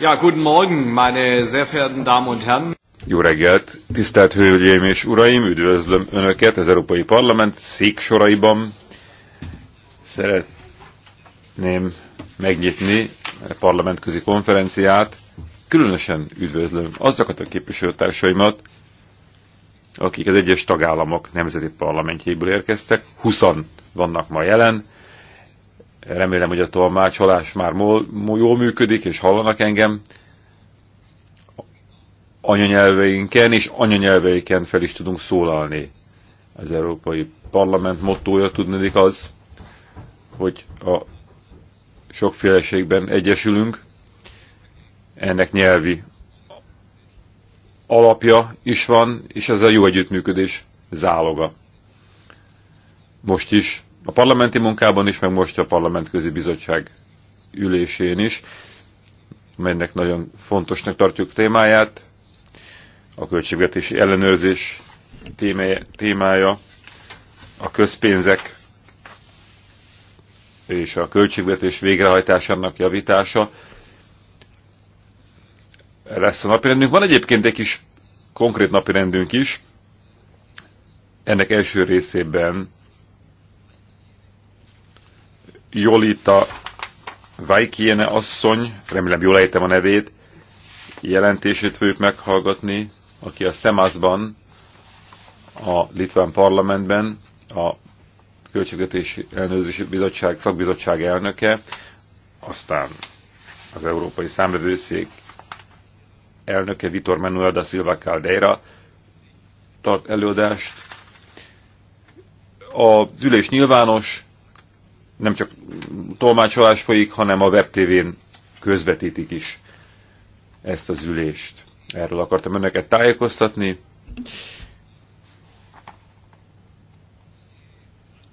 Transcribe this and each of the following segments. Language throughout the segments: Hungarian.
Ja, guten Morgen, meine sehr verehrten Damen und Herren. Jó reggelt, tisztelt Hölgyeim és Uraim, üdvözlöm Önöket az Európai Parlament széksoraiban. Szeretném megnyitni a parlamentközi konferenciát. Különösen üdvözlöm azokat a képviselőtársaimat, akik az egyes tagállamok nemzeti parlamentjéből érkeztek. 20 vannak ma jelen, Remélem, hogy a tolmácsolás már jól működik, és hallanak engem anyanyelveinken és anyanyelveiken fel is tudunk szólalni. Az Európai Parlament mottója tudnodik az, hogy a sokféleségben egyesülünk, ennek nyelvi alapja is van, és ez a jó együttműködés záloga. Most is a parlamenti munkában is, meg most a parlamentközi bizottság ülésén is, melynek nagyon fontosnak tartjuk témáját, a költségvetési ellenőrzés témája, a közpénzek és a költségvetés végrehajtásának javítása lesz a napirendünk. Van egyébként egy kis konkrét napirendünk is. Ennek első részében Jolita Vajkiene asszony, remélem jól ejtem a nevét, jelentését fogjuk meghallgatni, aki a Szemászban, a Litván parlamentben, a Költségvetési Elnőzési Bizottság, Szakbizottság elnöke, aztán az Európai Számvevőszék elnöke Vitor Manuel da Silva Caldeira tart előadást. Az ülés nyilvános, nem csak tolmácsolás folyik, hanem a webtévén közvetítik is ezt az ülést. Erről akartam önöket tájékoztatni.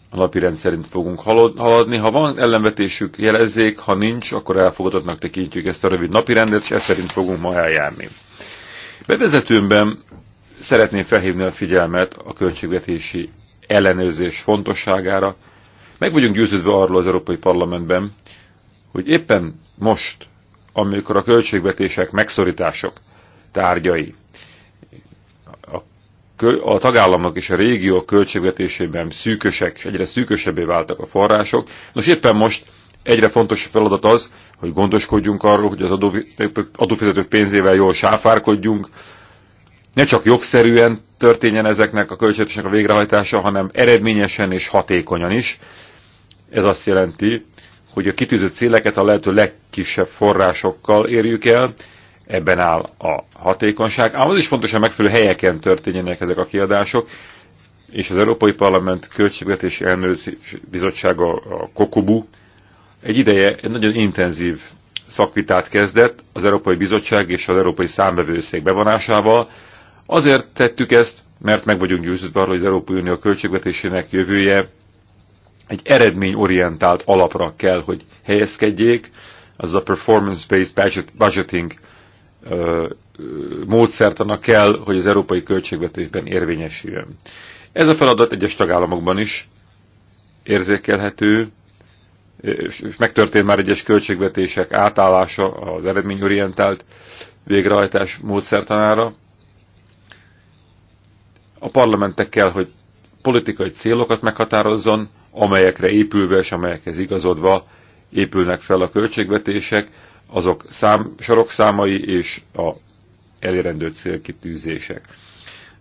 A napi rend szerint fogunk haladni. Ha van ellenvetésük, jelezzék, ha nincs, akkor elfogadottnak tekintjük ezt a rövid napi rendet, és ezt szerint fogunk ma eljárni. Bevezetőmben szeretném felhívni a figyelmet a költségvetési ellenőrzés fontosságára, meg vagyunk győződve arról az Európai Parlamentben, hogy éppen most, amikor a költségvetések megszorítások tárgyai, a, a tagállamok és a régió költségvetésében szűkösek, és egyre szűkösebbé váltak a források, nos éppen most egyre fontosabb feladat az, hogy gondoskodjunk arról, hogy az adófizetők pénzével jól sáfárkodjunk, ne csak jogszerűen történjen ezeknek a költségvetésnek a végrehajtása, hanem eredményesen és hatékonyan is, ez azt jelenti, hogy a kitűzött céleket a lehető legkisebb forrásokkal érjük el, ebben áll a hatékonyság. Ám az is fontos, hogy megfelelő helyeken történjenek ezek a kiadások, és az Európai Parlament Költségvetési Ellenőrző Bizottsága, a Kokobu, egy ideje egy nagyon intenzív szakvitát kezdett az Európai Bizottság és az Európai Számbevőszék bevonásával. Azért tettük ezt, mert meg vagyunk győződve arról, hogy az Európai Unió költségvetésének jövője egy eredményorientált alapra kell, hogy helyezkedjék, az a performance-based budget, budgeting ö, ö, módszertana kell, hogy az európai költségvetésben érvényesüljön. Ez a feladat egyes tagállamokban is érzékelhető, és megtörtént már egyes költségvetések átállása az eredményorientált végrehajtás módszertanára. A parlamentek kell, hogy politikai célokat meghatározzon, amelyekre épülve és amelyekhez igazodva épülnek fel a költségvetések, azok szám, számai és a elérendő célkitűzések.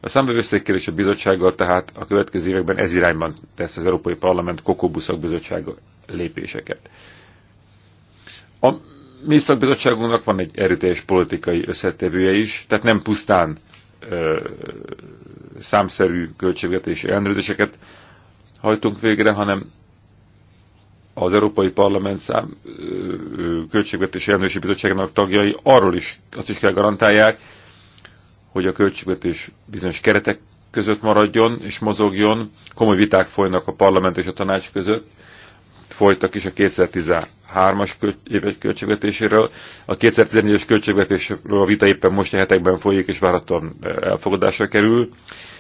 A számbevőszékkérdés a bizottsággal tehát a következő években ez irányban tesz az Európai Parlament kokóbuszak Bizottsága lépéseket. A mi szakbizottságunknak van egy erőteljes politikai összetevője is, tehát nem pusztán ö, számszerű költségvetési ellenőrzéseket hajtunk végre, hanem az Európai Parlament szám költségvetési ellenőrzési bizottságának tagjai arról is azt is kell garantálják, hogy a költségvetés bizonyos keretek között maradjon és mozogjon. Komoly viták folynak a parlament és a tanács között folytak is a 2013-as éves költségvetéséről. A 2014-es költségvetésről a vita éppen most a hetekben folyik, és várhatóan e, elfogadásra kerül.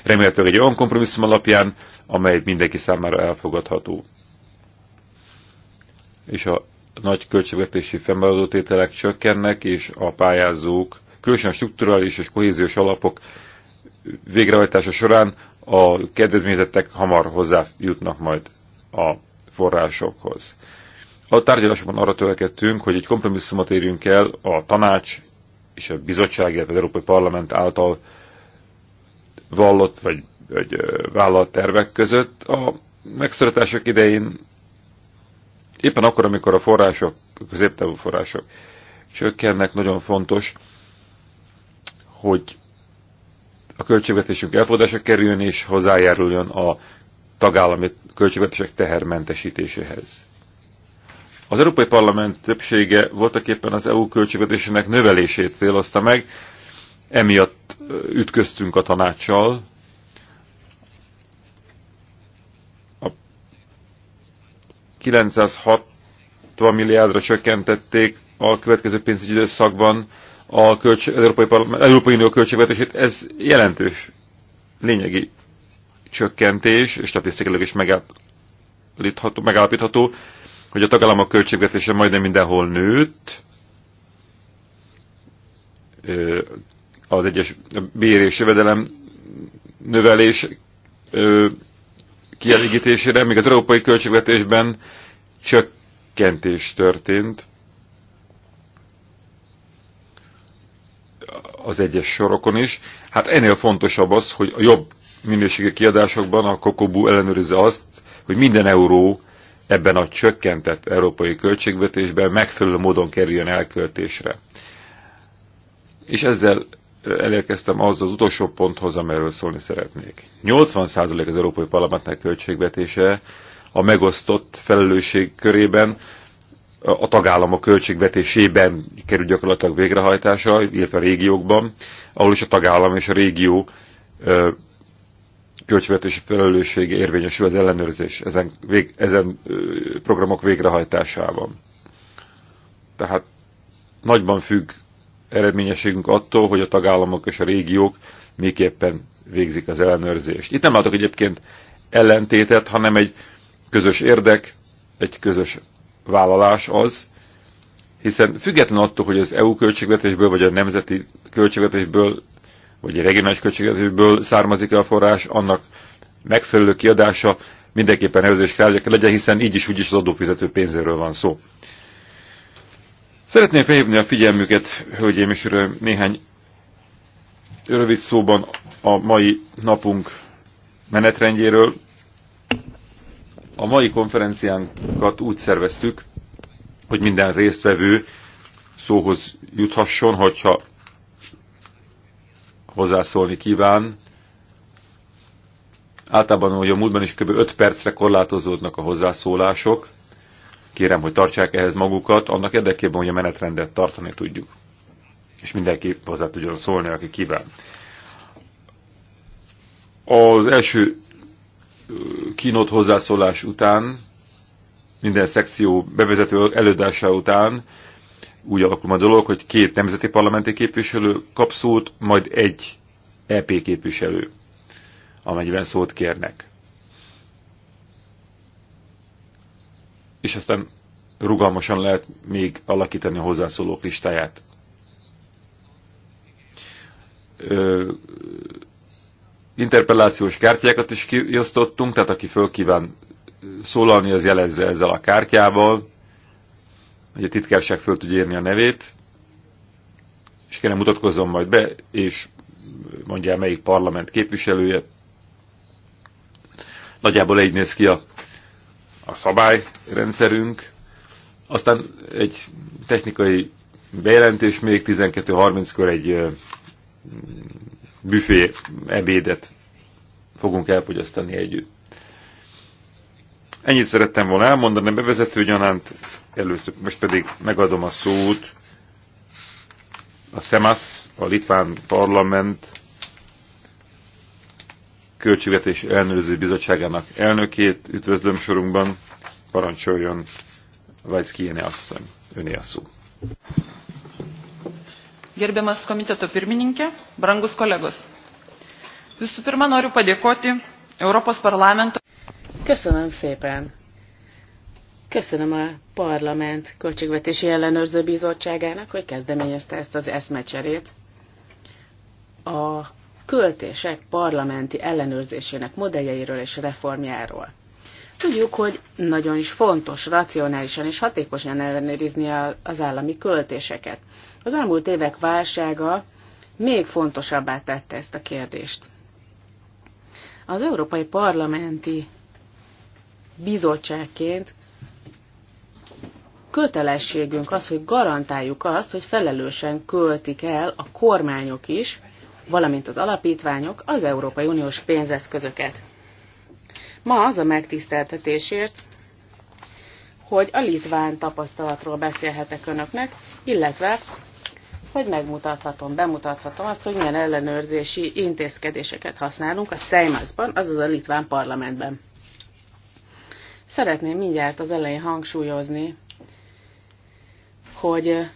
Remélhetőleg egy olyan kompromisszum alapján, amely mindenki számára elfogadható. És a nagy költségvetési fennmaradó tételek csökkennek, és a pályázók, különösen a strukturális és kohéziós alapok végrehajtása során a kedvezményezettek hamar hozzájutnak majd a forrásokhoz. A tárgyalásban arra törekedtünk, hogy egy kompromisszumot érjünk el a tanács és a bizottság, illetve az Európai Parlament által vallott vagy, vagy vállalt tervek között. A megszorítások idején éppen akkor, amikor a források, a középtávú források csökkennek, nagyon fontos, hogy a költségvetésünk elfogadása kerüljön és hozzájáruljon a tagállami költségvetések tehermentesítéséhez. Az Európai Parlament többsége voltaképpen az EU költségvetésének növelését célozta meg, emiatt ütköztünk a tanácssal. A 960 milliárdra csökkentették a következő pénzügyi időszakban a költség, az Európai, Parlament, Európai Unió költségvetését, ez jelentős, lényegi csökkentés, és statisztikailag is megállapítható, hogy a tagállamok költségvetése majdnem mindenhol nőtt, az egyes bér és jövedelem növelés kielégítésére, még az európai költségvetésben csökkentés történt. az egyes sorokon is. Hát ennél fontosabb az, hogy a jobb minőségi kiadásokban a Kokobu ellenőrizze azt, hogy minden euró ebben a csökkentett európai költségvetésben megfelelő módon kerüljön elköltésre. És ezzel elérkeztem az az utolsó ponthoz, amelyről szólni szeretnék. 80% az Európai Parlamentnek költségvetése a megosztott felelősség körében a tagállamok költségvetésében kerül gyakorlatilag végrehajtása, illetve a régiókban, ahol is a tagállam és a régió költségvetési felelősség érvényesül az ellenőrzés ezen, vég, ezen programok végrehajtásában. Tehát nagyban függ eredményességünk attól, hogy a tagállamok és a régiók miképpen végzik az ellenőrzést. Itt nem látok egyébként ellentétet, hanem egy közös érdek, egy közös vállalás az, hiszen független attól, hogy az EU költségvetésből vagy a nemzeti költségvetésből hogy a regionális költségvetőből származik-e a forrás, annak megfelelő kiadása mindenképpen előzés kell, hogy legyen, hiszen így is úgy is az adófizető pénzéről van szó. Szeretném felhívni a figyelmüket, hölgyeim és uraim, néhány rövid szóban a mai napunk menetrendjéről. A mai konferenciánkat úgy szerveztük, hogy minden résztvevő szóhoz juthasson, hogyha hozzászólni kíván. Általában, hogy a múltban is kb. 5 percre korlátozódnak a hozzászólások. Kérem, hogy tartsák ehhez magukat, annak érdekében, hogy a menetrendet tartani tudjuk. És mindenki hozzá tudjon szólni, aki kíván. Az első kínót hozzászólás után, minden szekció bevezető előadása után úgy alakul a dolog, hogy két nemzeti parlamenti képviselő kap szót, majd egy EP képviselő, amennyiben szót kérnek. És aztán rugalmasan lehet még alakítani a hozzászólók listáját. Ö, interpellációs kártyákat is kiosztottunk, tehát aki föl kíván szólalni, az jelezze ezzel a kártyával hogy a titkárság föl tudja írni a nevét, és kérem mutatkozzon majd be, és el, melyik parlament képviselője. Nagyjából így néz ki a, a szabályrendszerünk. Aztán egy technikai bejelentés még 12.30-kor egy büfé ebédet fogunk elfogyasztani együtt. Ennyit szerettem volna elmondani bevezető gyanánt, először most pedig megadom a szót a SEMAS, a Litván Parlament Költségvetés Ellenőrző Bizottságának elnökét üdvözlöm sorunkban, parancsoljon Jéne asszony, öné a szó. Gerbiamas komiteto pirmininkė, brangus kolegos. Visų pirma, noriu padėkoti Europos parlamento Köszönöm szépen. Köszönöm a Parlament Költségvetési Ellenőrző Bizottságának, hogy kezdeményezte ezt az eszmecserét. A költések parlamenti ellenőrzésének modelljeiről és reformjáról. Tudjuk, hogy nagyon is fontos racionálisan és hatékonyan ellenőrizni az állami költéseket. Az elmúlt évek válsága még fontosabbá tette ezt a kérdést. Az európai parlamenti bizottságként kötelességünk az, hogy garantáljuk azt, hogy felelősen költik el a kormányok is, valamint az alapítványok az Európai Uniós pénzeszközöket. Ma az a megtiszteltetésért, hogy a litván tapasztalatról beszélhetek önöknek, illetve hogy megmutathatom, bemutathatom azt, hogy milyen ellenőrzési intézkedéseket használunk a Seimasban, azaz a litván parlamentben. Szeretném mindjárt az elején hangsúlyozni, hogy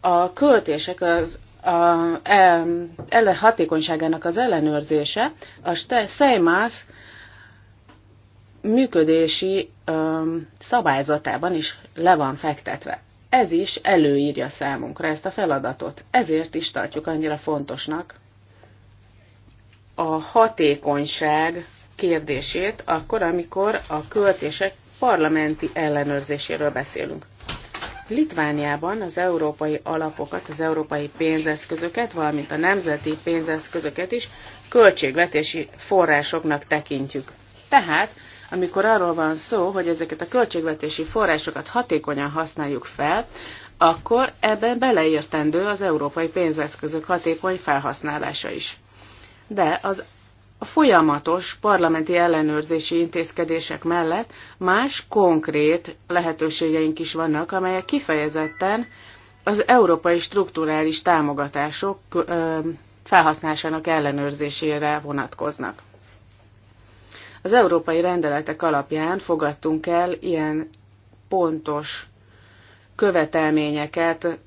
a költések az a, e, ele, hatékonyságának az ellenőrzése a Seimász működési szabályzatában is le van fektetve. Ez is előírja számunkra ezt a feladatot. Ezért is tartjuk annyira fontosnak a hatékonyság kérdését akkor, amikor a költések parlamenti ellenőrzéséről beszélünk. Litvániában az európai alapokat, az európai pénzeszközöket, valamint a nemzeti pénzeszközöket is költségvetési forrásoknak tekintjük. Tehát, amikor arról van szó, hogy ezeket a költségvetési forrásokat hatékonyan használjuk fel, akkor ebben beleértendő az európai pénzeszközök hatékony felhasználása is. De az a folyamatos parlamenti ellenőrzési intézkedések mellett más konkrét lehetőségeink is vannak, amelyek kifejezetten az európai strukturális támogatások felhasználásának ellenőrzésére vonatkoznak. Az európai rendeletek alapján fogadtunk el ilyen pontos követelményeket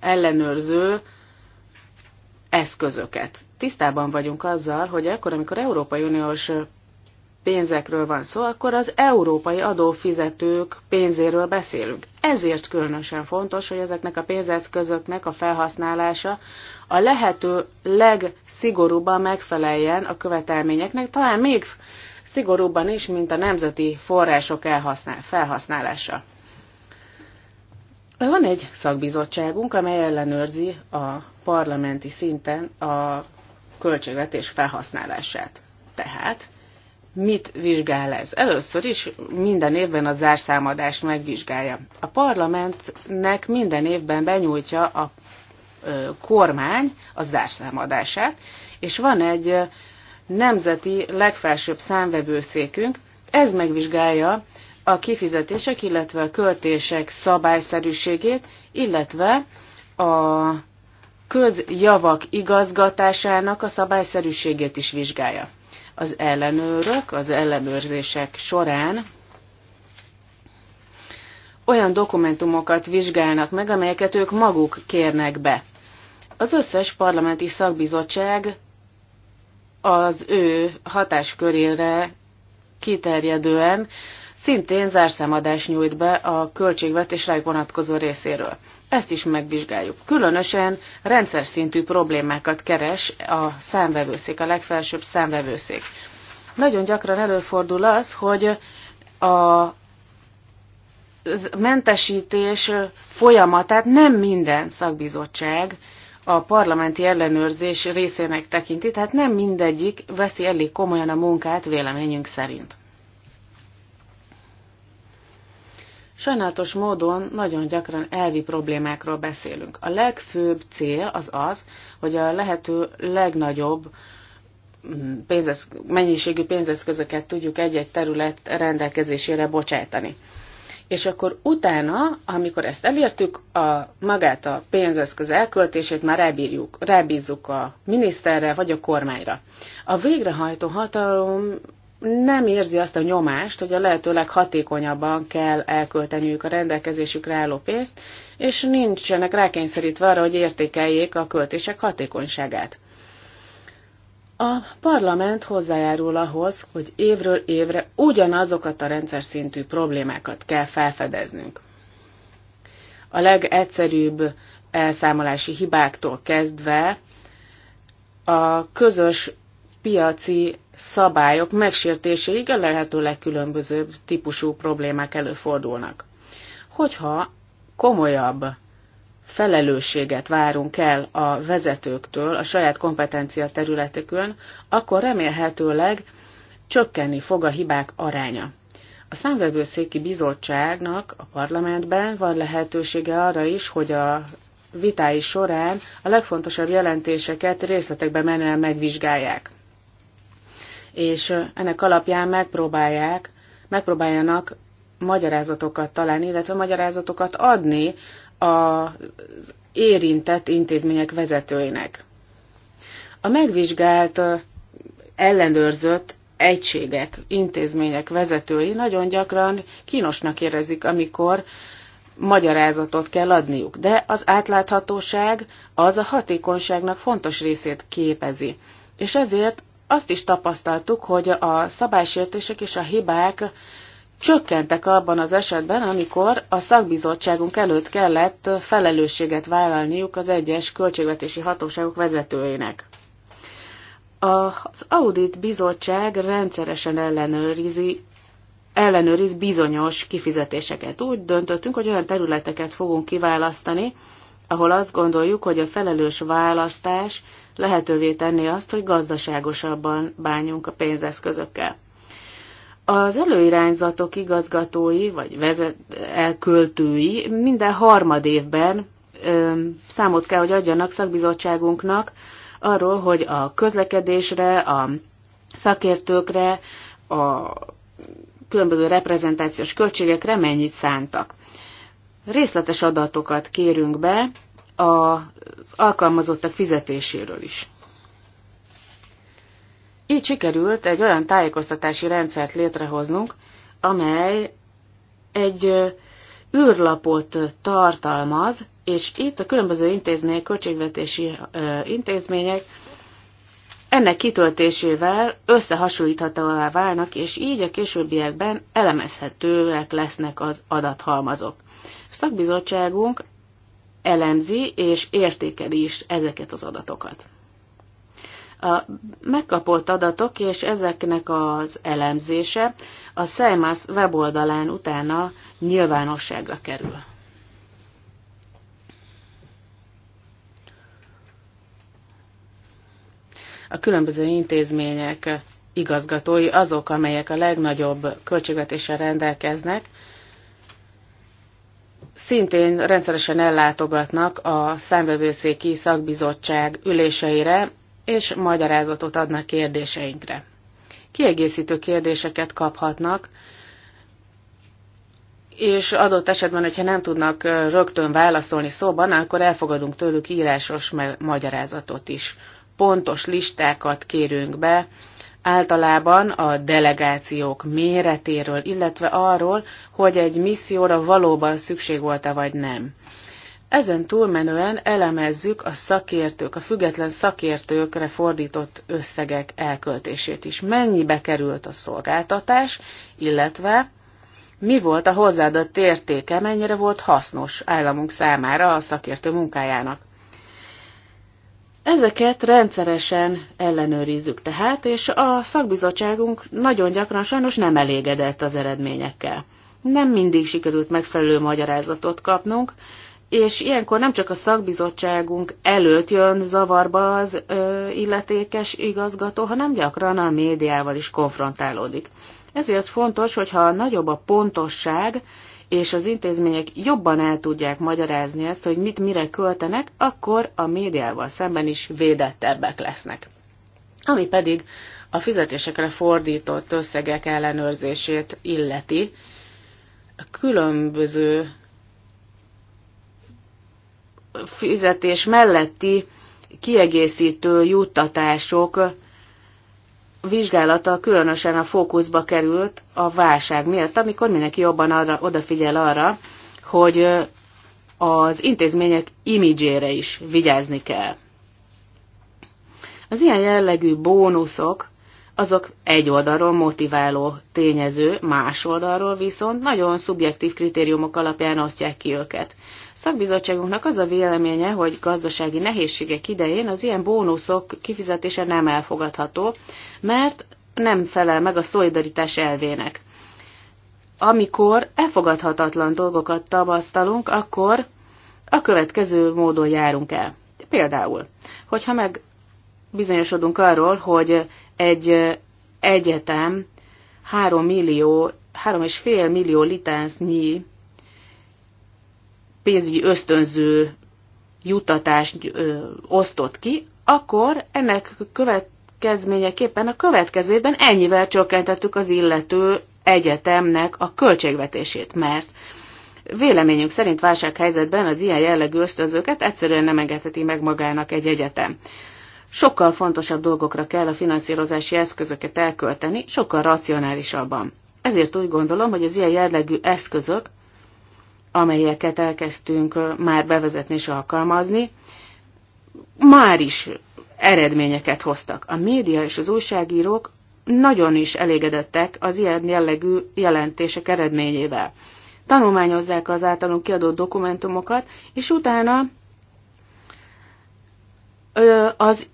ellenőrző eszközöket. Tisztában vagyunk azzal, hogy akkor, amikor Európai Uniós pénzekről van szó, akkor az európai adófizetők pénzéről beszélünk. Ezért különösen fontos, hogy ezeknek a pénzeszközöknek a felhasználása a lehető legszigorúbban megfeleljen a követelményeknek, talán még szigorúbban is, mint a nemzeti források elhasznál, felhasználása. Van egy szakbizottságunk, amely ellenőrzi a parlamenti szinten a költségvetés felhasználását. Tehát mit vizsgál ez? Először is minden évben a zárszámadást megvizsgálja. A parlamentnek minden évben benyújtja a kormány a zárszámadását, és van egy nemzeti legfelsőbb számvevőszékünk, ez megvizsgálja a kifizetések, illetve a költések szabályszerűségét, illetve a közjavak igazgatásának a szabályszerűségét is vizsgálja. Az ellenőrök az ellenőrzések során olyan dokumentumokat vizsgálnak meg, amelyeket ők maguk kérnek be. Az összes parlamenti szakbizottság az ő hatáskörére kiterjedően szintén zárszámadást nyújt be a költségvetés rájuk vonatkozó részéről. Ezt is megvizsgáljuk. Különösen rendszer szintű problémákat keres a számvevőszék, a legfelsőbb számvevőszék. Nagyon gyakran előfordul az, hogy a mentesítés folyamatát nem minden szakbizottság a parlamenti ellenőrzés részének tekinti, tehát nem mindegyik veszi elég komolyan a munkát véleményünk szerint. Sajnálatos módon nagyon gyakran elvi problémákról beszélünk. A legfőbb cél az az, hogy a lehető legnagyobb mm, pénzesz, mennyiségű pénzeszközöket tudjuk egy-egy terület rendelkezésére bocsátani. És akkor utána, amikor ezt elértük, a magát a pénzeszköz elköltését már rábírjuk, rábízzuk a miniszterre vagy a kormányra. A végrehajtó hatalom nem érzi azt a nyomást, hogy a lehető leghatékonyabban kell elkölteniük a rendelkezésükre álló pénzt, és nincsenek rákényszerítve arra, hogy értékeljék a költések hatékonyságát. A parlament hozzájárul ahhoz, hogy évről évre ugyanazokat a rendszer szintű problémákat kell felfedeznünk. A legegyszerűbb elszámolási hibáktól kezdve a közös piaci szabályok megsértéséig a lehető legkülönbözőbb típusú problémák előfordulnak. Hogyha komolyabb felelősséget várunk el a vezetőktől a saját kompetencia területükön, akkor remélhetőleg csökkenni fog a hibák aránya. A számvevőszéki bizottságnak a parlamentben van lehetősége arra is, hogy a vitái során a legfontosabb jelentéseket részletekbe menően megvizsgálják és ennek alapján megpróbálják, megpróbáljanak magyarázatokat találni, illetve magyarázatokat adni az érintett intézmények vezetőinek. A megvizsgált, ellenőrzött egységek, intézmények vezetői nagyon gyakran kínosnak érezik, amikor magyarázatot kell adniuk, de az átláthatóság az a hatékonyságnak fontos részét képezi. És ezért azt is tapasztaltuk, hogy a szabálysértések és a hibák csökkentek abban az esetben, amikor a szakbizottságunk előtt kellett felelősséget vállalniuk az egyes költségvetési hatóságok vezetőinek. Az Audit Bizottság rendszeresen ellenőrizi, ellenőriz bizonyos kifizetéseket. Úgy döntöttünk, hogy olyan területeket fogunk kiválasztani, ahol azt gondoljuk, hogy a felelős választás lehetővé tenni azt, hogy gazdaságosabban bánjunk a pénzeszközökkel. Az előirányzatok igazgatói vagy vezet, elköltői minden harmad évben ö, számot kell, hogy adjanak szakbizottságunknak arról, hogy a közlekedésre, a szakértőkre, a különböző reprezentációs költségekre mennyit szántak. Részletes adatokat kérünk be a alkalmazottak fizetéséről is. Így sikerült egy olyan tájékoztatási rendszert létrehoznunk, amely egy űrlapot tartalmaz, és itt a különböző intézmények, költségvetési intézmények ennek kitöltésével összehasonlíthatóvá válnak, és így a későbbiekben elemezhetőek lesznek az adathalmazok. A szakbizottságunk elemzi és értékeli is ezeket az adatokat. A megkapott adatok és ezeknek az elemzése a SEMAS weboldalán utána nyilvánosságra kerül. A különböző intézmények igazgatói azok, amelyek a legnagyobb költségvetéssel rendelkeznek, szintén rendszeresen ellátogatnak a számbevőszéki szakbizottság üléseire, és magyarázatot adnak kérdéseinkre. Kiegészítő kérdéseket kaphatnak, és adott esetben, hogyha nem tudnak rögtön válaszolni szóban, akkor elfogadunk tőlük írásos magyarázatot is. Pontos listákat kérünk be általában a delegációk méretéről, illetve arról, hogy egy misszióra valóban szükség volt-e vagy nem. Ezen túlmenően elemezzük a szakértők, a független szakértőkre fordított összegek elköltését is. Mennyibe került a szolgáltatás, illetve mi volt a hozzáadott értéke, mennyire volt hasznos államunk számára a szakértő munkájának. Ezeket rendszeresen ellenőrizzük tehát, és a szakbizottságunk nagyon gyakran sajnos nem elégedett az eredményekkel. Nem mindig sikerült megfelelő magyarázatot kapnunk, és ilyenkor nem csak a szakbizottságunk előtt jön zavarba az ö, illetékes igazgató, hanem gyakran a médiával is konfrontálódik. Ezért fontos, hogyha nagyobb a pontosság, és az intézmények jobban el tudják magyarázni ezt, hogy mit mire költenek, akkor a médiával szemben is védettebbek lesznek. Ami pedig a fizetésekre fordított összegek ellenőrzését illeti, a különböző fizetés melletti kiegészítő juttatások vizsgálata különösen a fókuszba került a válság miatt, amikor mindenki jobban arra, odafigyel arra, hogy az intézmények imidzsére is vigyázni kell. Az ilyen jellegű bónuszok, azok egy oldalról motiváló tényező, más oldalról viszont nagyon szubjektív kritériumok alapján osztják ki őket. Szakbizottságunknak az a véleménye, hogy gazdasági nehézségek idején az ilyen bónuszok kifizetése nem elfogadható, mert nem felel meg a szolidaritás elvének. Amikor elfogadhatatlan dolgokat tapasztalunk, akkor a következő módon járunk el. Például, hogyha meg bizonyosodunk arról, hogy egy egyetem 3 millió, 3,5 millió litensznyi pénzügyi ösztönző jutatást ö, osztott ki, akkor ennek következményeképpen a következő évben ennyivel csökkentettük az illető egyetemnek a költségvetését, mert véleményünk szerint válsághelyzetben az ilyen jellegű ösztönzőket egyszerűen nem engedheti meg magának egy egyetem. Sokkal fontosabb dolgokra kell a finanszírozási eszközöket elkölteni, sokkal racionálisabban. Ezért úgy gondolom, hogy az ilyen jellegű eszközök amelyeket elkezdtünk már bevezetni és alkalmazni, már is eredményeket hoztak. A média és az újságírók nagyon is elégedettek az ilyen jellegű jelentések eredményével. Tanulmányozzák az általunk kiadott dokumentumokat, és utána az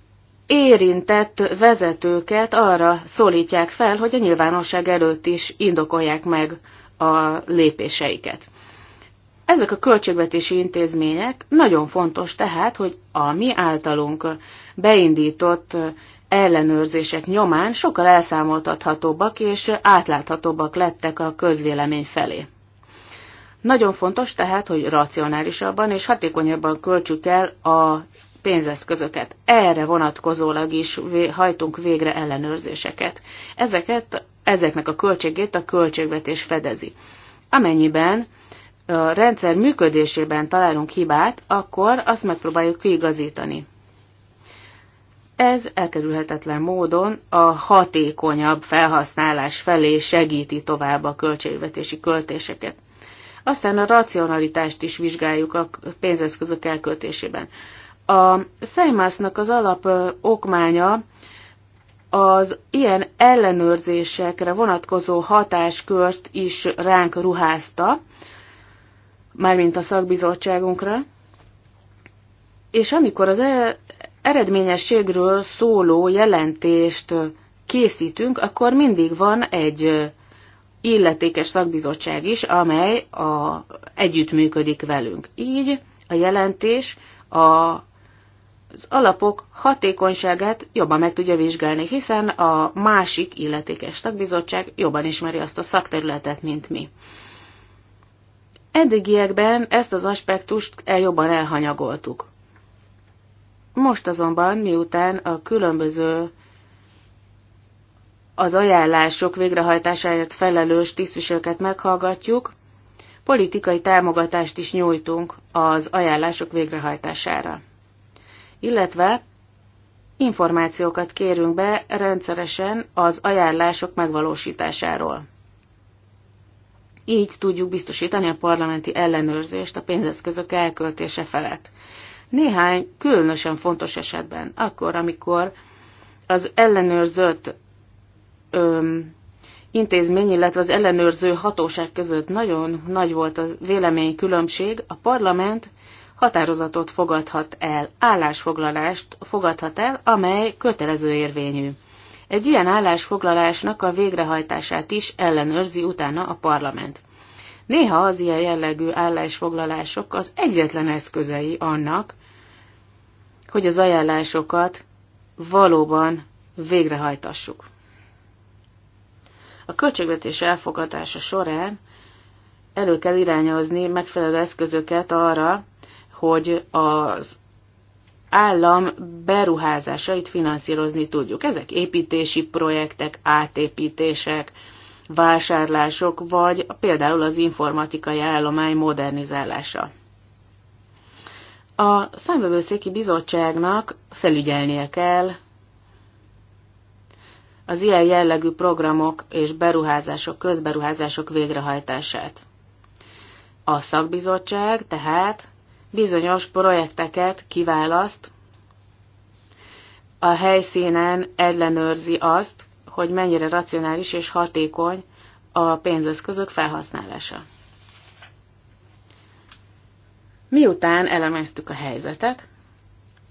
érintett vezetőket arra szólítják fel, hogy a nyilvánosság előtt is indokolják meg a lépéseiket. Ezek a költségvetési intézmények nagyon fontos tehát, hogy a mi általunk beindított ellenőrzések nyomán sokkal elszámoltathatóbbak és átláthatóbbak lettek a közvélemény felé. Nagyon fontos tehát, hogy racionálisabban és hatékonyabban költsük el a pénzeszközöket. Erre vonatkozólag is hajtunk végre ellenőrzéseket. Ezeket, ezeknek a költségét a költségvetés fedezi. Amennyiben a rendszer működésében találunk hibát, akkor azt megpróbáljuk kiigazítani. Ez elkerülhetetlen módon a hatékonyabb felhasználás felé segíti tovább a költségvetési költéseket. Aztán a racionalitást is vizsgáljuk a pénzeszközök elköltésében. A Seimásznak az alap okmánya az ilyen ellenőrzésekre vonatkozó hatáskört is ránk ruházta, mármint a szakbizottságunkra, és amikor az e- eredményességről szóló jelentést készítünk, akkor mindig van egy illetékes szakbizottság is, amely a, együttműködik velünk. Így a jelentés a, az alapok hatékonyságát jobban meg tudja vizsgálni, hiszen a másik illetékes szakbizottság jobban ismeri azt a szakterületet, mint mi. Eddigiekben ezt az aspektust el jobban elhanyagoltuk. Most azonban, miután a különböző az ajánlások végrehajtásáért felelős tisztviselőket meghallgatjuk, politikai támogatást is nyújtunk az ajánlások végrehajtására. Illetve információkat kérünk be rendszeresen az ajánlások megvalósításáról. Így tudjuk biztosítani a parlamenti ellenőrzést a pénzeszközök elköltése felett. Néhány különösen fontos esetben, akkor, amikor az ellenőrzött öm, intézmény, illetve az ellenőrző hatóság között nagyon nagy volt a vélemény különbség, a parlament határozatot fogadhat el, állásfoglalást fogadhat el, amely kötelező érvényű. Egy ilyen állásfoglalásnak a végrehajtását is ellenőrzi utána a parlament. Néha az ilyen jellegű állásfoglalások az egyetlen eszközei annak, hogy az ajánlásokat valóban végrehajtassuk. A költségvetés elfogadása során elő kell irányozni megfelelő eszközöket arra, hogy az állam beruházásait finanszírozni tudjuk. Ezek építési projektek, átépítések, vásárlások, vagy például az informatikai állomány modernizálása. A számbevőszéki bizottságnak felügyelnie kell az ilyen jellegű programok és beruházások, közberuházások végrehajtását. A szakbizottság tehát bizonyos projekteket kiválaszt, a helyszínen ellenőrzi azt, hogy mennyire racionális és hatékony a pénzeszközök felhasználása. Miután elemeztük a helyzetet,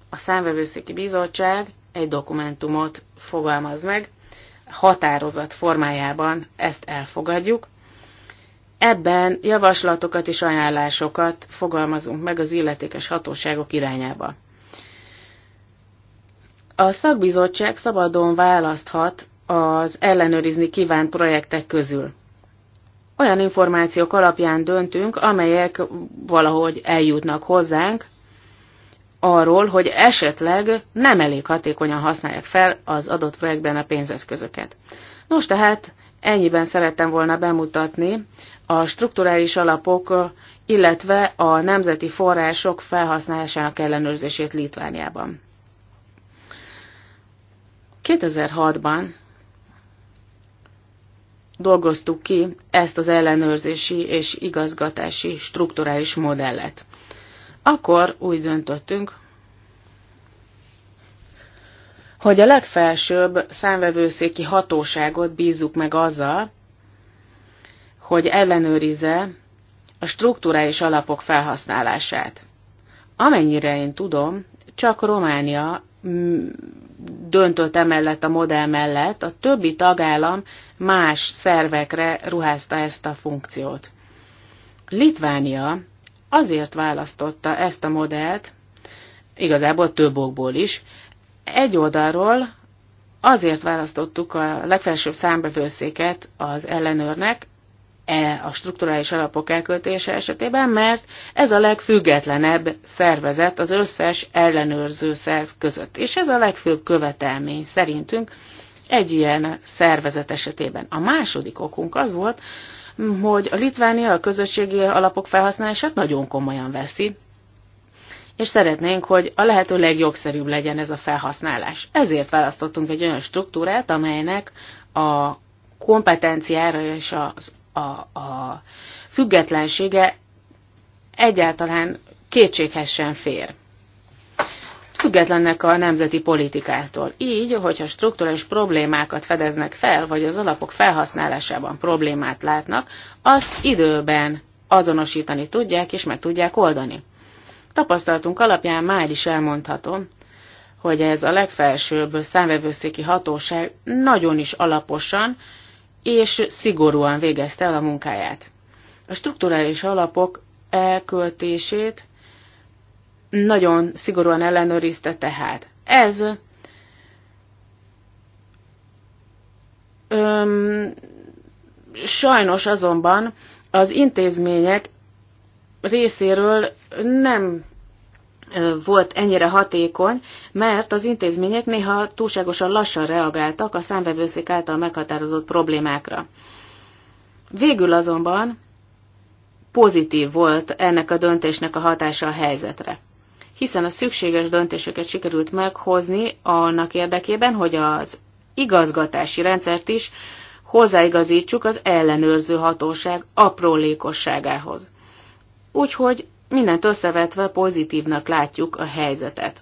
a számvevőszéki bizottság egy dokumentumot fogalmaz meg, határozat formájában ezt elfogadjuk, Ebben javaslatokat és ajánlásokat fogalmazunk meg az illetékes hatóságok irányába. A szakbizottság szabadon választhat az ellenőrizni kívánt projektek közül. Olyan információk alapján döntünk, amelyek valahogy eljutnak hozzánk, arról, hogy esetleg nem elég hatékonyan használják fel az adott projektben a pénzeszközöket. Nos, tehát Ennyiben szerettem volna bemutatni a strukturális alapok, illetve a nemzeti források felhasználásának ellenőrzését Litvániában. 2006-ban dolgoztuk ki ezt az ellenőrzési és igazgatási strukturális modellet. Akkor úgy döntöttünk, hogy a legfelsőbb számvevőszéki hatóságot bízzuk meg azzal, hogy ellenőrize a strukturális alapok felhasználását. Amennyire én tudom, csak Románia mm, döntött emellett a modell mellett, a többi tagállam más szervekre ruházta ezt a funkciót. Litvánia azért választotta ezt a modellt, igazából több okból is, egy oldalról azért választottuk a legfelsőbb számbevőszéket az ellenőrnek, e a strukturális alapok elköltése esetében, mert ez a legfüggetlenebb szervezet az összes ellenőrző szerv között. És ez a legfőbb követelmény szerintünk egy ilyen szervezet esetében. A második okunk az volt, hogy a Litvánia a közösségi alapok felhasználását nagyon komolyan veszi, és szeretnénk, hogy a lehető legjogszerűbb legyen ez a felhasználás. Ezért választottunk egy olyan struktúrát, amelynek a kompetenciára és a, a, a függetlensége egyáltalán kétséghessen fér. Függetlennek a nemzeti politikától. Így, hogyha struktúrális problémákat fedeznek fel, vagy az alapok felhasználásában problémát látnak, azt időben azonosítani tudják és meg tudják oldani tapasztalatunk alapján már is elmondhatom, hogy ez a legfelsőbb számvevőszéki hatóság nagyon is alaposan és szigorúan végezte el a munkáját. A strukturális alapok elköltését nagyon szigorúan ellenőrizte tehát. Ez öm, sajnos azonban az intézmények részéről nem volt ennyire hatékony, mert az intézmények néha túlságosan lassan reagáltak a számvevőszék által meghatározott problémákra. Végül azonban pozitív volt ennek a döntésnek a hatása a helyzetre hiszen a szükséges döntéseket sikerült meghozni annak érdekében, hogy az igazgatási rendszert is hozzáigazítsuk az ellenőrző hatóság aprólékosságához. Úgyhogy mindent összevetve pozitívnak látjuk a helyzetet.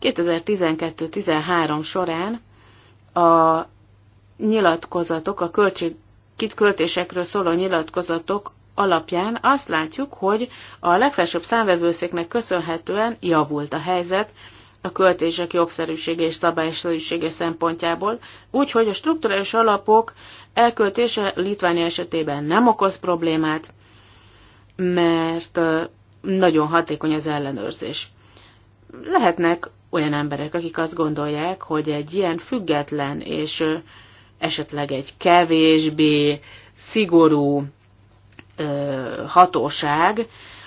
2012-13 során a nyilatkozatok, a költség, költésekről szóló nyilatkozatok alapján azt látjuk, hogy a legfelsőbb számvevőszéknek köszönhetően javult a helyzet a költések jogszerűsége és szabályszerűsége szempontjából, úgyhogy a strukturális alapok elköltése Litvánia esetében nem okoz problémát, mert nagyon hatékony az ellenőrzés. Lehetnek olyan emberek, akik azt gondolják, hogy egy ilyen független és esetleg egy kevésbé szigorú hatóság,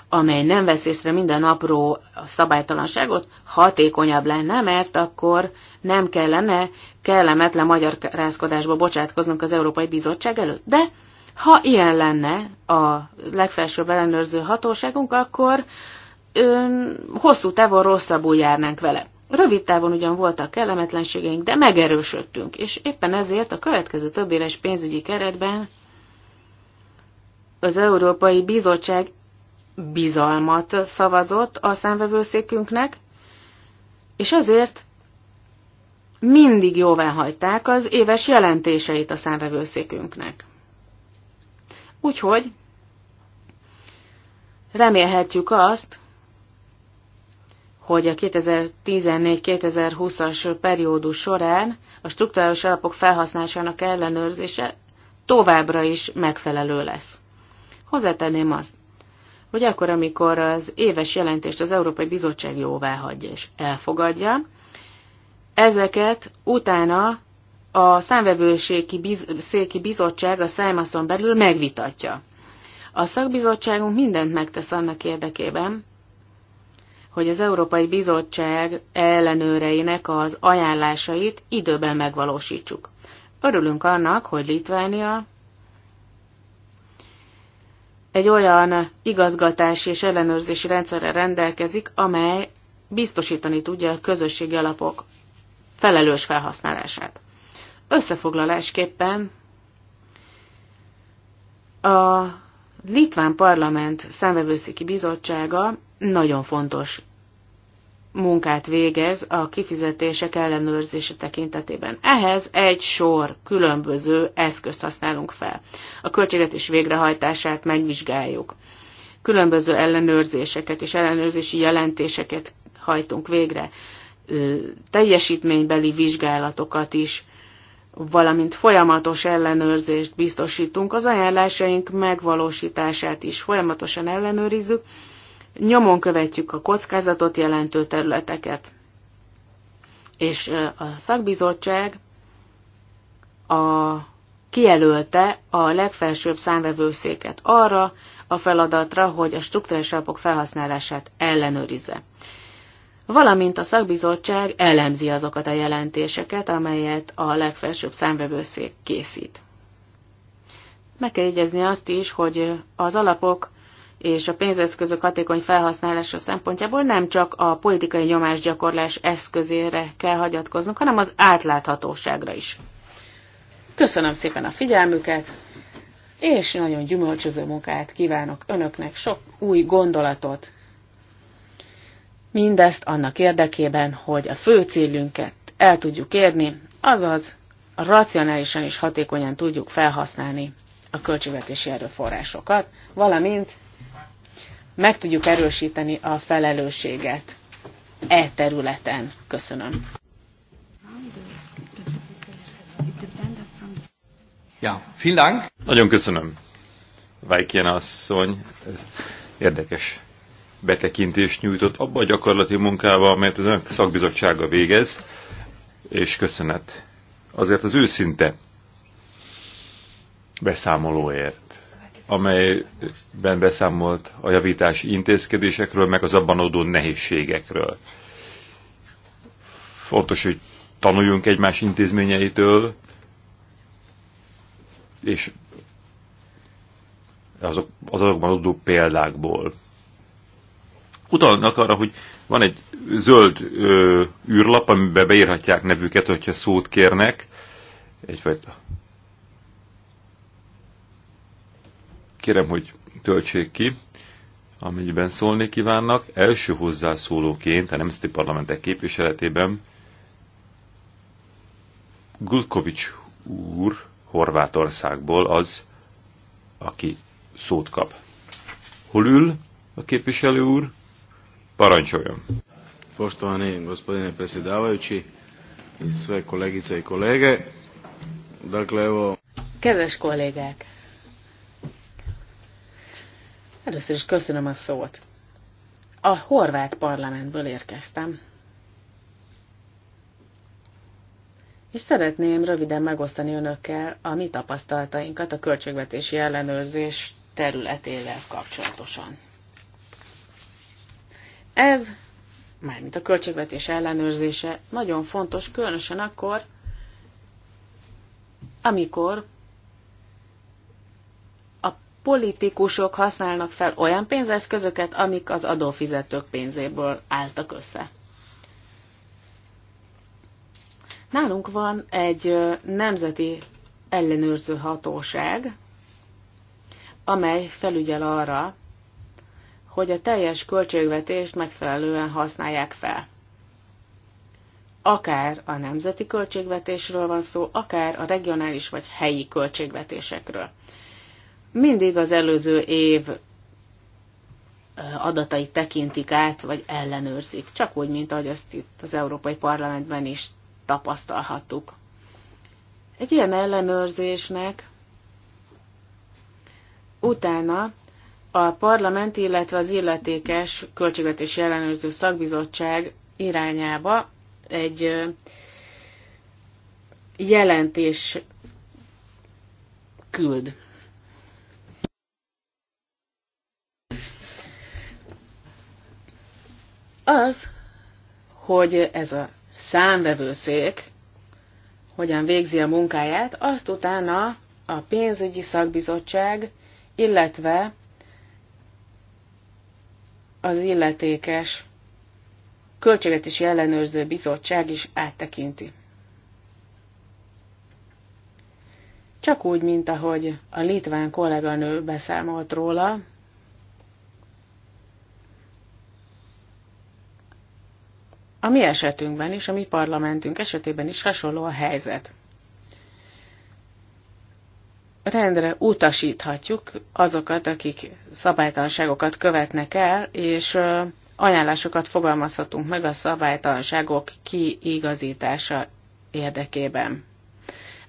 amely nem vesz észre minden apró szabálytalanságot, hatékonyabb lenne, mert akkor nem kellene kellemetlen magyar rázkodásba bocsátkoznunk az Európai Bizottság előtt. De ha ilyen lenne a legfelsőbb ellenőrző hatóságunk, akkor ön, hosszú távon rosszabbul járnánk vele. Rövid távon ugyan voltak kellemetlenségeink, de megerősödtünk, és éppen ezért a következő több éves pénzügyi keretben az Európai Bizottság bizalmat szavazott a számvevőszékünknek, és ezért mindig jóvá hagyták az éves jelentéseit a számvevőszékünknek. Úgyhogy remélhetjük azt, hogy a 2014-2020-as periódus során a struktúrális alapok felhasználásának ellenőrzése továbbra is megfelelő lesz. Hozzátenném azt, hogy akkor, amikor az éves jelentést az Európai Bizottság jóvá hagyja és elfogadja, ezeket utána a számvevőségi biz, széki bizottság a Szájmaszon belül megvitatja. A szakbizottságunk mindent megtesz annak érdekében, hogy az Európai Bizottság ellenőreinek az ajánlásait időben megvalósítsuk. Örülünk annak, hogy Litvánia egy olyan igazgatási és ellenőrzési rendszerre rendelkezik, amely biztosítani tudja a közösségi alapok felelős felhasználását. Összefoglalásképpen a Litván Parlament számvevőszéki bizottsága nagyon fontos munkát végez a kifizetések ellenőrzése tekintetében. Ehhez egy sor különböző eszközt használunk fel. A költségvetés végrehajtását megvizsgáljuk. Különböző ellenőrzéseket és ellenőrzési jelentéseket hajtunk végre. Teljesítménybeli vizsgálatokat is valamint folyamatos ellenőrzést biztosítunk, az ajánlásaink megvalósítását is folyamatosan ellenőrizzük, nyomon követjük a kockázatot jelentő területeket. És a szakbizottság a, kijelölte a legfelsőbb számvevőszéket arra a feladatra, hogy a struktúrás alapok felhasználását ellenőrizze valamint a szakbizottság elemzi azokat a jelentéseket, amelyet a legfelsőbb számvevőszék készít. Meg kell jegyezni azt is, hogy az alapok és a pénzeszközök hatékony felhasználása szempontjából nem csak a politikai nyomásgyakorlás eszközére kell hagyatkoznunk, hanem az átláthatóságra is. Köszönöm szépen a figyelmüket, és nagyon gyümölcsöző munkát kívánok önöknek, sok új gondolatot, Mindezt annak érdekében, hogy a fő célünket el tudjuk érni, azaz racionálisan és hatékonyan tudjuk felhasználni a költségvetési erőforrásokat, valamint meg tudjuk erősíteni a felelősséget e területen. Köszönöm. Ja, vielen Dank. Nagyon köszönöm. Vajkén asszony, ez érdekes betekintést nyújtott abba a gyakorlati munkába, amelyet az önök szakbizottsága végez, és köszönet azért az őszinte beszámolóért, amelyben beszámolt a javítási intézkedésekről, meg az abban adó nehézségekről. Fontos, hogy tanuljunk egymás intézményeitől, és azok, az azokban adó példákból utalnak arra, hogy van egy zöld ö, űrlap, amiben beírhatják nevüket, hogyha szót kérnek. Egyfajta. Kérem, hogy töltsék ki, amelyben szólni kívánnak. Első hozzászólóként a Nemzeti Parlamentek képviseletében Gulkovics úr Horvátországból az, aki szót kap. Hol ül a képviselő úr? Parancsoljon! Postovani gospodine predsjedavajući, sve kolegice i kolege, dakle evo... Kedves kollégák! Először is köszönöm a szót. A horvát parlamentből érkeztem. És szeretném röviden megosztani önökkel a mi tapasztalatainkat a költségvetési ellenőrzés területével kapcsolatosan. Ez, mármint a költségvetés ellenőrzése, nagyon fontos, különösen akkor, amikor a politikusok használnak fel olyan pénzeszközöket, amik az adófizetők pénzéből álltak össze. Nálunk van egy nemzeti ellenőrző hatóság, amely felügyel arra, hogy a teljes költségvetést megfelelően használják fel. Akár a nemzeti költségvetésről van szó, akár a regionális vagy helyi költségvetésekről. Mindig az előző év adatait tekintik át, vagy ellenőrzik, csak úgy, mint ahogy ezt itt az Európai Parlamentben is tapasztalhattuk. Egy ilyen ellenőrzésnek utána a parlament, illetve az illetékes költségvetési ellenőrző szakbizottság irányába egy jelentés küld. Az, hogy ez a számvevőszék hogyan végzi a munkáját, azt utána a pénzügyi szakbizottság, illetve az illetékes Költségvetési Ellenőrző Bizottság is áttekinti. Csak úgy, mint ahogy a litván kolléganő beszámolt róla, a mi esetünkben is, a mi parlamentünk esetében is hasonló a helyzet rendre utasíthatjuk azokat, akik szabálytalanságokat követnek el, és ajánlásokat fogalmazhatunk meg a szabálytalanságok kiigazítása érdekében.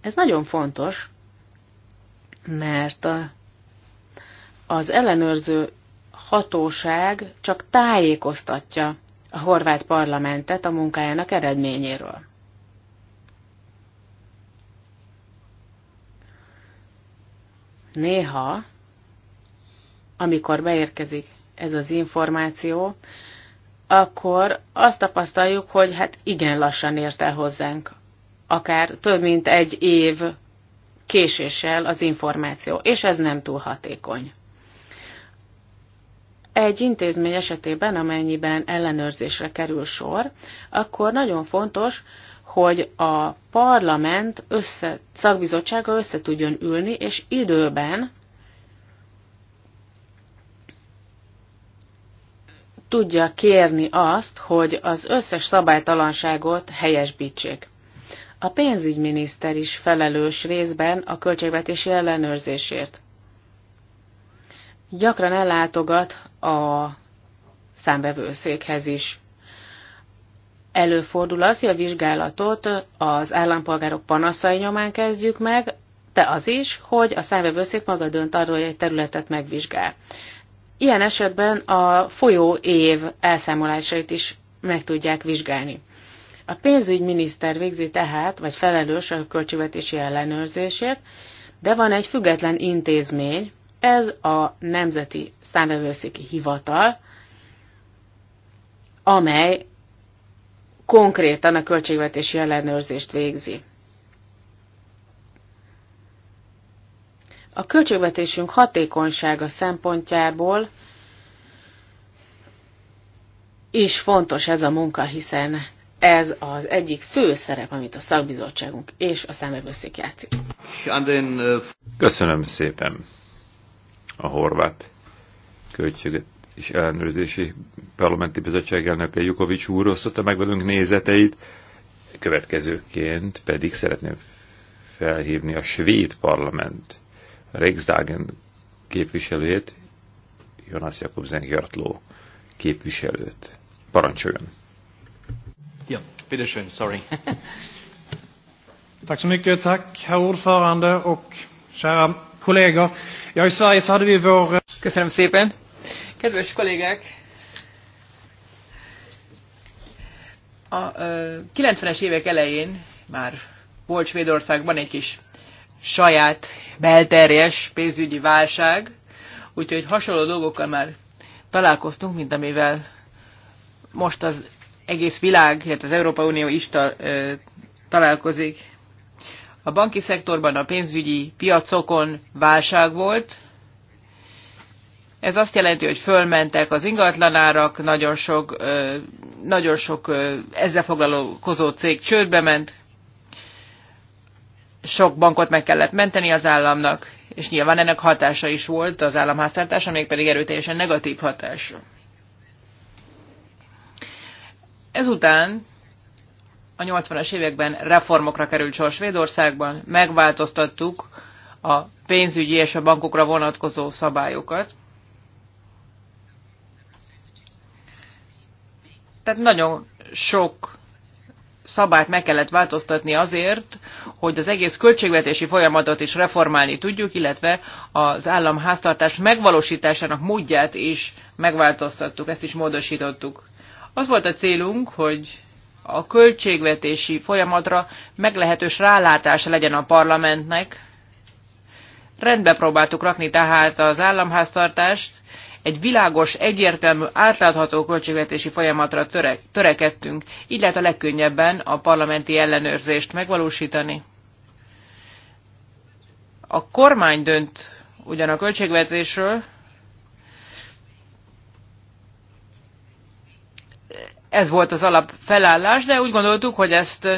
Ez nagyon fontos, mert az ellenőrző hatóság csak tájékoztatja a horvát parlamentet a munkájának eredményéről. Néha, amikor beérkezik ez az információ, akkor azt tapasztaljuk, hogy hát igen lassan ért el hozzánk, akár több mint egy év késéssel az információ, és ez nem túl hatékony. Egy intézmény esetében, amennyiben ellenőrzésre kerül sor, akkor nagyon fontos, hogy a parlament össze, szakbizottsága össze tudjon ülni, és időben tudja kérni azt, hogy az összes szabálytalanságot helyesbítsék. A pénzügyminiszter is felelős részben a költségvetési ellenőrzésért. Gyakran ellátogat a számbevőszékhez is. Előfordul az, hogy a vizsgálatot az állampolgárok panaszai nyomán kezdjük meg, de az is, hogy a számvevőszék maga dönt arról, hogy egy területet megvizsgál. Ilyen esetben a folyó év elszámolásait is meg tudják vizsgálni. A pénzügyminiszter végzi tehát, vagy felelős a költségvetési ellenőrzésért, de van egy független intézmény, ez a Nemzeti Számvevőszéki Hivatal, amely konkrétan a költségvetési ellenőrzést végzi. A költségvetésünk hatékonysága szempontjából is fontos ez a munka, hiszen ez az egyik fő szerep, amit a szakbizottságunk és a számvevőszék játszik. Uh, Köszönöm szépen a horvát költséget és ellenőrzési parlamenti bizottság elnöke Jukovics úr osztotta meg velünk nézeteit, következőként pedig szeretném felhívni a svéd parlament Riksdagen képviselőjét, Jonas Jakobsen Gyartló képviselőt. Parancsoljon! Ja, bitteschön, sorry. tack så mycket, tack herr ordförande och kära kollegor. Ja, i Sverige så hade vi vår... Köszönöm szépen! Kedves kollégák! A 90-es évek elején már volt Svédországban egy kis saját belterjes pénzügyi válság, úgyhogy hasonló dolgokkal már találkoztunk, mint amivel most az egész világ, illetve az Európai Unió is ta, ö, találkozik. A banki szektorban, a pénzügyi piacokon válság volt, ez azt jelenti, hogy fölmentek az ingatlanárak, nagyon sok, nagyon sok ezzel foglalkozó cég csődbe ment, sok bankot meg kellett menteni az államnak, és nyilván ennek hatása is volt az államháztartása, mégpedig erőteljesen negatív hatása. Ezután a 80-as években reformokra került sor Svédországban, megváltoztattuk a pénzügyi és a bankokra vonatkozó szabályokat. Tehát nagyon sok szabályt meg kellett változtatni azért, hogy az egész költségvetési folyamatot is reformálni tudjuk, illetve az államháztartás megvalósításának módját is megváltoztattuk, ezt is módosítottuk. Az volt a célunk, hogy a költségvetési folyamatra meglehetős rálátása legyen a parlamentnek. Rendbe próbáltuk rakni tehát az államháztartást, egy világos, egyértelmű, átlátható költségvetési folyamatra töre, törekedtünk. Így lehet a legkönnyebben a parlamenti ellenőrzést megvalósítani. A kormány dönt ugyan a költségvetésről, ez volt az alapfelállás, de úgy gondoltuk, hogy ezt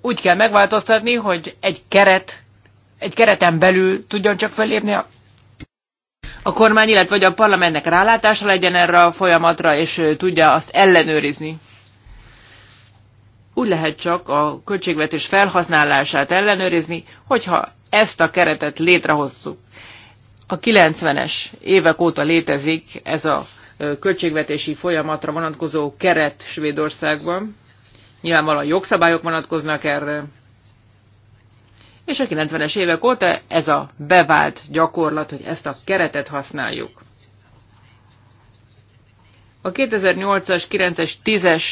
úgy kell megváltoztatni, hogy egy keret, egy kereten belül tudjon csak fellépni a a kormány, illetve hogy a parlamentnek rálátása legyen erre a folyamatra, és tudja azt ellenőrizni. Úgy lehet csak a költségvetés felhasználását ellenőrizni, hogyha ezt a keretet létrehozzuk. A 90-es évek óta létezik ez a költségvetési folyamatra vonatkozó keret Svédországban. Nyilvánvalóan jogszabályok vonatkoznak erre, és a 90-es évek óta ez a bevált gyakorlat, hogy ezt a keretet használjuk. A 2008-as, 9-es, 10-es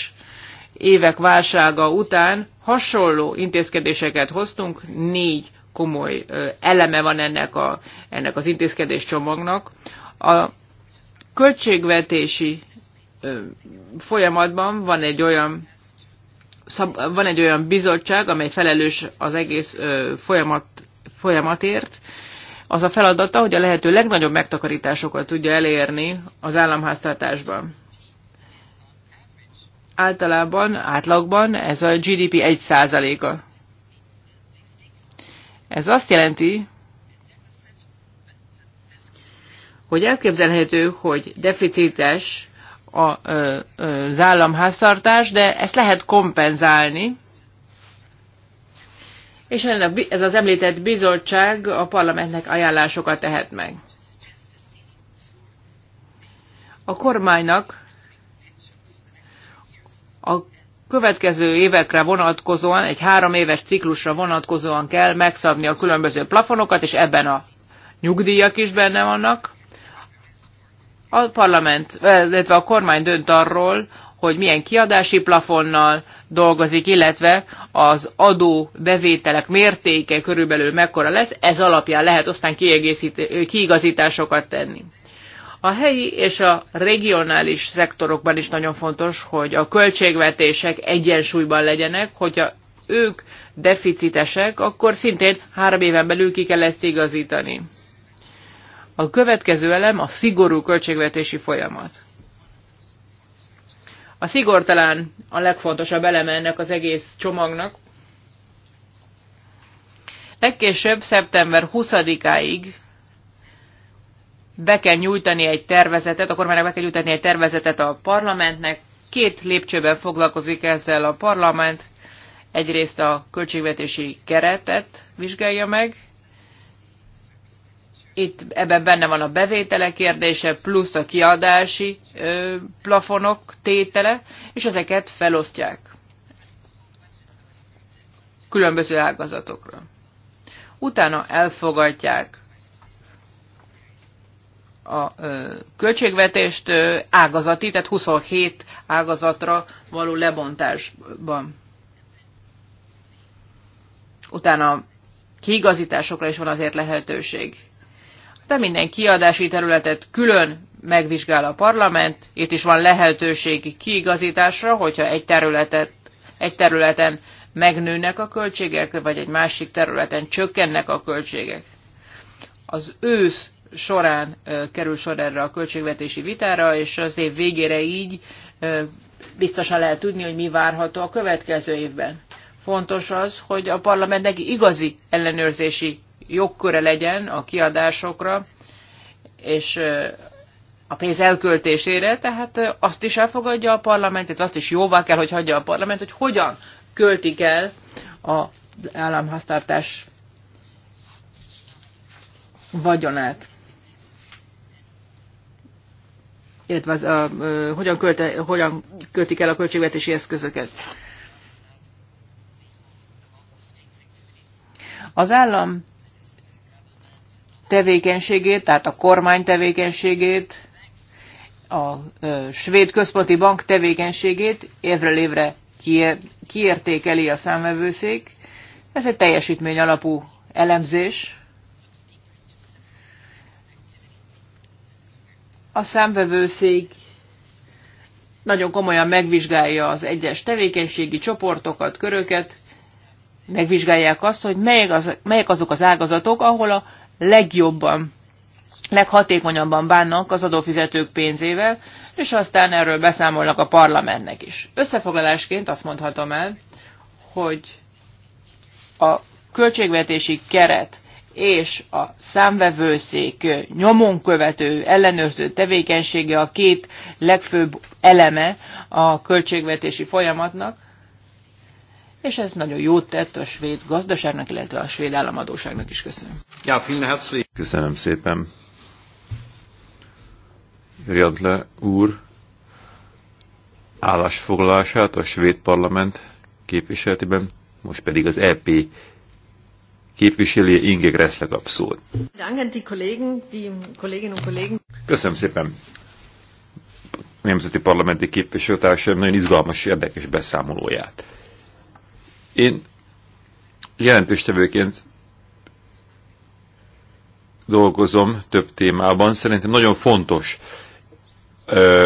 évek válsága után hasonló intézkedéseket hoztunk, négy komoly eleme van ennek, a, ennek az intézkedés csomagnak. A költségvetési folyamatban van egy olyan van egy olyan bizottság, amely felelős az egész folyamat, folyamatért, az a feladata, hogy a lehető legnagyobb megtakarításokat tudja elérni az államháztartásban. Általában, átlagban ez a GDP 1%-a. Ez azt jelenti, hogy elképzelhető, hogy deficites a, ö, ö, az államháztartás, de ezt lehet kompenzálni. És ez az említett bizottság a parlamentnek ajánlásokat tehet meg. A kormánynak a következő évekre vonatkozóan, egy három éves ciklusra vonatkozóan kell megszabni a különböző plafonokat, és ebben a nyugdíjak is benne vannak. A parlament, eh, illetve a kormány dönt arról, hogy milyen kiadási plafonnal dolgozik, illetve az adó bevételek mértéke körülbelül mekkora lesz, ez alapján lehet aztán kiigazításokat tenni. A helyi és a regionális szektorokban is nagyon fontos, hogy a költségvetések egyensúlyban legyenek, hogyha ők deficitesek, akkor szintén három éven belül ki kell ezt igazítani. A következő elem a szigorú költségvetési folyamat. A szigor talán a legfontosabb eleme ennek az egész csomagnak. Legkésőbb szeptember 20-áig be kell nyújtani egy tervezetet, a kormánynak be kell nyújtani egy tervezetet a parlamentnek. Két lépcsőben foglalkozik ezzel a parlament. Egyrészt a költségvetési keretet vizsgálja meg, itt ebben benne van a bevétele kérdése, plusz a kiadási ö, plafonok tétele, és ezeket felosztják különböző ágazatokra. Utána elfogadják a ö, költségvetést ö, ágazati, tehát 27 ágazatra való lebontásban. Utána kiigazításokra is van azért lehetőség. Aztán minden kiadási területet külön megvizsgál a parlament, itt is van lehetőség kiigazításra, hogyha egy, területet, egy területen megnőnek a költségek, vagy egy másik területen csökkennek a költségek. Az ősz során kerül sor erre a költségvetési vitára, és az év végére így biztosan lehet tudni, hogy mi várható a következő évben. Fontos az, hogy a parlamentnek igazi ellenőrzési jogköre legyen a kiadásokra, és a pénz elköltésére, tehát azt is elfogadja a parlament, tehát azt is jóvá kell, hogy hagyja a parlament, hogy hogyan költik el az államháztartás vagyonát. Illetve az, a, a, hogyan, költe, hogyan költik el a költségvetési eszközöket. Az állam tevékenységét, tehát a kormány tevékenységét, a svéd központi bank tevékenységét évről évre kiértékeli a számvevőszék. Ez egy teljesítmény alapú elemzés. A számvevőszék nagyon komolyan megvizsgálja az egyes tevékenységi csoportokat, köröket, megvizsgálják azt, hogy melyek, az, melyek azok az ágazatok, ahol a legjobban, leghatékonyabban bánnak az adófizetők pénzével, és aztán erről beszámolnak a parlamentnek is. Összefoglalásként azt mondhatom el, hogy a költségvetési keret és a számvevőszék nyomon követő, ellenőrző tevékenysége a két legfőbb eleme a költségvetési folyamatnak, és ez nagyon jót tett a svéd gazdaságnak, illetve a svéd államadóságnak is köszönöm. Ja, Köszönöm szépen. Riadle úr állásfoglalását a svéd parlament képviseletében, most pedig az EP képviselője Inge Gressle kap szót. Köszönöm szépen. A nemzeti parlamenti képviselőtársaim nagyon izgalmas, érdekes beszámolóját. Én jelentőstevőként dolgozom több témában. Szerintem nagyon fontos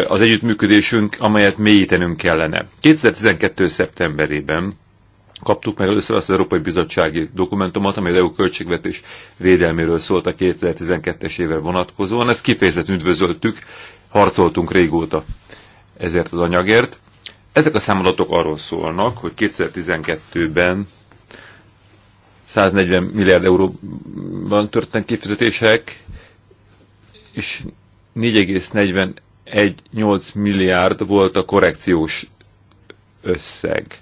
az együttműködésünk, amelyet mélyítenünk kellene. 2012. szeptemberében kaptuk meg először azt az Európai Bizottsági dokumentumot, amely az EU költségvetés védelméről szólt a 2012-es évre vonatkozóan. Ezt kifejezetten üdvözöltük, harcoltunk régóta ezért az anyagért. Ezek a számolatok arról szólnak, hogy 2012-ben 140 milliárd euróban történt kifizetések, és 4,418 milliárd volt a korrekciós összeg.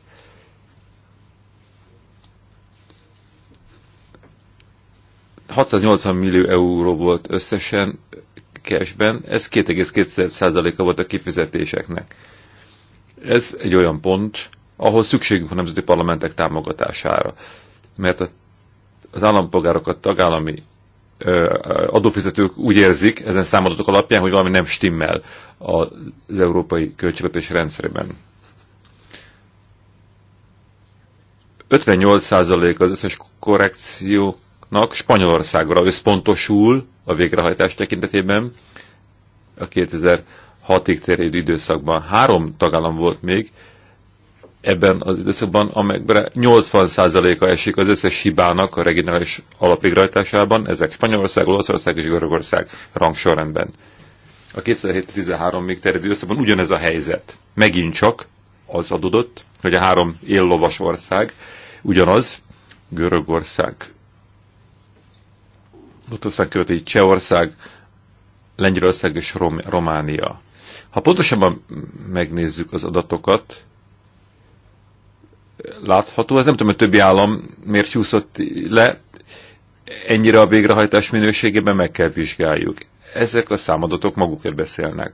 ...680 millió euró volt összesen cashben, ez 2,2%-a volt a kifizetéseknek. Ez egy olyan pont, ahol szükségünk van a nemzeti parlamentek támogatására, mert az állampolgárokat, tagállami adófizetők úgy érzik ezen számadatok alapján, hogy valami nem stimmel az európai költségvetés rendszerében. 58% az összes korrekciónak Spanyolországra összpontosul a végrehajtás tekintetében a 2000 hatig terjedő időszakban. Három tagállam volt még ebben az időszakban, amelyben 80%-a esik az összes hibának a regionális alapigrajtásában, ezek Spanyolország, Olaszország és Görögország rangsorrendben. A 2007 13 még terjedő időszakban ugyanez a helyzet. Megint csak az adódott, hogy a három éllovas ország ugyanaz, Görögország, Lotország követi Csehország, Lengyelország és Rom Románia. Ha pontosabban megnézzük az adatokat, látható, ez nem tudom, hogy többi állam miért csúszott le, ennyire a végrehajtás minőségében meg kell vizsgáljuk. Ezek a számadatok magukért beszélnek.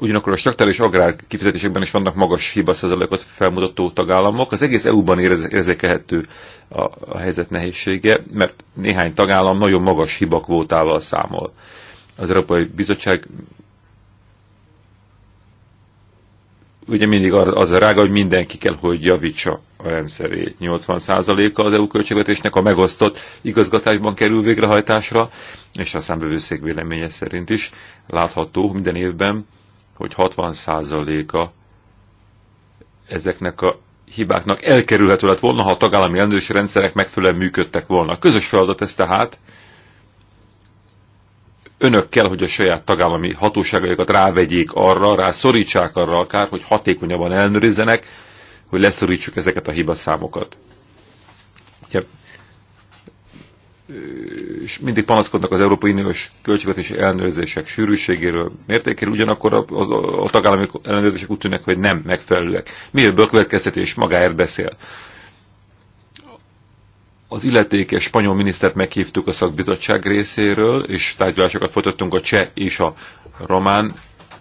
Ugyanakkor a strukturális agrár kifizetésekben is vannak magas hibaszázalékot felmutató tagállamok. Az egész EU-ban érzékelhető a, a helyzet nehézsége, mert néhány tagállam nagyon magas hibakvótával számol. Az Európai Bizottság ugye mindig az a rága, hogy mindenki kell, hogy javítsa a rendszerét. 80%-a az EU költségvetésnek a megosztott igazgatásban kerül végrehajtásra, és a számbevőszék véleménye szerint is látható minden évben, hogy 60%-a ezeknek a hibáknak elkerülhető lett volna, ha a tagállami rendőrsi rendszerek megfelelően működtek volna. Közös feladat ez tehát, önök kell, hogy a saját tagállami hatóságaikat rávegyék arra, rá szorítsák arra akár, hogy hatékonyabban ellenőrizzenek, hogy leszorítsuk ezeket a hibaszámokat. Ugye, és mindig panaszkodnak az Európai Uniós költségvetési ellenőrzések sűrűségéről, mértékéről, ugyanakkor a, a, a tagállami ellenőrzések úgy tűnnek, hogy nem megfelelőek. Miért a következtetés magáért beszél. Az illetékes spanyol minisztert meghívtuk a szakbizottság részéről, és tárgyalásokat folytattunk a cseh és a román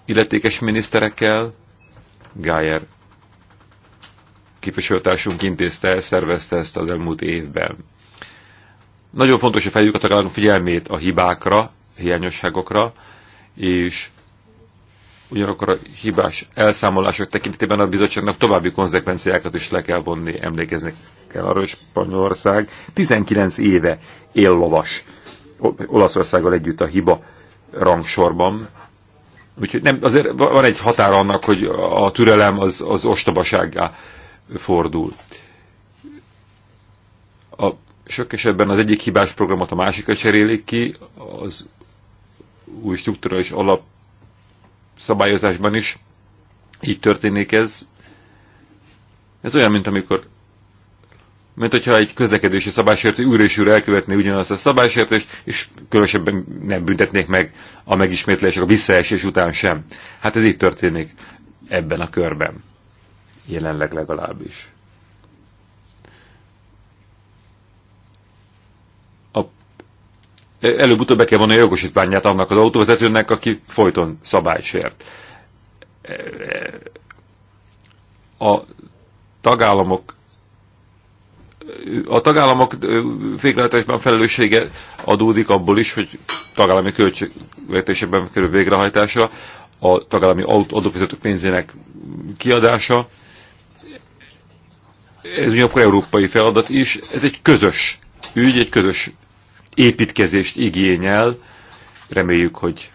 illetékes miniszterekkel. Gájer képviselőtársunk intézte szervezte ezt az elmúlt évben. Nagyon fontos, hogy feljük a tagállamok figyelmét a hibákra, hiányosságokra, és Ugyanakkor a hibás elszámolások tekintetében a bizottságnak további konzekvenciákat is le kell vonni, emlékezni kell arra, hogy Spanyolország 19 éve él lovas. Olaszországgal együtt a hiba rangsorban. Úgyhogy nem, azért van egy határa annak, hogy a türelem az, az ostobasággá fordul. A, sok esetben az egyik hibás programot a másikra cserélik ki, az új és alap szabályozásban is így történik ez. Ez olyan, mint amikor mint hogyha egy közlekedési szabálysértő újra és újra elkövetné ugyanazt a szabálysértést, és különösebben nem büntetnék meg a megismétlések a visszaesés után sem. Hát ez így történik ebben a körben. Jelenleg legalábbis. előbb-utóbb be kell vonni a jogosítványát annak az autóvezetőnek, aki folyton szabálysért. A tagállamok a tagállamok végrehajtásban felelőssége adódik abból is, hogy tagállami költségvetésében kerül végrehajtásra, a tagállami adófizetők pénzének kiadása. Ez a európai feladat is, ez egy közös ügy, egy közös építkezést igényel. Reméljük, hogy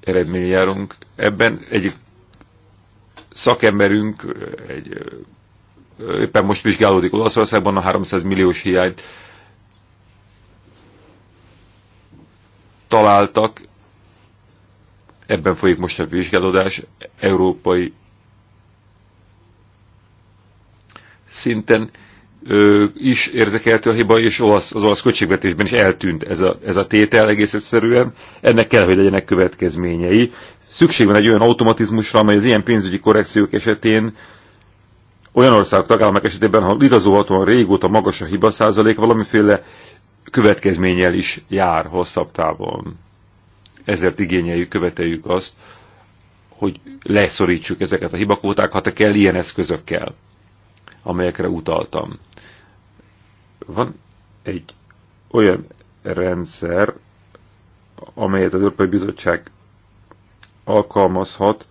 eredmény járunk ebben. egy szakemberünk egy, éppen most vizsgálódik Olaszországban a 300 milliós hiányt találtak. Ebben folyik most a vizsgálódás európai szinten ö, is érzekeltő a hiba, és olasz, az olasz költségvetésben is eltűnt ez a, ez a tétel egész egyszerűen. Ennek kell, hogy legyenek következményei. Szükség van egy olyan automatizmusra, amely az ilyen pénzügyi korrekciók esetén olyan országok tagállamok esetében, ha igazolhatóan régóta magas a hiba százalék, valamiféle következménnyel is jár hosszabb távon. Ezért igényeljük, követeljük azt, hogy leszorítsuk ezeket a hibakótákat, ha kell ilyen eszközökkel, amelyekre utaltam. Van egy olyan rendszer, amelyet az Európai Bizottság alkalmazhat,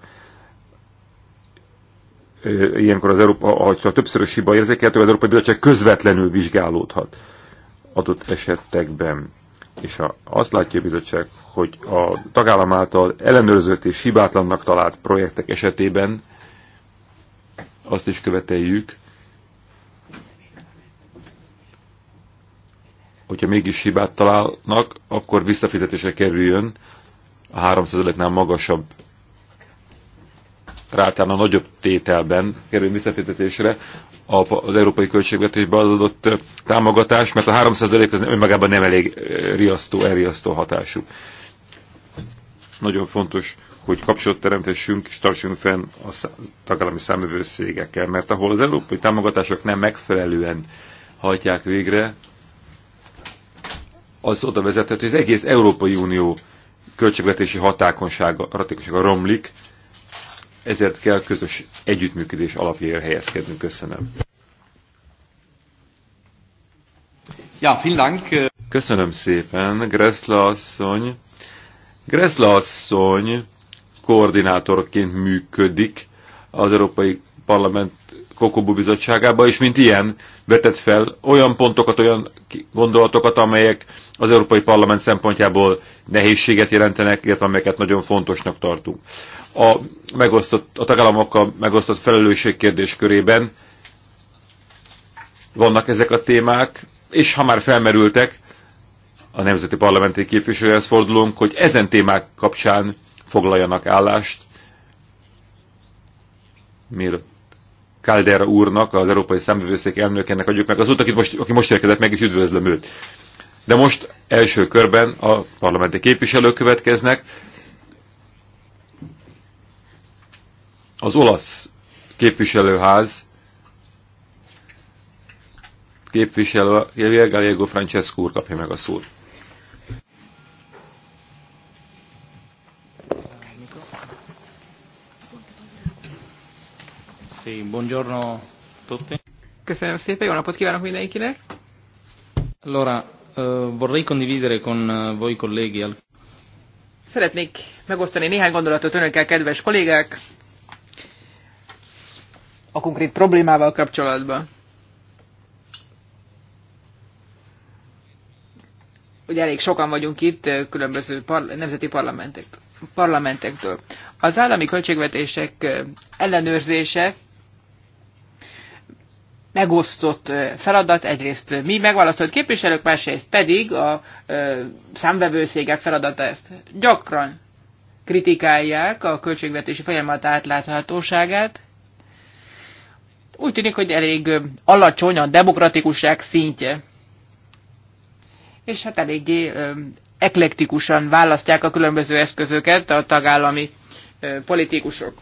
ilyenkor az Európa, ha többszörös hiba érzékelhető, az Európai Bizottság közvetlenül vizsgálódhat adott esetekben. És ha azt látja a bizottság, hogy a tagállam által ellenőrzött és hibátlannak talált projektek esetében azt is követeljük, hogyha mégis hibát találnak, akkor visszafizetése kerüljön a 300%-nál magasabb rátán a nagyobb tételben kerül visszafizetésre az európai költségvetésbe az adott támogatás, mert a 3% az önmagában nem elég riasztó, elriasztó hatású. Nagyon fontos, hogy kapcsolat teremtessünk és tartsunk fenn a tagállami számövőszégekkel, mert ahol az európai támogatások nem megfelelően hajtják végre, az oda vezethető, hogy az egész Európai Unió költségvetési hatákonsága, hatékonysága romlik, ezért kell közös együttműködés alapjára helyezkednünk. Köszönöm. Ja, vielen Dank. Köszönöm szépen, Greszla asszony. Greszla asszony koordinátorként működik az Európai Parlament Kokobu bizottságába, és mint ilyen vetett fel olyan pontokat, olyan gondolatokat, amelyek az Európai Parlament szempontjából nehézséget jelentenek, illetve amelyeket nagyon fontosnak tartunk. A, megosztott, a tagállamokkal megosztott felelősség kérdés körében vannak ezek a témák, és ha már felmerültek, a nemzeti parlamenti képviselőhez fordulunk, hogy ezen témák kapcsán foglaljanak állást, Miért? Caldera úrnak, az Európai Számvevőszék elnökének adjuk meg az út, aki most, aki most érkezett meg, és üdvözlöm őt. De most első körben a parlamenti képviselők következnek. Az olasz képviselőház képviselő Gallego Francesco úr kapja meg a szót. tutti. Köszönöm szépen, jó napot kívánok mindenkinek. Allora, uh, vorrei condividere con eh, voi colleghi al... Szeretnék megosztani néhány gondolatot önökkel, kedves kollégák, a konkrét problémával kapcsolatban. Ugye elég sokan vagyunk itt eh, különböző parla nemzeti parlamentek, parlamentektől. Az állami költségvetések ellenőrzése megosztott feladat, egyrészt mi megválasztott képviselők, másrészt pedig a számvevőszégek feladata ezt. Gyakran kritikálják a költségvetési folyamat átláthatóságát. Úgy tűnik, hogy elég alacsony a demokratikusság szintje. És hát eléggé eklektikusan választják a különböző eszközöket a tagállami politikusok.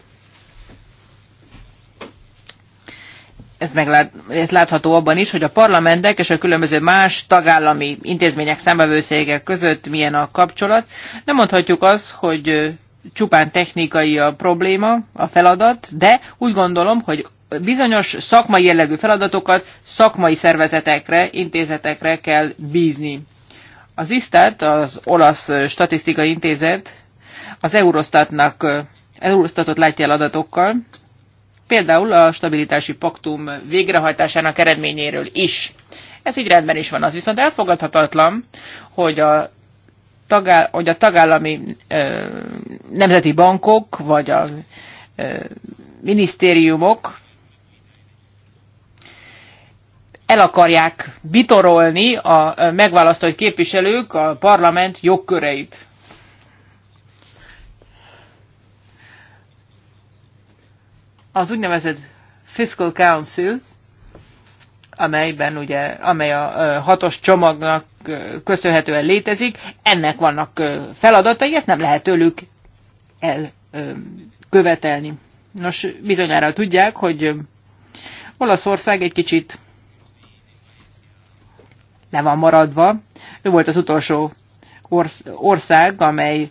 ez, meglát, ez látható abban is, hogy a parlamentek és a különböző más tagállami intézmények számbevőszégek között milyen a kapcsolat. Nem mondhatjuk azt, hogy csupán technikai a probléma, a feladat, de úgy gondolom, hogy bizonyos szakmai jellegű feladatokat szakmai szervezetekre, intézetekre kell bízni. Az ISTAT, az olasz statisztikai intézet, az Eurostatnak, Eurostatot látja el adatokkal, például a stabilitási paktum végrehajtásának eredményéről is. Ez így rendben is van. Az viszont elfogadhatatlan, hogy a tagáll- hogy a tagállami ö, nemzeti bankok, vagy a ö, minisztériumok el akarják bitorolni a megválasztott képviselők a parlament jogköreit. Az úgynevezett Fiscal Council, amelyben ugye, amely a hatos csomagnak köszönhetően létezik, ennek vannak feladatai, ezt nem lehet tőlük elkövetelni. Nos, bizonyára tudják, hogy Olaszország egy kicsit le van maradva. Ő volt az utolsó ország, amely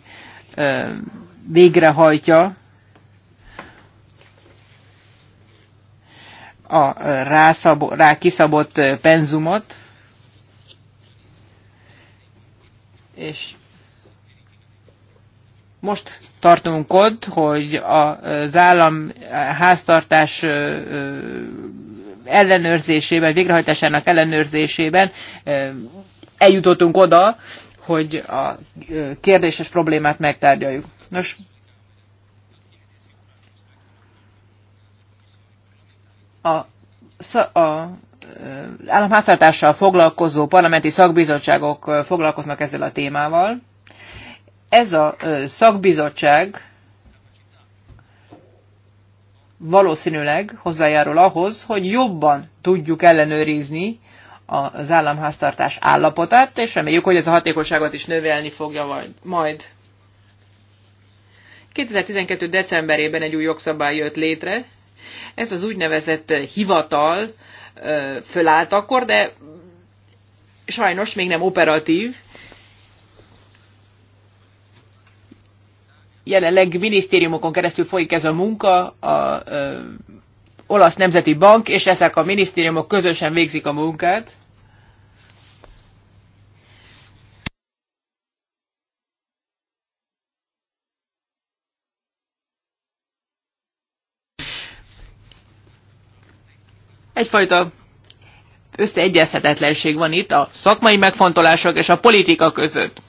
végrehajtja a rá kiszabott penzumot, és most tartunk ott, hogy az állam háztartás ellenőrzésében, végrehajtásának ellenőrzésében eljutottunk oda, hogy a kérdéses problémát megtárgyaljuk. Nos, a, a, a államháztartással foglalkozó parlamenti szakbizottságok foglalkoznak ezzel a témával. Ez a szakbizottság valószínűleg hozzájárul ahhoz, hogy jobban tudjuk ellenőrizni az államháztartás állapotát, és reméljük, hogy ez a hatékonyságot is növelni fogja majd. 2012. decemberében egy új jogszabály jött létre, ez az úgynevezett eh, hivatal eh, fölállt akkor, de sajnos még nem operatív. Jelenleg minisztériumokon keresztül folyik ez a munka, a eh, olasz nemzeti bank, és ezek a minisztériumok közösen végzik a munkát. Egyfajta összeegyezhetetlenség van itt a szakmai megfontolások és a politika között.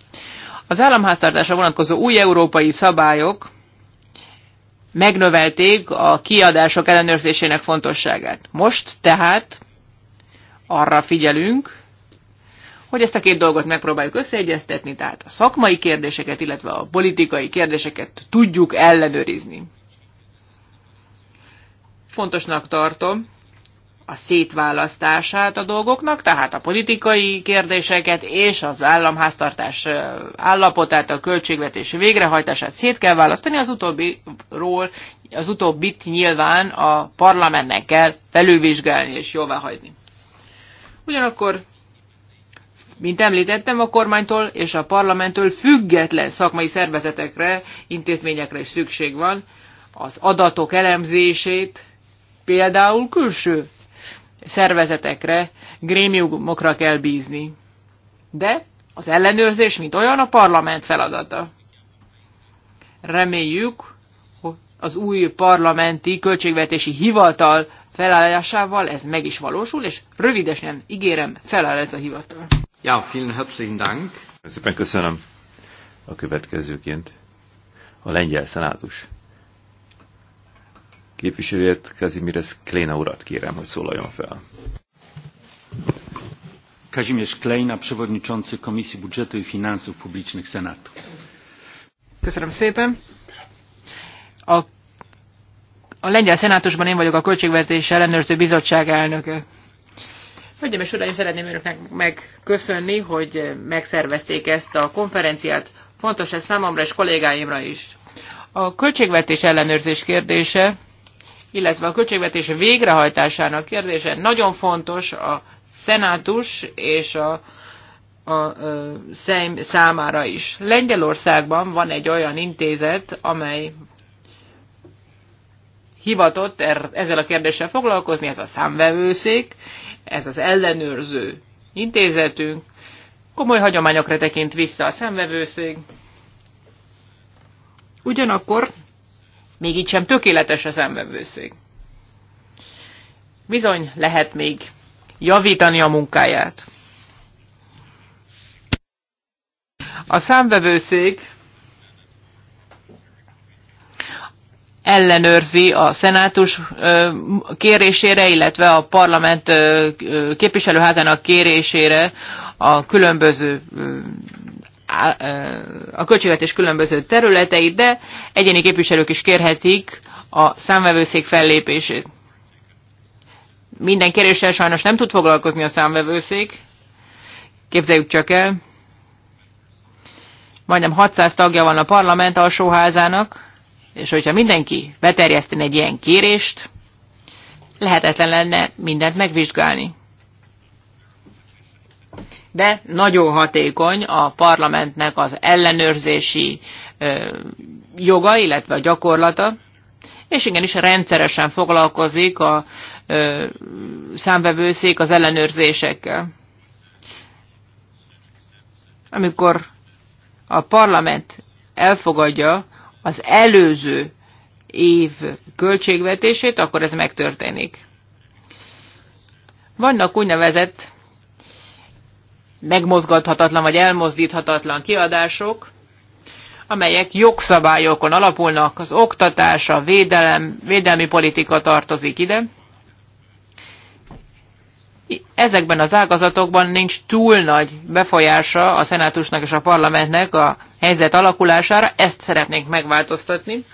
Az államháztartásra vonatkozó új európai szabályok megnövelték a kiadások ellenőrzésének fontosságát. Most tehát arra figyelünk, hogy ezt a két dolgot megpróbáljuk összeegyeztetni, tehát a szakmai kérdéseket, illetve a politikai kérdéseket tudjuk ellenőrizni. Fontosnak tartom, a szétválasztását a dolgoknak, tehát a politikai kérdéseket és az államháztartás állapotát, a költségvetés végrehajtását szét kell választani, az utóbbiról, az utóbbit nyilván a parlamentnek kell felülvizsgálni és jóváhagyni. Ugyanakkor mint említettem, a kormánytól és a parlamenttől független szakmai szervezetekre, intézményekre is szükség van. Az adatok elemzését például külső szervezetekre, grémiumokra kell bízni. De az ellenőrzés, mint olyan, a parlament feladata. Reméljük, hogy az új parlamenti költségvetési hivatal felállásával ez meg is valósul, és rövidesen ígérem, feláll ez a hivatal. Ja, vielen herzlichen Dank. Szépen köszönöm. A következőként a lengyel szenátus képviselőjét, Kazimierz Kleina urat kérem, hogy szólaljon fel. Kazimierz Kleina, przewodniczący Komisji Budżetu i Finansów Publicznych Senatu. Köszönöm szépen. A, a lengyel szenátusban én vagyok a Költségvetés Ellenőrző Bizottság elnöke. Hölgyeim és Uraim, szeretném önöknek megköszönni, hogy megszervezték ezt a konferenciát. Fontos ez számomra és kollégáimra is. A költségvetés ellenőrzés kérdése illetve a költségvetés végrehajtásának kérdése nagyon fontos a szenátus és a, a, a a számára is. Lengyelországban van egy olyan intézet, amely hivatott er, ezzel a kérdéssel foglalkozni, ez a számvevőszék, ez az ellenőrző intézetünk. Komoly hagyományokra tekint vissza a számvevőszék. Ugyanakkor még így sem tökéletes a emberbőszék. Bizony lehet még javítani a munkáját. A számvevőszék ellenőrzi a szenátus kérésére, illetve a parlament képviselőházának kérésére a különböző a költségvetés különböző területeit, de egyéni képviselők is kérhetik a számvevőszék fellépését. Minden kéréssel sajnos nem tud foglalkozni a számvevőszék. Képzeljük csak el. Majdnem 600 tagja van a parlament alsóházának, és hogyha mindenki beterjesztene egy ilyen kérést, lehetetlen lenne mindent megvizsgálni de nagyon hatékony a parlamentnek az ellenőrzési joga, illetve a gyakorlata, és igenis rendszeresen foglalkozik a számvevőszék az ellenőrzésekkel. Amikor a parlament elfogadja az előző év költségvetését, akkor ez megtörténik. Vannak úgynevezett megmozgathatatlan vagy elmozdíthatatlan kiadások, amelyek jogszabályokon alapulnak, az oktatás, a védelem, védelmi politika tartozik ide. Ezekben az ágazatokban nincs túl nagy befolyása a szenátusnak és a parlamentnek a helyzet alakulására, ezt szeretnénk megváltoztatni.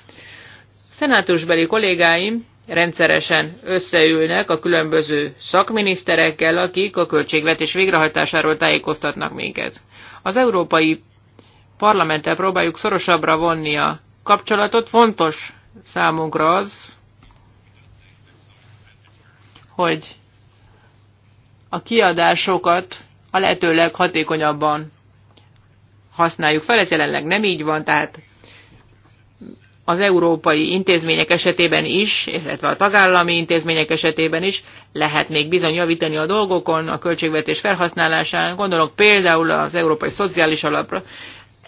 Szenátusbeli kollégáim rendszeresen összeülnek a különböző szakminiszterekkel, akik a költségvetés végrehajtásáról tájékoztatnak minket. Az Európai Parlamenttel próbáljuk szorosabbra vonni a kapcsolatot. Fontos számunkra az, hogy a kiadásokat a lehető leghatékonyabban használjuk fel. Ez jelenleg nem így van, tehát az európai intézmények esetében is, illetve a tagállami intézmények esetében is lehet még bizony javítani a dolgokon, a költségvetés felhasználásán, gondolok például az európai szociális alapra.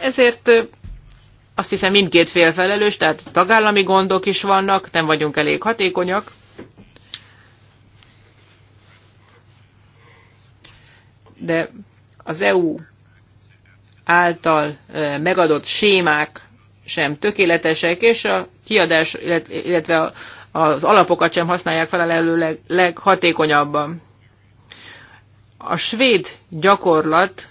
Ezért azt hiszem mindkét fél felelős, tehát tagállami gondok is vannak, nem vagyunk elég hatékonyak. De az EU által megadott sémák sem tökéletesek, és a kiadás, illetve az alapokat sem használják fel a lehető leghatékonyabban. A svéd gyakorlat,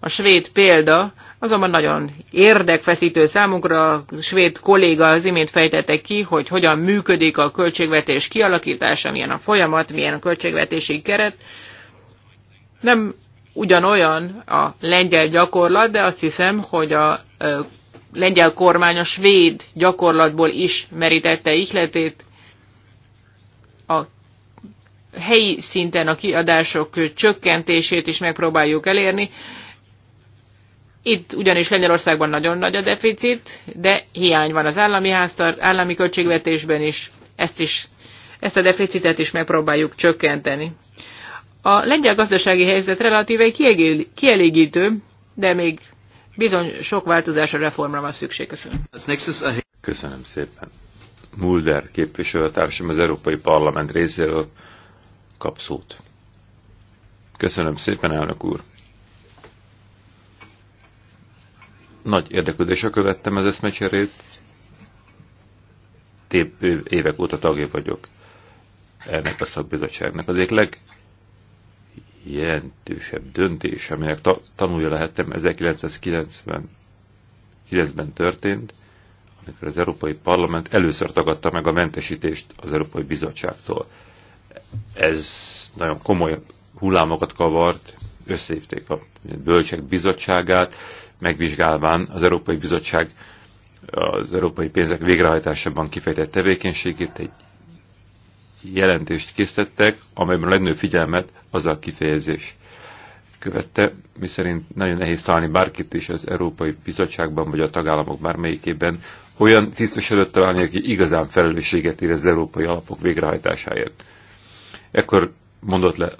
a svéd példa azonban nagyon érdekfeszítő számunkra. A svéd kolléga az imént fejtette ki, hogy hogyan működik a költségvetés kialakítása, milyen a folyamat, milyen a költségvetési keret. Nem ugyanolyan a lengyel gyakorlat, de azt hiszem, hogy a lengyel kormány a svéd gyakorlatból is merítette ihletét. A helyi szinten a kiadások csökkentését is megpróbáljuk elérni. Itt ugyanis Lengyelországban nagyon nagy a deficit, de hiány van az állami, háztar, állami költségvetésben is. Ezt, is. ezt a deficitet is megpróbáljuk csökkenteni. A lengyel gazdasági helyzet relatíve kielégítő, de még Bizony sok változásra, reformra van szükség. Köszönöm. Köszönöm szépen. Mulder képviselőtársam az Európai Parlament részéről kap szót. Köszönöm szépen, elnök úr. Nagy érdeklődésre követtem az eszmecserét. Tép évek óta tagja vagyok ennek a szakbizottságnak. Az egyik leg jelentősebb döntés, aminek ta tanulja lehettem 1999-ben történt, amikor az Európai Parlament először tagadta meg a mentesítést az Európai Bizottságtól. Ez nagyon komoly hullámokat kavart, összehívték a bölcsek bizottságát, megvizsgálván az Európai Bizottság az európai pénzek végrehajtásában kifejtett tevékenységét egy jelentést készítettek, amelyben a legnagyobb figyelmet az a kifejezés követte, miszerint nagyon nehéz találni bárkit is az Európai Bizottságban vagy a tagállamok bármelyikében olyan előtt találni, aki igazán felelősséget ír az európai alapok végrehajtásáért. Ekkor mondott le,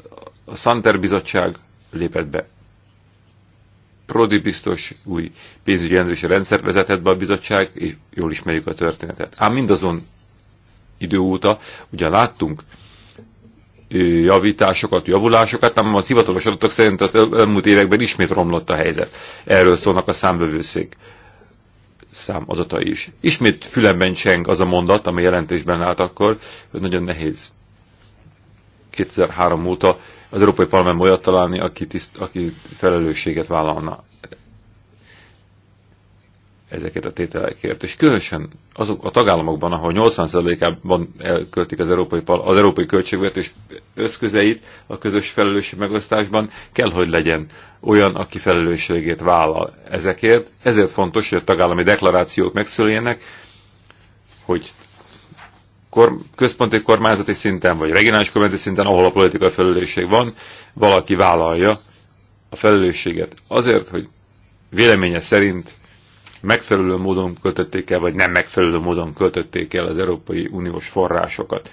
a Santer Bizottság lépett be. Prodi biztos új pénzügyi rendőrség rendszer vezetett be a bizottság, és jól ismerjük a történetet. Ám mindazon idő óta ugyan láttunk javításokat, javulásokat, nem a hivatalos adatok szerint az elmúlt években ismét romlott a helyzet. Erről szólnak a számbevőszék szám adatai is. Ismét fülemben cseng az a mondat, ami jelentésben állt akkor, hogy nagyon nehéz 2003 óta az Európai Parlament olyat találni, aki, tiszt, aki felelősséget vállalna ezeket a tételekért. És különösen azok a tagállamokban, ahol 80%-ában elköltik az európai, az európai költségvetés összközeit a közös felelősség megosztásban, kell, hogy legyen olyan, aki felelősségét vállal ezekért. Ezért fontos, hogy a tagállami deklarációk megszüljenek, hogy központi kormányzati szinten, vagy regionális kormányzati szinten, ahol a politikai felelősség van, valaki vállalja a felelősséget azért, hogy véleménye szerint megfelelő módon költötték el, vagy nem megfelelő módon költötték el az Európai Uniós forrásokat.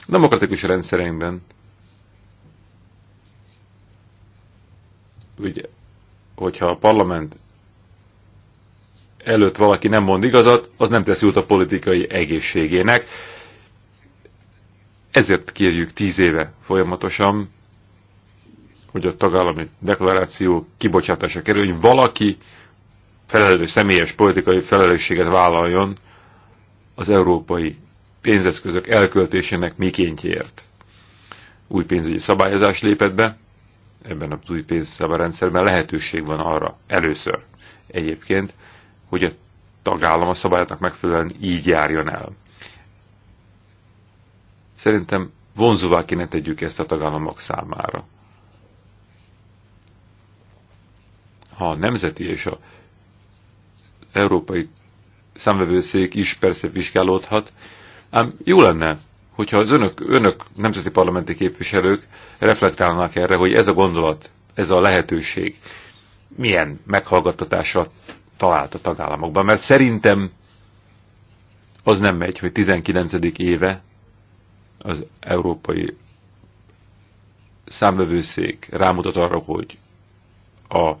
A demokratikus rendszerünkben ugye, hogyha a parlament előtt valaki nem mond igazat, az nem teszi út a politikai egészségének. Ezért kérjük tíz éve folyamatosan, hogy a tagállami deklaráció kibocsátása kerül, hogy valaki felelős, személyes politikai felelősséget vállaljon az európai pénzeszközök elköltésének mikéntjéért. Új pénzügyi szabályozás lépett be, ebben az új pénzszabályrendszerben lehetőség van arra először egyébként, hogy a tagállam a szabályoknak megfelelően így járjon el. Szerintem vonzóvá kéne tegyük ezt a tagállamok számára. Ha a nemzeti és a európai számvevőszék is persze vizsgálódhat, ám jó lenne, hogyha az önök, önök nemzeti parlamenti képviselők reflektálnak erre, hogy ez a gondolat, ez a lehetőség milyen meghallgattatásra talált a tagállamokban. Mert szerintem az nem megy, hogy 19. éve az európai számvevőszék rámutat arra, hogy a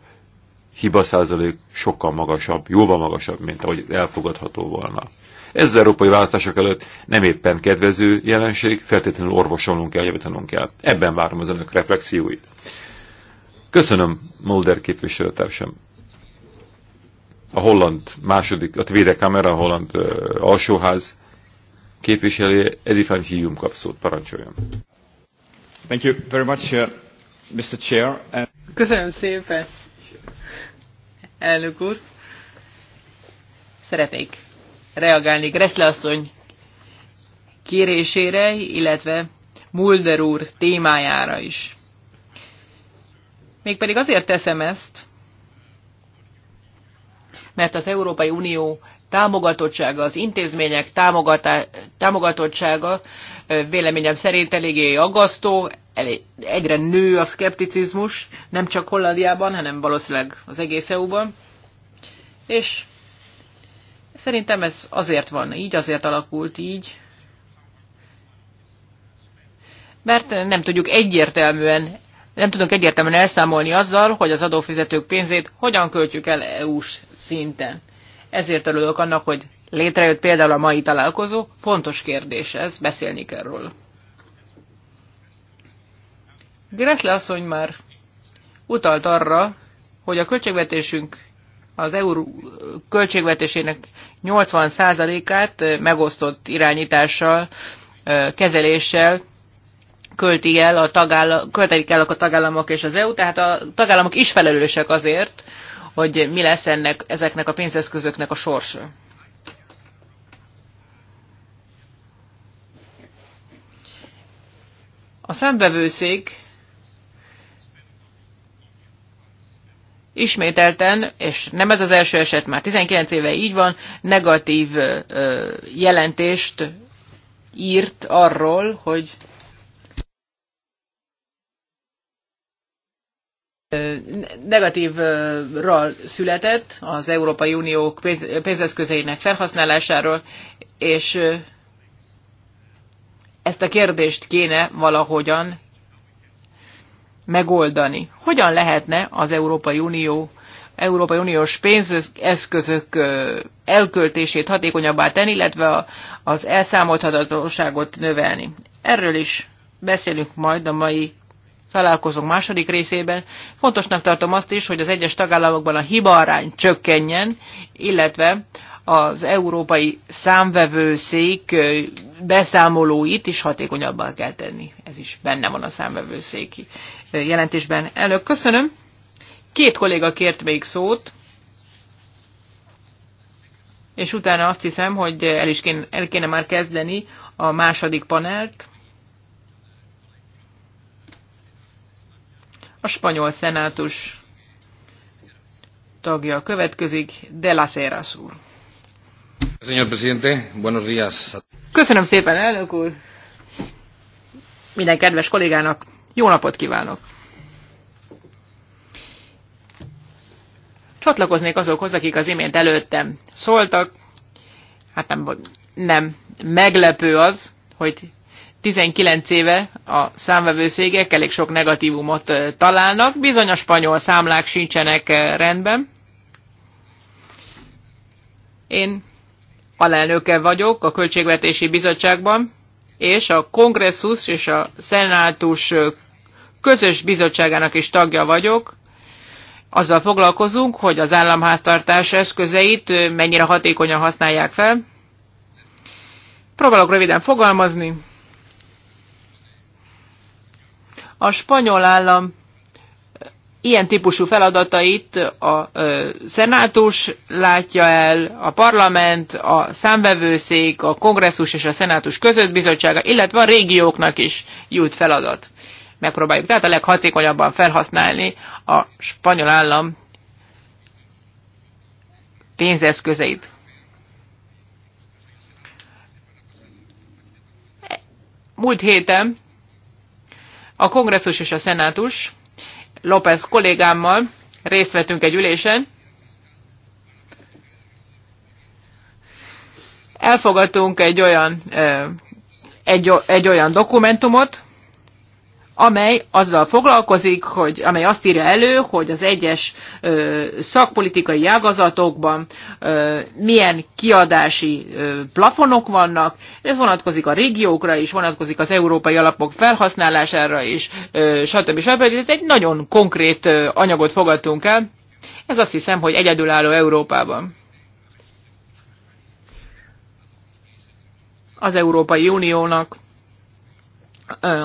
hiba százalék sokkal magasabb, jóval magasabb, mint ahogy elfogadható volna. Ez az európai választások előtt nem éppen kedvező jelenség, feltétlenül orvosolnunk kell, javítanunk kell. Ebben várom az önök reflexióit. Köszönöm Mulder képviselőtársam. A holland második, a Tvédekamera, a holland uh, alsóház képviselője Edith van Hium kap szót, parancsoljon. Thank you very much, uh, Mr. Chair. And... Köszönöm szépen elnök úr. Szeretnék reagálni Greszle asszony kérésére, illetve Mulder úr témájára is. Mégpedig azért teszem ezt, mert az Európai Unió támogatottsága, az intézmények támogatottsága véleményem szerint eléggé aggasztó, egyre nő a szkepticizmus, nem csak Hollandiában, hanem valószínűleg az egész EU-ban. És szerintem ez azért van így, azért alakult így, mert nem tudjuk egyértelműen nem tudunk egyértelműen elszámolni azzal, hogy az adófizetők pénzét hogyan költjük el EU-s szinten. Ezért örülök annak, hogy létrejött például a mai találkozó, fontos kérdés ez, beszélni kell róla. Gressle asszony már utalt arra, hogy a költségvetésünk az euró költségvetésének 80%-át megosztott irányítással, kezeléssel költi el a tagállam, költelik el a tagállamok és az EU, tehát a tagállamok is felelősek azért, hogy mi lesz ennek, ezeknek a pénzeszközöknek a sorsa. A szembevőszék ismételten, és nem ez az első eset, már 19 éve így van, negatív jelentést írt arról, hogy negatívral született az Európai Unió pénzeszközeinek felhasználásáról, és ezt a kérdést kéne valahogyan megoldani. Hogyan lehetne az Európai Unió Európai Uniós pénzeszközök elköltését hatékonyabbá tenni, illetve az elszámolthatatóságot növelni. Erről is beszélünk majd a mai találkozónk második részében. Fontosnak tartom azt is, hogy az egyes tagállamokban a hibaarány csökkenjen, illetve az európai számvevőszék beszámolóit is hatékonyabbá kell tenni. Ez is benne van a számvevőszéki jelentésben. Elnök, köszönöm. Két kolléga kért még szót, és utána azt hiszem, hogy el is kéne, el kéne már kezdeni a második panelt. A spanyol szenátus tagja következik, De Las Heras úr. Köszönöm szépen, elnök úr. Minden kedves kollégának jó napot kívánok. Csatlakoznék azokhoz, akik az imént előttem szóltak. Hát nem, nem meglepő az, hogy 19 éve a számvevőszégek elég sok negatívumot találnak, bizony a spanyol számlák sincsenek rendben. Én alelnöke vagyok a Költségvetési Bizottságban, és a kongresszus és a szenátus közös bizottságának is tagja vagyok. Azzal foglalkozunk, hogy az államháztartás eszközeit mennyire hatékonyan használják fel. Próbálok röviden fogalmazni. A spanyol állam ilyen típusú feladatait a szenátus látja el, a parlament, a számvevőszék, a kongresszus és a szenátus között bizottsága, illetve a régióknak is jut feladat. Megpróbáljuk tehát a leghatékonyabban felhasználni a spanyol állam pénzeszközeit. Múlt héten a kongresszus és a szenátus López kollégámmal részt vettünk egy ülésen. Elfogadtunk egy olyan, egy, egy olyan dokumentumot, amely azzal foglalkozik, hogy, amely azt írja elő, hogy az egyes ö, szakpolitikai ágazatokban ö, milyen kiadási ö, plafonok vannak. Ez vonatkozik a régiókra is, vonatkozik az európai alapok felhasználására is, ö, stb. stb. Ez egy nagyon konkrét ö, anyagot fogadtunk el. Ez azt hiszem, hogy egyedülálló Európában. Az Európai Uniónak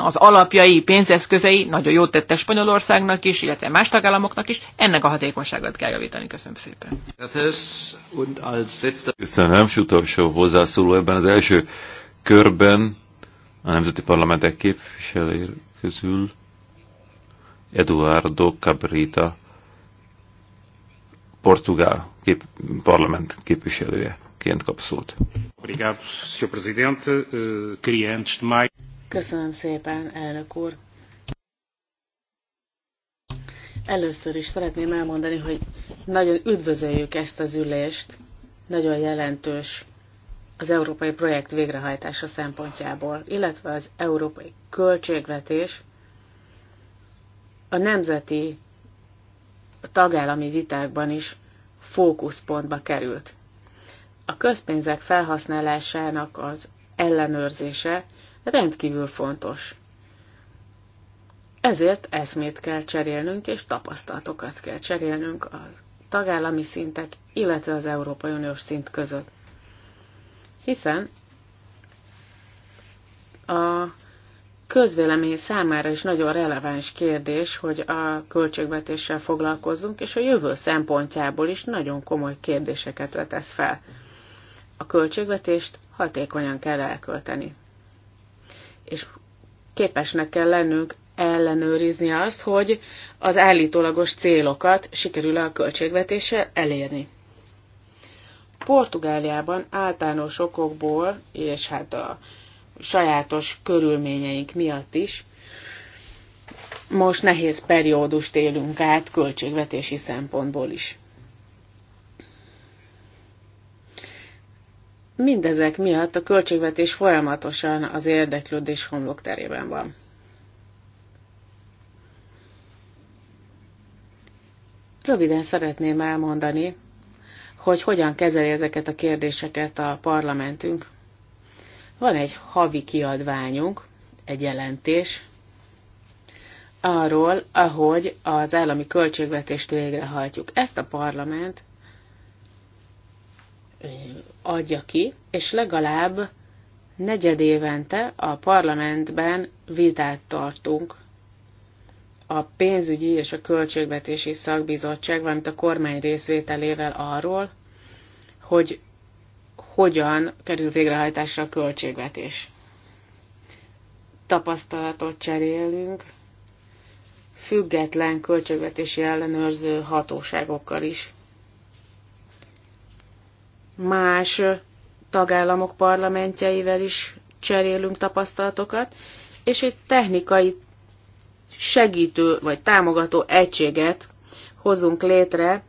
az alapjai, pénzeszközei nagyon jót tettek Spanyolországnak is, illetve más tagállamoknak is, ennek a hatékonyságot kell javítani. Köszönöm szépen. Köszönöm, és utolsó hozzászóló ebben az első körben a nemzeti parlamentek képviselői közül Eduardo Cabrita, portugál kép, parlament képviselőjeként kap szót. Köszönöm szépen, elnök úr. Először is szeretném elmondani, hogy nagyon üdvözöljük ezt az ülést, nagyon jelentős az európai projekt végrehajtása szempontjából, illetve az európai költségvetés a nemzeti a tagállami vitákban is fókuszpontba került. A közpénzek felhasználásának az ellenőrzése rendkívül fontos. Ezért eszmét kell cserélnünk, és tapasztalatokat kell cserélnünk a tagállami szintek, illetve az Európai Uniós szint között. Hiszen a közvélemény számára is nagyon releváns kérdés, hogy a költségvetéssel foglalkozzunk, és a jövő szempontjából is nagyon komoly kérdéseket vetesz fel. A költségvetést hatékonyan kell elkölteni és képesnek kell lennünk ellenőrizni azt, hogy az állítólagos célokat sikerül a költségvetéssel elérni. Portugáliában általános okokból, és hát a sajátos körülményeink miatt is, most nehéz periódust élünk át költségvetési szempontból is. Mindezek miatt a költségvetés folyamatosan az érdeklődés homlok terében van. Röviden szeretném elmondani, hogy hogyan kezeli ezeket a kérdéseket a parlamentünk. Van egy havi kiadványunk, egy jelentés, arról, ahogy az állami költségvetést végrehajtjuk. Ezt a parlament adja ki, és legalább negyed évente a parlamentben vitát tartunk a pénzügyi és a költségvetési szakbizottság, valamint a kormány részvételével arról, hogy hogyan kerül végrehajtásra a költségvetés. Tapasztalatot cserélünk, független költségvetési ellenőrző hatóságokkal is más tagállamok parlamentjeivel is cserélünk tapasztalatokat, és egy technikai segítő vagy támogató egységet hozunk létre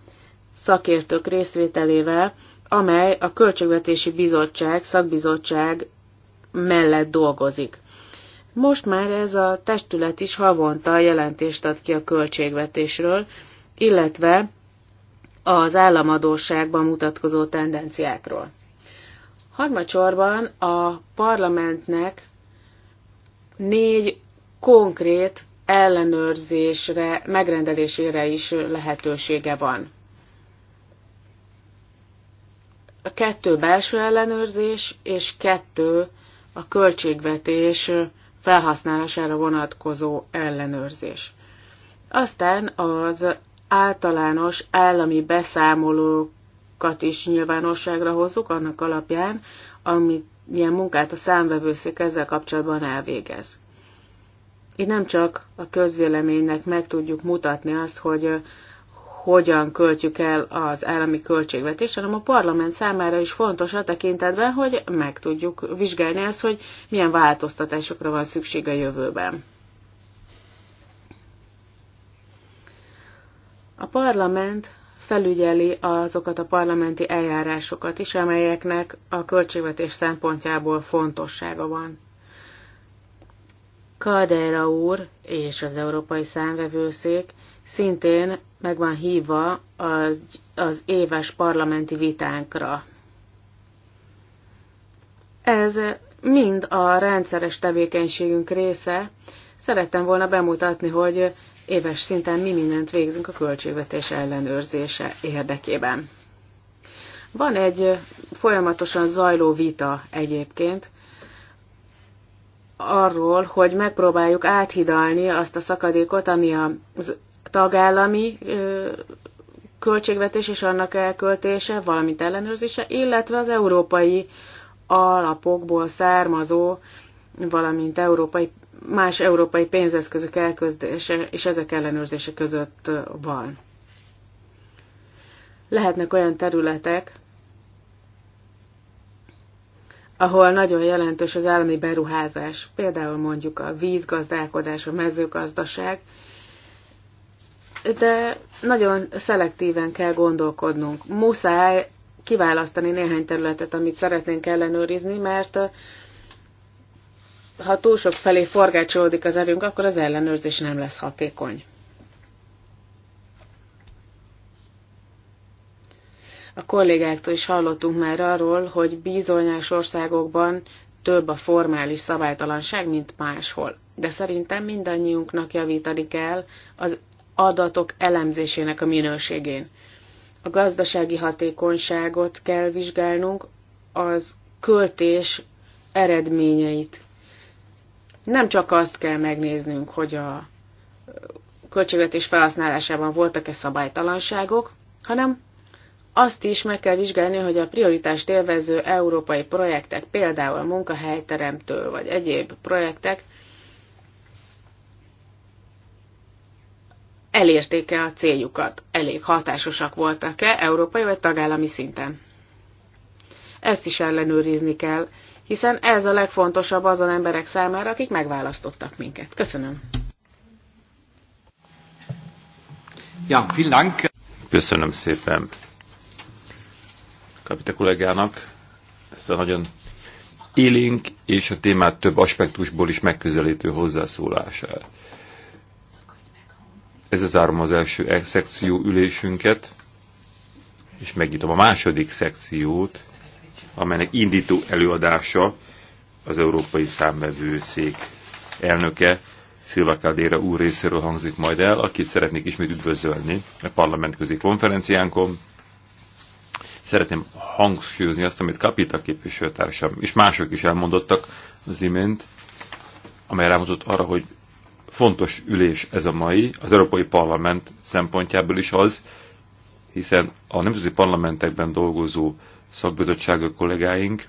szakértők részvételével, amely a Költségvetési Bizottság, szakbizottság mellett dolgozik. Most már ez a testület is havonta jelentést ad ki a költségvetésről, illetve az államadóságban mutatkozó tendenciákról. Harmadsorban a parlamentnek négy konkrét ellenőrzésre, megrendelésére is lehetősége van. A kettő belső ellenőrzés és kettő a költségvetés felhasználására vonatkozó ellenőrzés. Aztán az általános állami beszámolókat is nyilvánosságra hozzuk annak alapján, amit ilyen munkát a számvevőszék ezzel kapcsolatban elvégez. Így nem csak a közvéleménynek meg tudjuk mutatni azt, hogy hogyan költjük el az állami költségvetést, hanem a parlament számára is fontos a tekintetben, hogy meg tudjuk vizsgálni azt, hogy milyen változtatásokra van szükség a jövőben. A parlament felügyeli azokat a parlamenti eljárásokat is, amelyeknek a költségvetés szempontjából fontossága van. Kaldeira úr és az Európai Számvevőszék szintén meg van hívva az, az éves parlamenti vitánkra. Ez mind a rendszeres tevékenységünk része. Szerettem volna bemutatni, hogy éves szinten mi mindent végzünk a költségvetés ellenőrzése érdekében. Van egy folyamatosan zajló vita egyébként arról, hogy megpróbáljuk áthidalni azt a szakadékot, ami a tagállami költségvetés és annak elköltése, valamint ellenőrzése, illetve az európai alapokból származó, valamint európai más európai pénzeszközök elközdése és ezek ellenőrzése között van. Lehetnek olyan területek, ahol nagyon jelentős az állami beruházás, például mondjuk a vízgazdálkodás, a mezőgazdaság, de nagyon szelektíven kell gondolkodnunk. Muszáj kiválasztani néhány területet, amit szeretnénk ellenőrizni, mert ha túl sok felé forgácsolódik az erőnk, akkor az ellenőrzés nem lesz hatékony. A kollégáktól is hallottunk már arról, hogy bizonyos országokban több a formális szabálytalanság, mint máshol. De szerintem mindannyiunknak javítani kell az adatok elemzésének a minőségén. A gazdasági hatékonyságot kell vizsgálnunk, az költés eredményeit nem csak azt kell megnéznünk, hogy a költségvetés felhasználásában voltak-e szabálytalanságok, hanem azt is meg kell vizsgálni, hogy a prioritást élvező európai projektek, például a munkahelyteremtő vagy egyéb projektek elérték-e a céljukat, elég hatásosak voltak-e európai vagy tagállami szinten. Ezt is ellenőrizni kell, hiszen ez a legfontosabb azon emberek számára, akik megválasztottak minket. Köszönöm. Ja, vielen Köszönöm szépen kapita kollégának ezt a nagyon élénk és a témát több aspektusból is megközelítő hozzászólását. Ez árom az első e- szekció ülésünket, és megnyitom a második szekciót, amelynek indító előadása az Európai Számvevőszék elnöke, Szilva Caldera úr részéről hangzik majd el, akit szeretnék ismét üdvözölni a parlamentközi konferenciánkon. Szeretném hangsúlyozni azt, amit Kapita képviselőtársam és mások is elmondottak az imént, amely rámutott arra, hogy fontos ülés ez a mai, az Európai Parlament szempontjából is az, hiszen a nemzeti parlamentekben dolgozó szakbizottsága kollégáink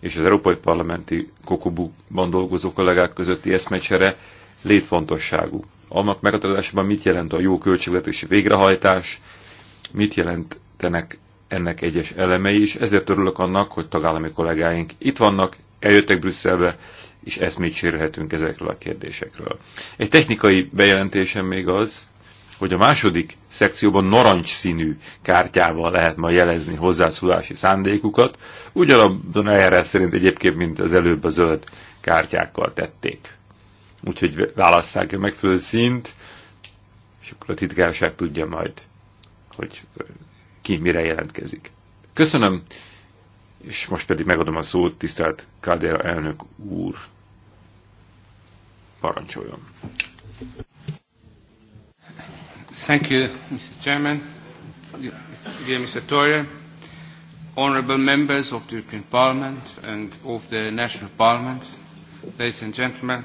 és az Európai Parlamenti Kokobukban dolgozó kollégák közötti eszmecsere létfontosságú. Annak meghatározásában mit jelent a jó költségvetési végrehajtás, mit jelentenek ennek egyes elemei, és ezért örülök annak, hogy tagállami kollégáink itt vannak, eljöttek Brüsszelbe, és eszmét sérülhetünk ezekről a kérdésekről. Egy technikai bejelentésem még az, hogy a második szekcióban narancs színű kártyával lehet majd jelezni hozzászólási szándékukat, ugyanabban erre szerint egyébként, mint az előbb a zöld kártyákkal tették. Úgyhogy válasszák a megfelelő szint, és akkor a titkárság tudja majd, hogy ki mire jelentkezik. Köszönöm, és most pedig megadom a szót, tisztelt Kádéra elnök úr. Parancsoljon! Thank you, Mr. Chairman. Dear Mr. Toyer, honorable members of the European Parliament and of the national parliaments, ladies and gentlemen.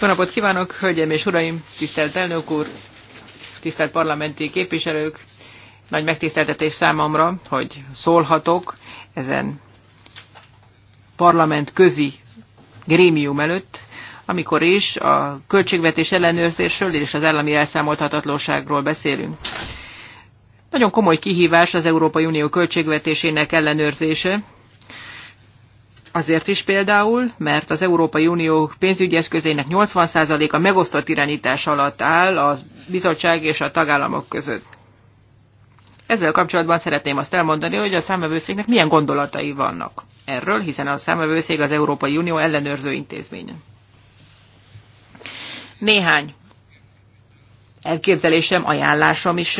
Jó napot kívánok, hölgyeim és uraim, tisztelt elnök úr, tisztelt parlamenti képviselők. Nagy megtiszteltetés számomra, hogy szólhatok ezen parlament közi grémium előtt, amikor is a költségvetés ellenőrzésről és az állami elszámolhatatlanságról beszélünk. Nagyon komoly kihívás az Európai Unió költségvetésének ellenőrzése. Azért is például, mert az Európai Unió pénzügyi eszközének 80%-a megosztott irányítás alatt áll a bizottság és a tagállamok között. Ezzel kapcsolatban szeretném azt elmondani, hogy a számövőszéknek milyen gondolatai vannak erről, hiszen a számövőszék az Európai Unió ellenőrző intézménye. Néhány elképzelésem, ajánlásom is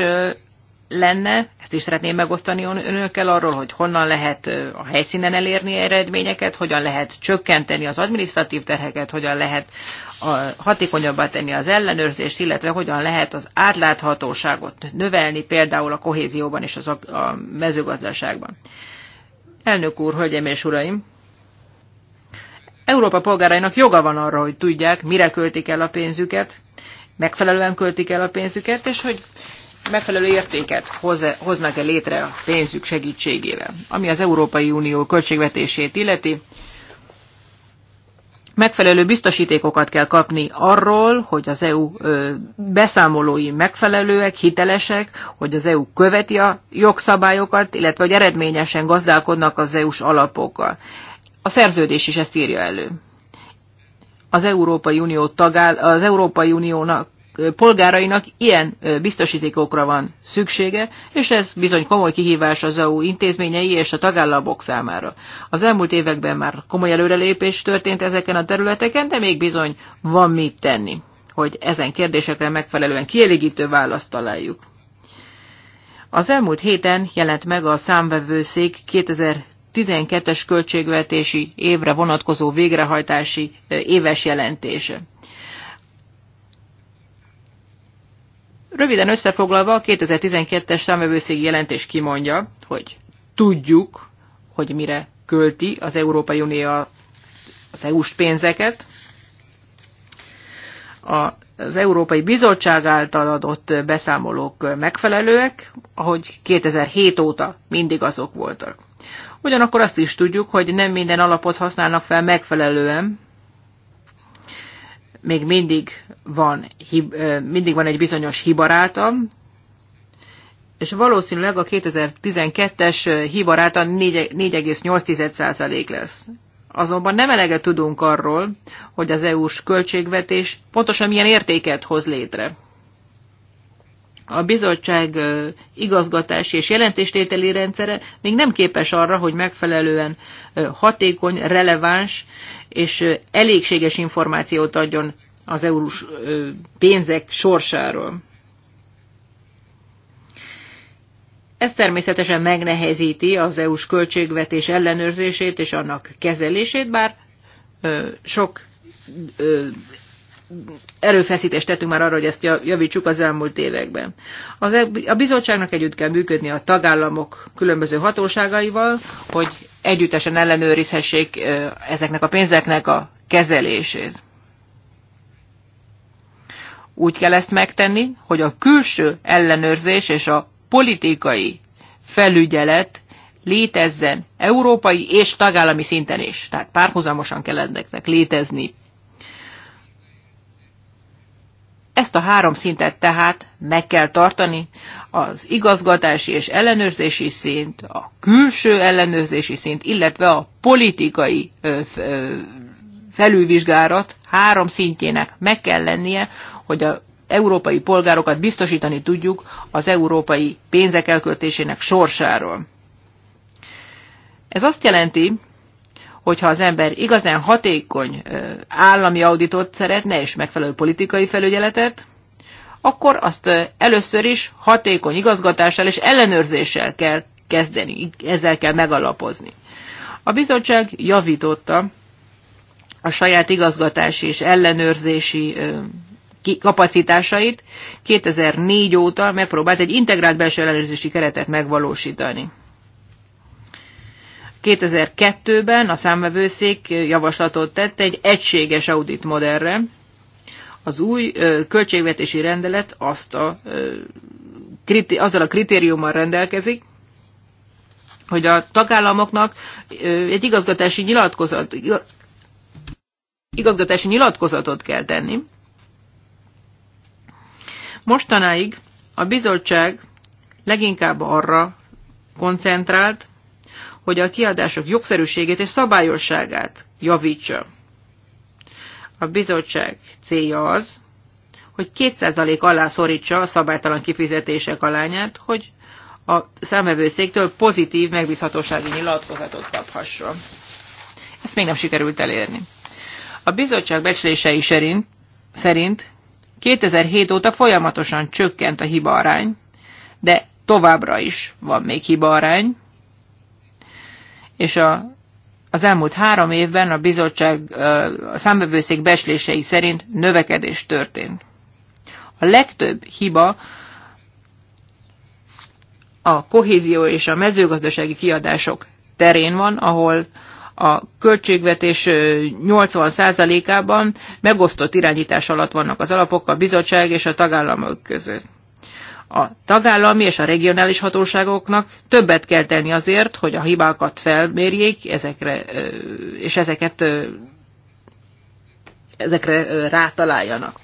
lenne, ezt is szeretném megosztani önökkel arról, hogy honnan lehet a helyszínen elérni eredményeket, hogyan lehet csökkenteni az administratív terheket, hogyan lehet a hatékonyabbá tenni az ellenőrzést, illetve hogyan lehet az átláthatóságot növelni például a kohézióban és az a mezőgazdaságban. Elnök úr, hölgyeim és uraim! Európa polgárainak joga van arra, hogy tudják, mire költik el a pénzüket, megfelelően költik el a pénzüket, és hogy megfelelő értéket hoznak el létre a pénzük segítségével. Ami az Európai Unió költségvetését illeti, megfelelő biztosítékokat kell kapni arról, hogy az EU beszámolói megfelelőek, hitelesek, hogy az EU követi a jogszabályokat, illetve hogy eredményesen gazdálkodnak az EU-s alapokkal. A szerződés is ezt írja elő. Az Európai, Unió tagál, az Európai Uniónak polgárainak ilyen biztosítékokra van szüksége, és ez bizony komoly kihívás az EU intézményei és a tagállamok számára. Az elmúlt években már komoly előrelépés történt ezeken a területeken, de még bizony van mit tenni, hogy ezen kérdésekre megfelelően kielégítő választ találjuk. Az elmúlt héten jelent meg a számvevőszék 2000 12-es költségvetési évre vonatkozó végrehajtási éves jelentése. Röviden összefoglalva a 2012-es számövőszégi jelentés kimondja, hogy tudjuk, hogy mire költi az Európai Unió az EU-s pénzeket. az Európai Bizottság által adott beszámolók megfelelőek, ahogy 2007 óta mindig azok voltak. Ugyanakkor azt is tudjuk, hogy nem minden alapot használnak fel megfelelően, még mindig van, hib, mindig van egy bizonyos hibaráta, és valószínűleg a 2012-es hibaráta 4,8% lesz. Azonban nem eleget tudunk arról, hogy az EU-s költségvetés pontosan milyen értéket hoz létre a bizottság igazgatási és jelentéstételi rendszere még nem képes arra, hogy megfelelően hatékony, releváns és elégséges információt adjon az eurós pénzek sorsáról. Ez természetesen megnehezíti az EU-s költségvetés ellenőrzését és annak kezelését, bár sok erőfeszítést tettünk már arra, hogy ezt javítsuk az elmúlt években. E- a bizottságnak együtt kell működni a tagállamok különböző hatóságaival, hogy együttesen ellenőrizhessék ezeknek a pénzeknek a kezelését. Úgy kell ezt megtenni, hogy a külső ellenőrzés és a politikai felügyelet létezzen európai és tagállami szinten is. Tehát párhuzamosan kell ennek létezni Ezt a három szintet tehát meg kell tartani, az igazgatási és ellenőrzési szint, a külső ellenőrzési szint, illetve a politikai felülvizsgálat három szintjének meg kell lennie, hogy a európai polgárokat biztosítani tudjuk az európai pénzek elköltésének sorsáról. Ez azt jelenti, hogyha az ember igazán hatékony állami auditot szeretne, és megfelelő politikai felügyeletet, akkor azt először is hatékony igazgatással és ellenőrzéssel kell kezdeni, ezzel kell megalapozni. A bizottság javította a saját igazgatási és ellenőrzési kapacitásait 2004 óta megpróbált egy integrált belső ellenőrzési keretet megvalósítani. 2002-ben a számvevőszék javaslatot tett egy egységes audit modellre. Az új költségvetési rendelet azt a, azzal a kritériummal rendelkezik, hogy a tagállamoknak egy igazgatási, nyilatkozat, igazgatási nyilatkozatot kell tenni. Mostanáig a bizottság leginkább arra koncentrált, hogy a kiadások jogszerűségét és szabályosságát javítsa. A bizottság célja az, hogy 2% alá szorítsa a szabálytalan kifizetések alányát, hogy a számvevőszéktől pozitív megbízhatósági nyilatkozatot kaphasson. Ezt még nem sikerült elérni. A bizottság becslései szerint, szerint 2007 óta folyamatosan csökkent a hibaarány, de továbbra is van még hibaarány, és a, az elmúlt három évben a bizottság a számbevőszék beslései szerint növekedés történt. A legtöbb hiba a kohézió és a mezőgazdasági kiadások terén van, ahol a költségvetés 80%-ában megosztott irányítás alatt vannak az alapok a bizottság és a tagállamok között. A tagállami és a regionális hatóságoknak többet kell tenni azért, hogy a hibákat felmérjék, ezekre, és ezeket ezekre rátaláljanak.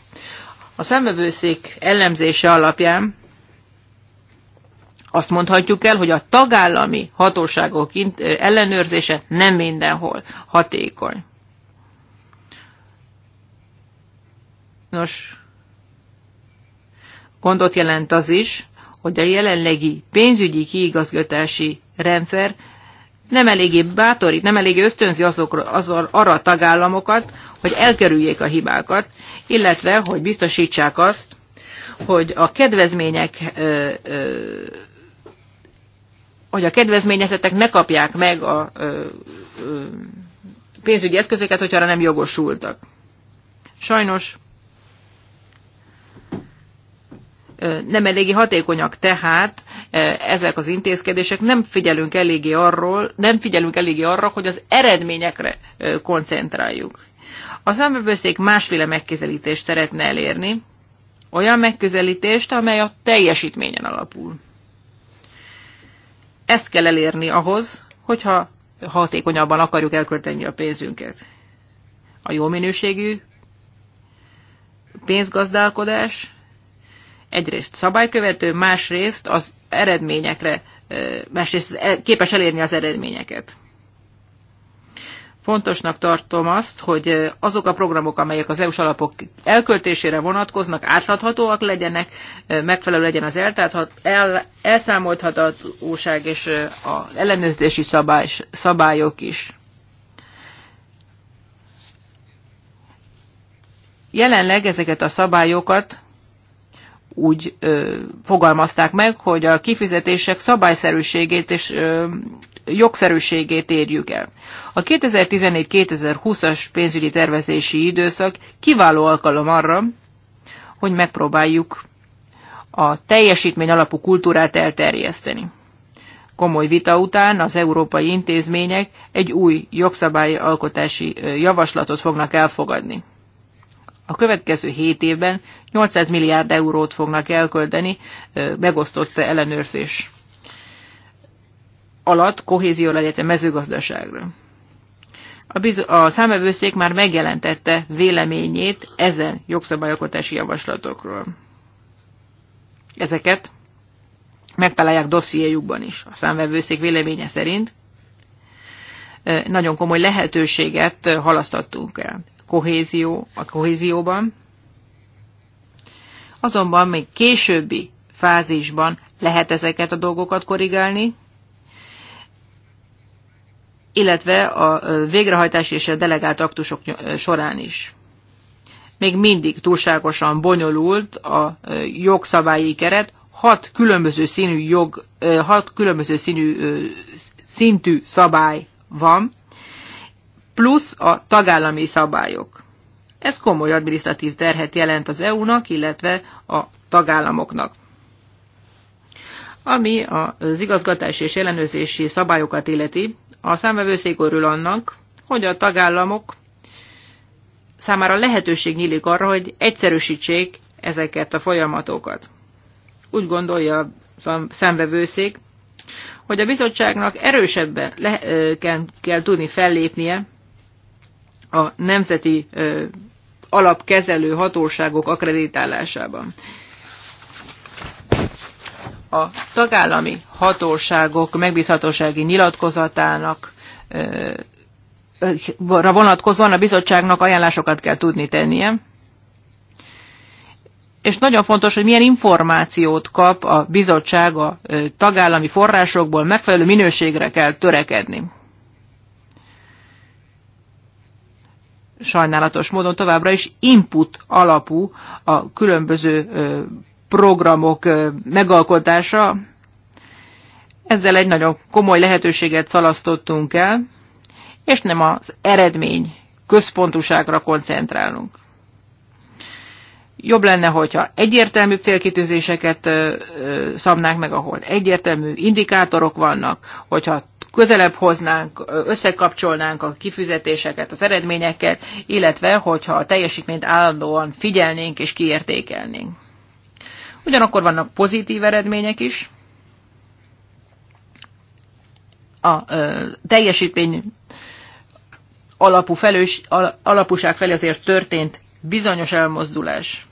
A szemövőszék ellenzése alapján azt mondhatjuk el, hogy a tagállami hatóságok ellenőrzése nem mindenhol hatékony. Nos, Gondot jelent az is, hogy a jelenlegi pénzügyi kiigazgatási rendszer nem eléggé bátorít, nem eléggé ösztönzi azokra, azor, arra a tagállamokat, hogy elkerüljék a hibákat, illetve hogy biztosítsák azt, hogy a kedvezmények ö, ö, hogy a kedvezményezetek ne kapják meg a ö, ö, pénzügyi eszközöket, hogyha arra nem jogosultak. Sajnos nem eléggé hatékonyak tehát ezek az intézkedések, nem figyelünk eléggé, arról, nem figyelünk eléggé arra, hogy az eredményekre koncentráljuk. A számbevőszék másféle megközelítést szeretne elérni, olyan megközelítést, amely a teljesítményen alapul. Ezt kell elérni ahhoz, hogyha hatékonyabban akarjuk elkölteni a pénzünket. A jó minőségű pénzgazdálkodás egyrészt szabálykövető, másrészt az eredményekre, másrészt e, képes elérni az eredményeket. Fontosnak tartom azt, hogy azok a programok, amelyek az EU-s alapok elköltésére vonatkoznak, átláthatóak legyenek, megfelelő legyen az el, elszámolthatóság és az ellenőrzési szabály, szabályok is. Jelenleg ezeket a szabályokat úgy ö, fogalmazták meg, hogy a kifizetések szabályszerűségét és ö, jogszerűségét érjük el. A 2014-2020-as pénzügyi tervezési időszak kiváló alkalom arra, hogy megpróbáljuk a teljesítmény alapú kultúrát elterjeszteni. Komoly vita után az európai intézmények egy új jogszabályalkotási javaslatot fognak elfogadni a következő hét évben 800 milliárd eurót fognak elkölteni megosztott ellenőrzés alatt kohézióra, illetve mezőgazdaságra. A, biz- a számövőszék már megjelentette véleményét ezen jogszabályalkotási javaslatokról. Ezeket megtalálják dossziéjukban is. A számvevőszék véleménye szerint nagyon komoly lehetőséget halasztattunk el kohézió, a kohézióban. Azonban még későbbi fázisban lehet ezeket a dolgokat korrigálni, illetve a végrehajtás és a delegált aktusok során is. Még mindig túlságosan bonyolult a jogszabályi keret, hat különböző színű jog, hat különböző színű szintű szabály van, plusz a tagállami szabályok. Ez komoly adminisztratív terhet jelent az EU-nak, illetve a tagállamoknak. Ami az igazgatási és ellenőrzési szabályokat illeti, a számvevőszék örül annak, hogy a tagállamok számára lehetőség nyílik arra, hogy egyszerűsítsék ezeket a folyamatokat. Úgy gondolja a számvevőszék, hogy a bizottságnak erősebben le- kell tudni fellépnie a nemzeti alapkezelő hatóságok akreditálásában. A tagállami hatóságok megbízhatósági nyilatkozatának vonatkozóan a bizottságnak ajánlásokat kell tudni tennie, és nagyon fontos, hogy milyen információt kap a bizottság a tagállami forrásokból, megfelelő minőségre kell törekedni. sajnálatos módon továbbra is input alapú a különböző programok megalkotása. Ezzel egy nagyon komoly lehetőséget szalasztottunk el, és nem az eredmény központúságra koncentrálunk. Jobb lenne, hogyha egyértelmű célkitűzéseket szabnánk meg, ahol egyértelmű indikátorok vannak, hogyha közelebb hoznánk, összekapcsolnánk a kifizetéseket, az eredményeket, illetve hogyha a teljesítményt állandóan figyelnénk és kiértékelnénk. Ugyanakkor vannak pozitív eredmények is. A ö, teljesítmény alapú felős, al, alapúság felé azért történt bizonyos elmozdulás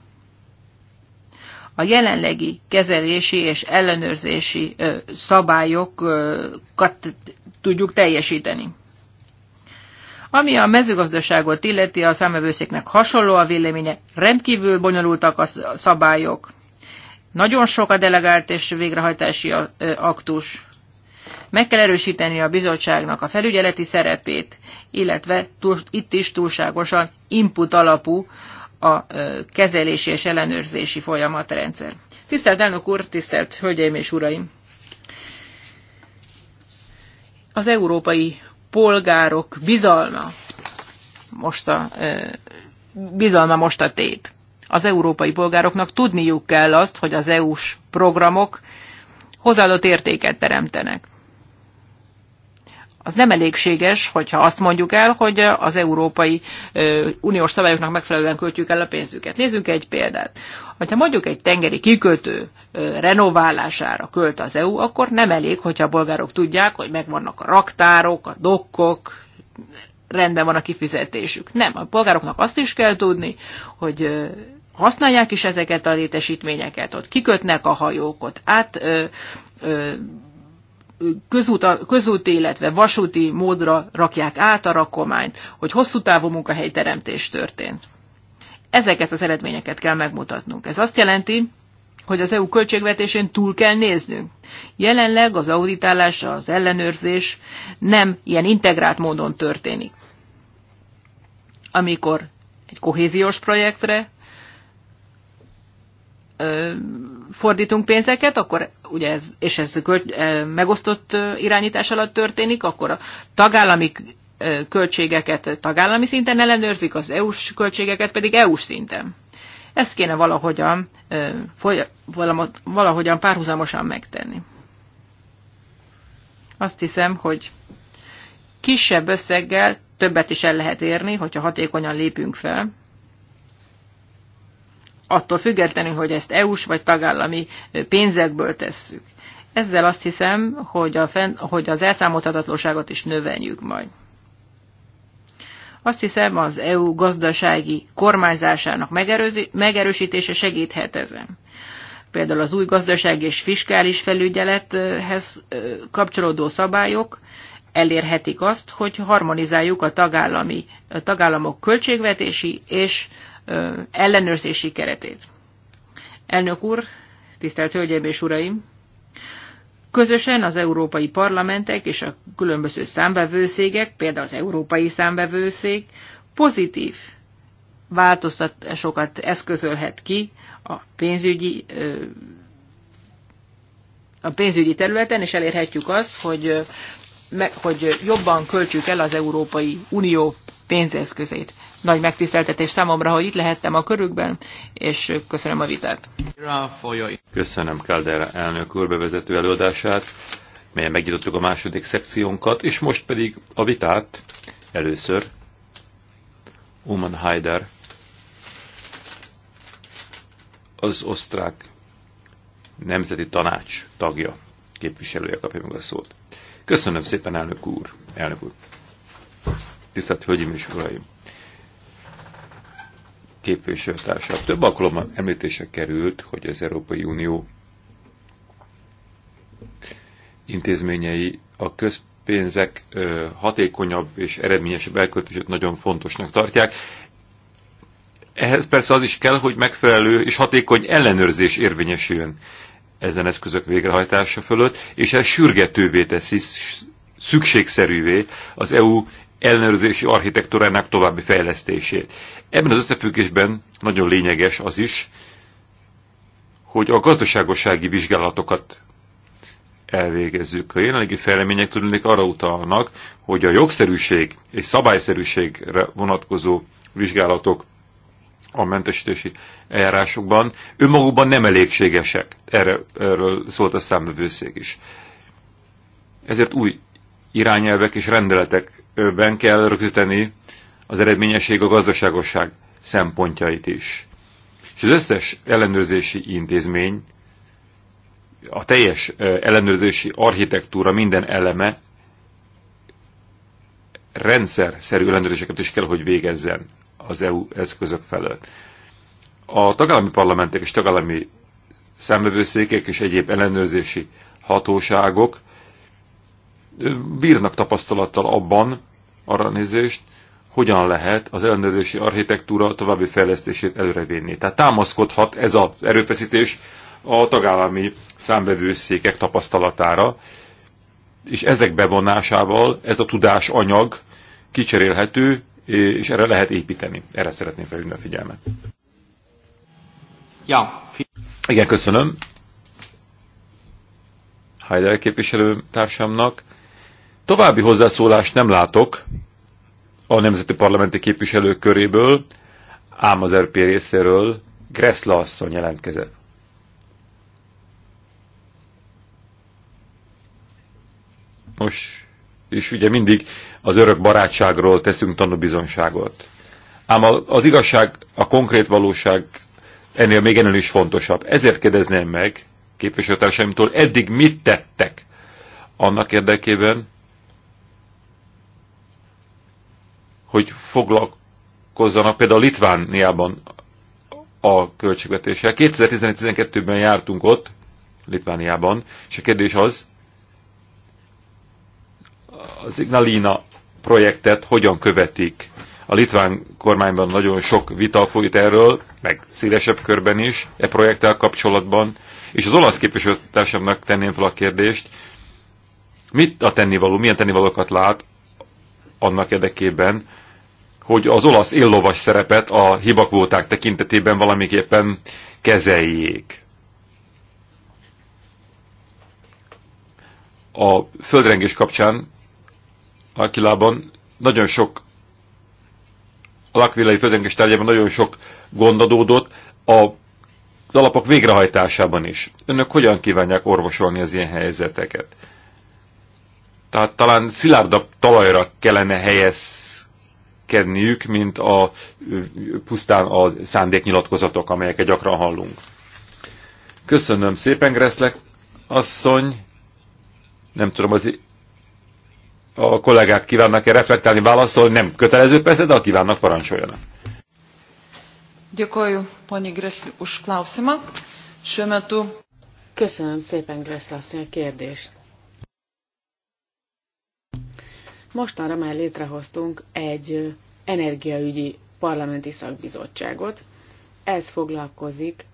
a jelenlegi kezelési és ellenőrzési szabályokat tudjuk teljesíteni. Ami a mezőgazdaságot illeti, a számövőszéknek hasonló a véleménye, rendkívül bonyolultak a szabályok, nagyon sok a delegált és végrehajtási aktus. Meg kell erősíteni a bizottságnak a felügyeleti szerepét, illetve túl, itt is túlságosan input alapú a kezelési és ellenőrzési folyamatrendszer. Tisztelt elnök úr, tisztelt hölgyeim és uraim! Az európai polgárok bizalma most a, bizalma most a tét. Az európai polgároknak tudniuk kell azt, hogy az EU-s programok hozzáadott értéket teremtenek az nem elégséges, hogyha azt mondjuk el, hogy az Európai Uniós szabályoknak megfelelően költjük el a pénzüket. Nézzünk egy példát. Hogyha mondjuk egy tengeri kikötő renoválására költ az EU, akkor nem elég, hogyha a bolgárok tudják, hogy megvannak a raktárok, a dokkok, rendben van a kifizetésük. Nem, a polgároknak azt is kell tudni, hogy használják is ezeket a létesítményeket, ott kikötnek a hajókot, át ö, ö, közút, közúti, illetve vasúti módra rakják át a rakományt, hogy hosszú távú munkahelyteremtés történt. Ezeket az eredményeket kell megmutatnunk. Ez azt jelenti, hogy az EU költségvetésén túl kell néznünk. Jelenleg az auditálás, az ellenőrzés nem ilyen integrált módon történik. Amikor egy kohéziós projektre fordítunk pénzeket, akkor ugye ez, és ez eh, megosztott eh, irányítás alatt történik, akkor a tagállami eh, költségeket tagállami szinten ellenőrzik, az EU-s költségeket pedig EU-s szinten. Ezt kéne valahogyan, valahogyan párhuzamosan megtenni. Azt hiszem, hogy kisebb összeggel többet is el lehet érni, hogyha hatékonyan lépünk fel attól függetlenül, hogy ezt EU-s vagy tagállami pénzekből tesszük. Ezzel azt hiszem, hogy, a fenn, hogy az elszámolhatatlanságot is növeljük majd. Azt hiszem, az EU gazdasági kormányzásának megerősítése segíthet ezen. Például az új gazdasági és fiskális felügyelethez kapcsolódó szabályok elérhetik azt, hogy harmonizáljuk a, tagállami, a tagállamok költségvetési és ellenőrzési keretét. Elnök úr, tisztelt Hölgyeim és Uraim! Közösen az európai parlamentek és a különböző számbevőszégek, például az európai számbevőszék pozitív változtatásokat eszközölhet ki a pénzügyi, a pénzügyi területen, és elérhetjük azt, hogy, hogy jobban költsük el az Európai Unió pénzeszközét. Nagy megtiszteltetés számomra, hogy itt lehettem a körükben, és köszönöm a vitát. Köszönöm Caldera elnök úr bevezető előadását, melyen megnyitottuk a második szekciónkat, és most pedig a vitát először Uman Haider, az osztrák nemzeti tanács tagja, képviselője kapja meg a szót. Köszönöm szépen, elnök úr, elnök úr. Tisztelt Hölgyeim és Uraim! képviselőtársa. Több alkalommal említése került, hogy az Európai Unió intézményei a közpénzek hatékonyabb és eredményesebb elköltését nagyon fontosnak tartják. Ehhez persze az is kell, hogy megfelelő és hatékony ellenőrzés érvényesüljön ezen eszközök végrehajtása fölött, és ez sürgetővé teszi, szükségszerűvé az EU ellenőrzési architektúrának további fejlesztését. Ebben az összefüggésben nagyon lényeges az is, hogy a gazdaságossági vizsgálatokat elvégezzük. A jelenlegi fejlemények tudnék arra utalnak, hogy a jogszerűség és szabályszerűségre vonatkozó vizsgálatok a mentesítési eljárásokban önmagukban nem elégségesek. Erre, erről szólt a számvevőszék is. Ezért új irányelvek és rendeletek ben kell rögzíteni az eredményesség a gazdaságosság szempontjait is. És az összes ellenőrzési intézmény, a teljes ellenőrzési architektúra minden eleme rendszer-szerű ellenőrzéseket is kell, hogy végezzen az EU eszközök felől. A tagállami parlamentek és tagállami számvevőszékek és egyéb ellenőrzési hatóságok bírnak tapasztalattal abban, arra nézést, hogyan lehet az ellenőrzési architektúra további fejlesztését előrevinni. Tehát támaszkodhat ez az erőfeszítés a tagállami számbevőszékek tapasztalatára, és ezek bevonásával ez a tudás anyag kicserélhető, és erre lehet építeni. Erre szeretném felhívni a figyelmet. Ja. Igen, köszönöm. Heider képviselő társamnak. További hozzászólást nem látok a nemzeti parlamenti képviselők köréből, ám az RP részéről Gressla asszony jelentkezett. Most, és ugye mindig az örök barátságról teszünk tanúbizonságot. Ám az igazság, a konkrét valóság ennél még ennél is fontosabb. Ezért kérdezném meg képviselőtársaimtól, eddig mit tettek annak érdekében, hogy foglalkozzanak például Litvániában a költségvetéssel. 2011-12-ben jártunk ott, Litvániában, és a kérdés az, az Ignalina projektet hogyan követik. A litván kormányban nagyon sok vita folyt erről, meg szélesebb körben is, e projekttel kapcsolatban, és az olasz képviselőtársamnak tenném fel a kérdést, mit a tennivaló, milyen tennivalókat lát annak érdekében, hogy az olasz illovas szerepet a hibakvóták tekintetében valamiképpen kezeljék. A földrengés kapcsán Akilában nagyon sok a lakvillai földrengés tárgyában nagyon sok gond adódott a az alapok végrehajtásában is. Önök hogyan kívánják orvosolni az ilyen helyzeteket? Tehát talán szilárdabb talajra kellene helyez cselekedniük, mint a, pusztán a szándéknyilatkozatok, amelyeket gyakran hallunk. Köszönöm szépen, Greszlek asszony. Nem tudom, az a kollégák kívánnak-e reflektálni, válaszolni, nem kötelező persze, de a kívánnak parancsoljanak. Gyakorló, Pani Greszli, už Köszönöm szépen, Greszli a kérdést. Mostanra már létrehoztunk egy energiaügyi parlamenti szakbizottságot. Ez foglalkozik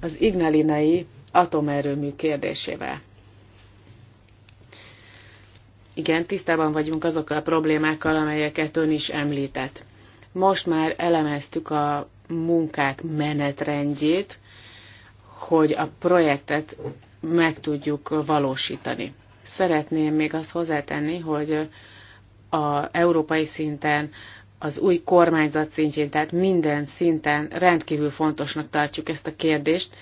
az ignalinai atomerőmű kérdésével. Igen, tisztában vagyunk azokkal a problémákkal, amelyeket ön is említett. Most már elemeztük a munkák menetrendjét, hogy a projektet meg tudjuk valósítani. Szeretném még azt hozzátenni, hogy a európai szinten, az új kormányzat szintjén, tehát minden szinten rendkívül fontosnak tartjuk ezt a kérdést,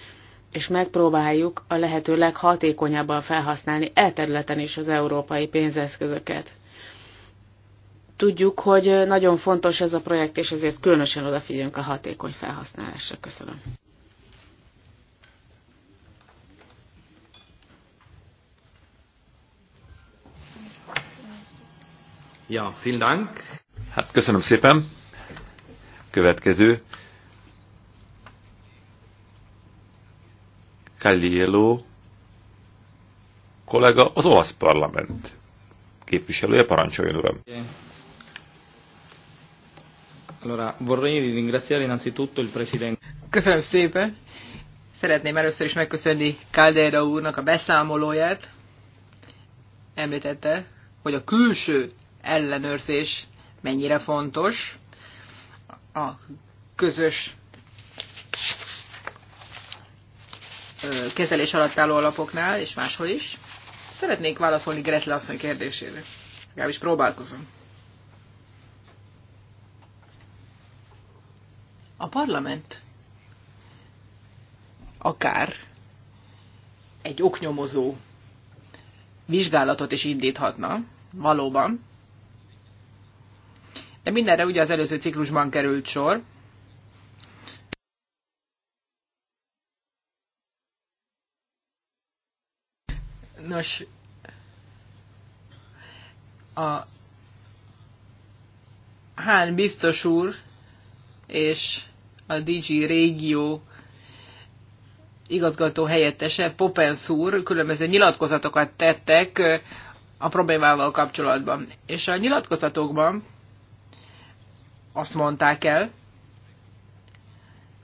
és megpróbáljuk a lehető leghatékonyabban felhasználni e területen is az európai pénzeszközöket. Tudjuk, hogy nagyon fontos ez a projekt, és ezért különösen odafigyelünk a hatékony felhasználásra. Köszönöm. Ja, vielen Dank. Hát köszönöm szépen. Következő. Caliello kollega az olasz parlament képviselője, parancsoljon uram. Köszönöm szépen. Szeretném először is megköszönni Caldera úrnak a beszámolóját. Említette, hogy a külső ellenőrzés mennyire fontos a közös kezelés alatt álló alapoknál, és máshol is. Szeretnék válaszolni Gretle asszony kérdésére. Legalábbis próbálkozom. A parlament akár egy oknyomozó vizsgálatot is indíthatna, valóban, de mindenre ugye az előző ciklusban került sor. Nos, a Hán biztos úr és a DG régió igazgató helyettese, Popens úr különböző nyilatkozatokat tettek a problémával kapcsolatban. És a nyilatkozatokban azt mondták el,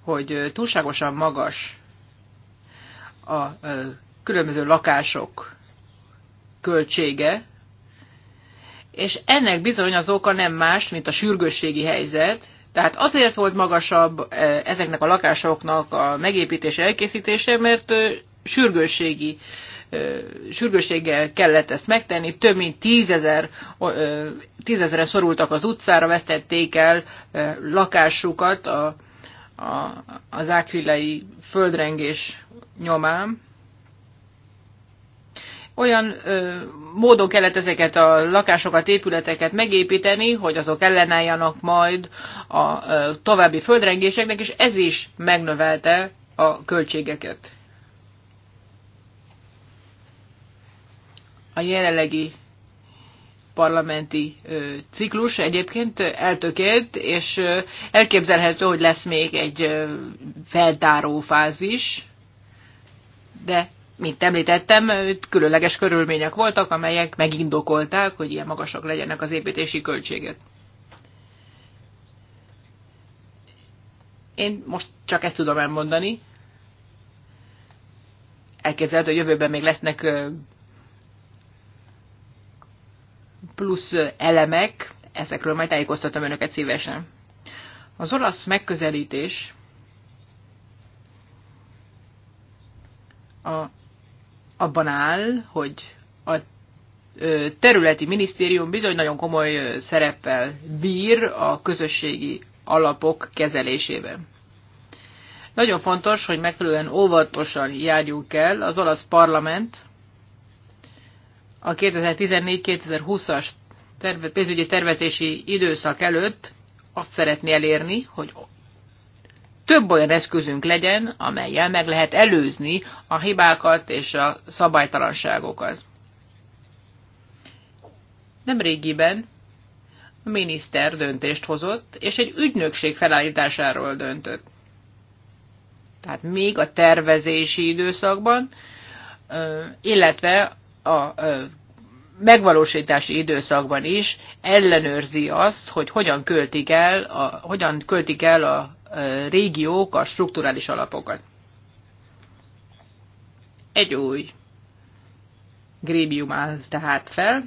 hogy túlságosan magas a különböző lakások költsége, és ennek bizony az oka nem más, mint a sürgősségi helyzet, tehát azért volt magasabb ezeknek a lakásoknak a megépítés elkészítése, mert sürgősségi sürgőséggel kellett ezt megtenni, több mint tízezer, tízezeren szorultak az utcára, vesztették el lakásukat a, a, az ákvilei földrengés nyomán. Olyan ö, módon kellett ezeket a lakásokat, épületeket megépíteni, hogy azok ellenálljanak majd a ö, további földrengéseknek, és ez is megnövelte a költségeket. a jelenlegi parlamenti ö, ciklus egyébként eltökélt, és ö, elképzelhető, hogy lesz még egy ö, feltáró fázis, de, mint említettem, különleges körülmények voltak, amelyek megindokolták, hogy ilyen magasak legyenek az építési költségek. Én most csak ezt tudom elmondani. Elképzelhető, hogy jövőben még lesznek plusz elemek, ezekről majd tájékoztatom önöket szívesen. Az olasz megközelítés a, abban áll, hogy a területi minisztérium bizony nagyon komoly szereppel bír a közösségi alapok kezelésében. Nagyon fontos, hogy megfelelően óvatosan járjunk el. Az olasz parlament a 2014-2020-as terve, pénzügyi tervezési időszak előtt azt szeretné elérni, hogy több olyan eszközünk legyen, amelyel meg lehet előzni a hibákat és a szabálytalanságokat. Nemrégiben a miniszter döntést hozott, és egy ügynökség felállításáról döntött. Tehát még a tervezési időszakban, illetve a megvalósítási időszakban is ellenőrzi azt, hogy hogyan költik el a, hogyan költik el a régiók a strukturális alapokat. Egy új grébium áll tehát fel.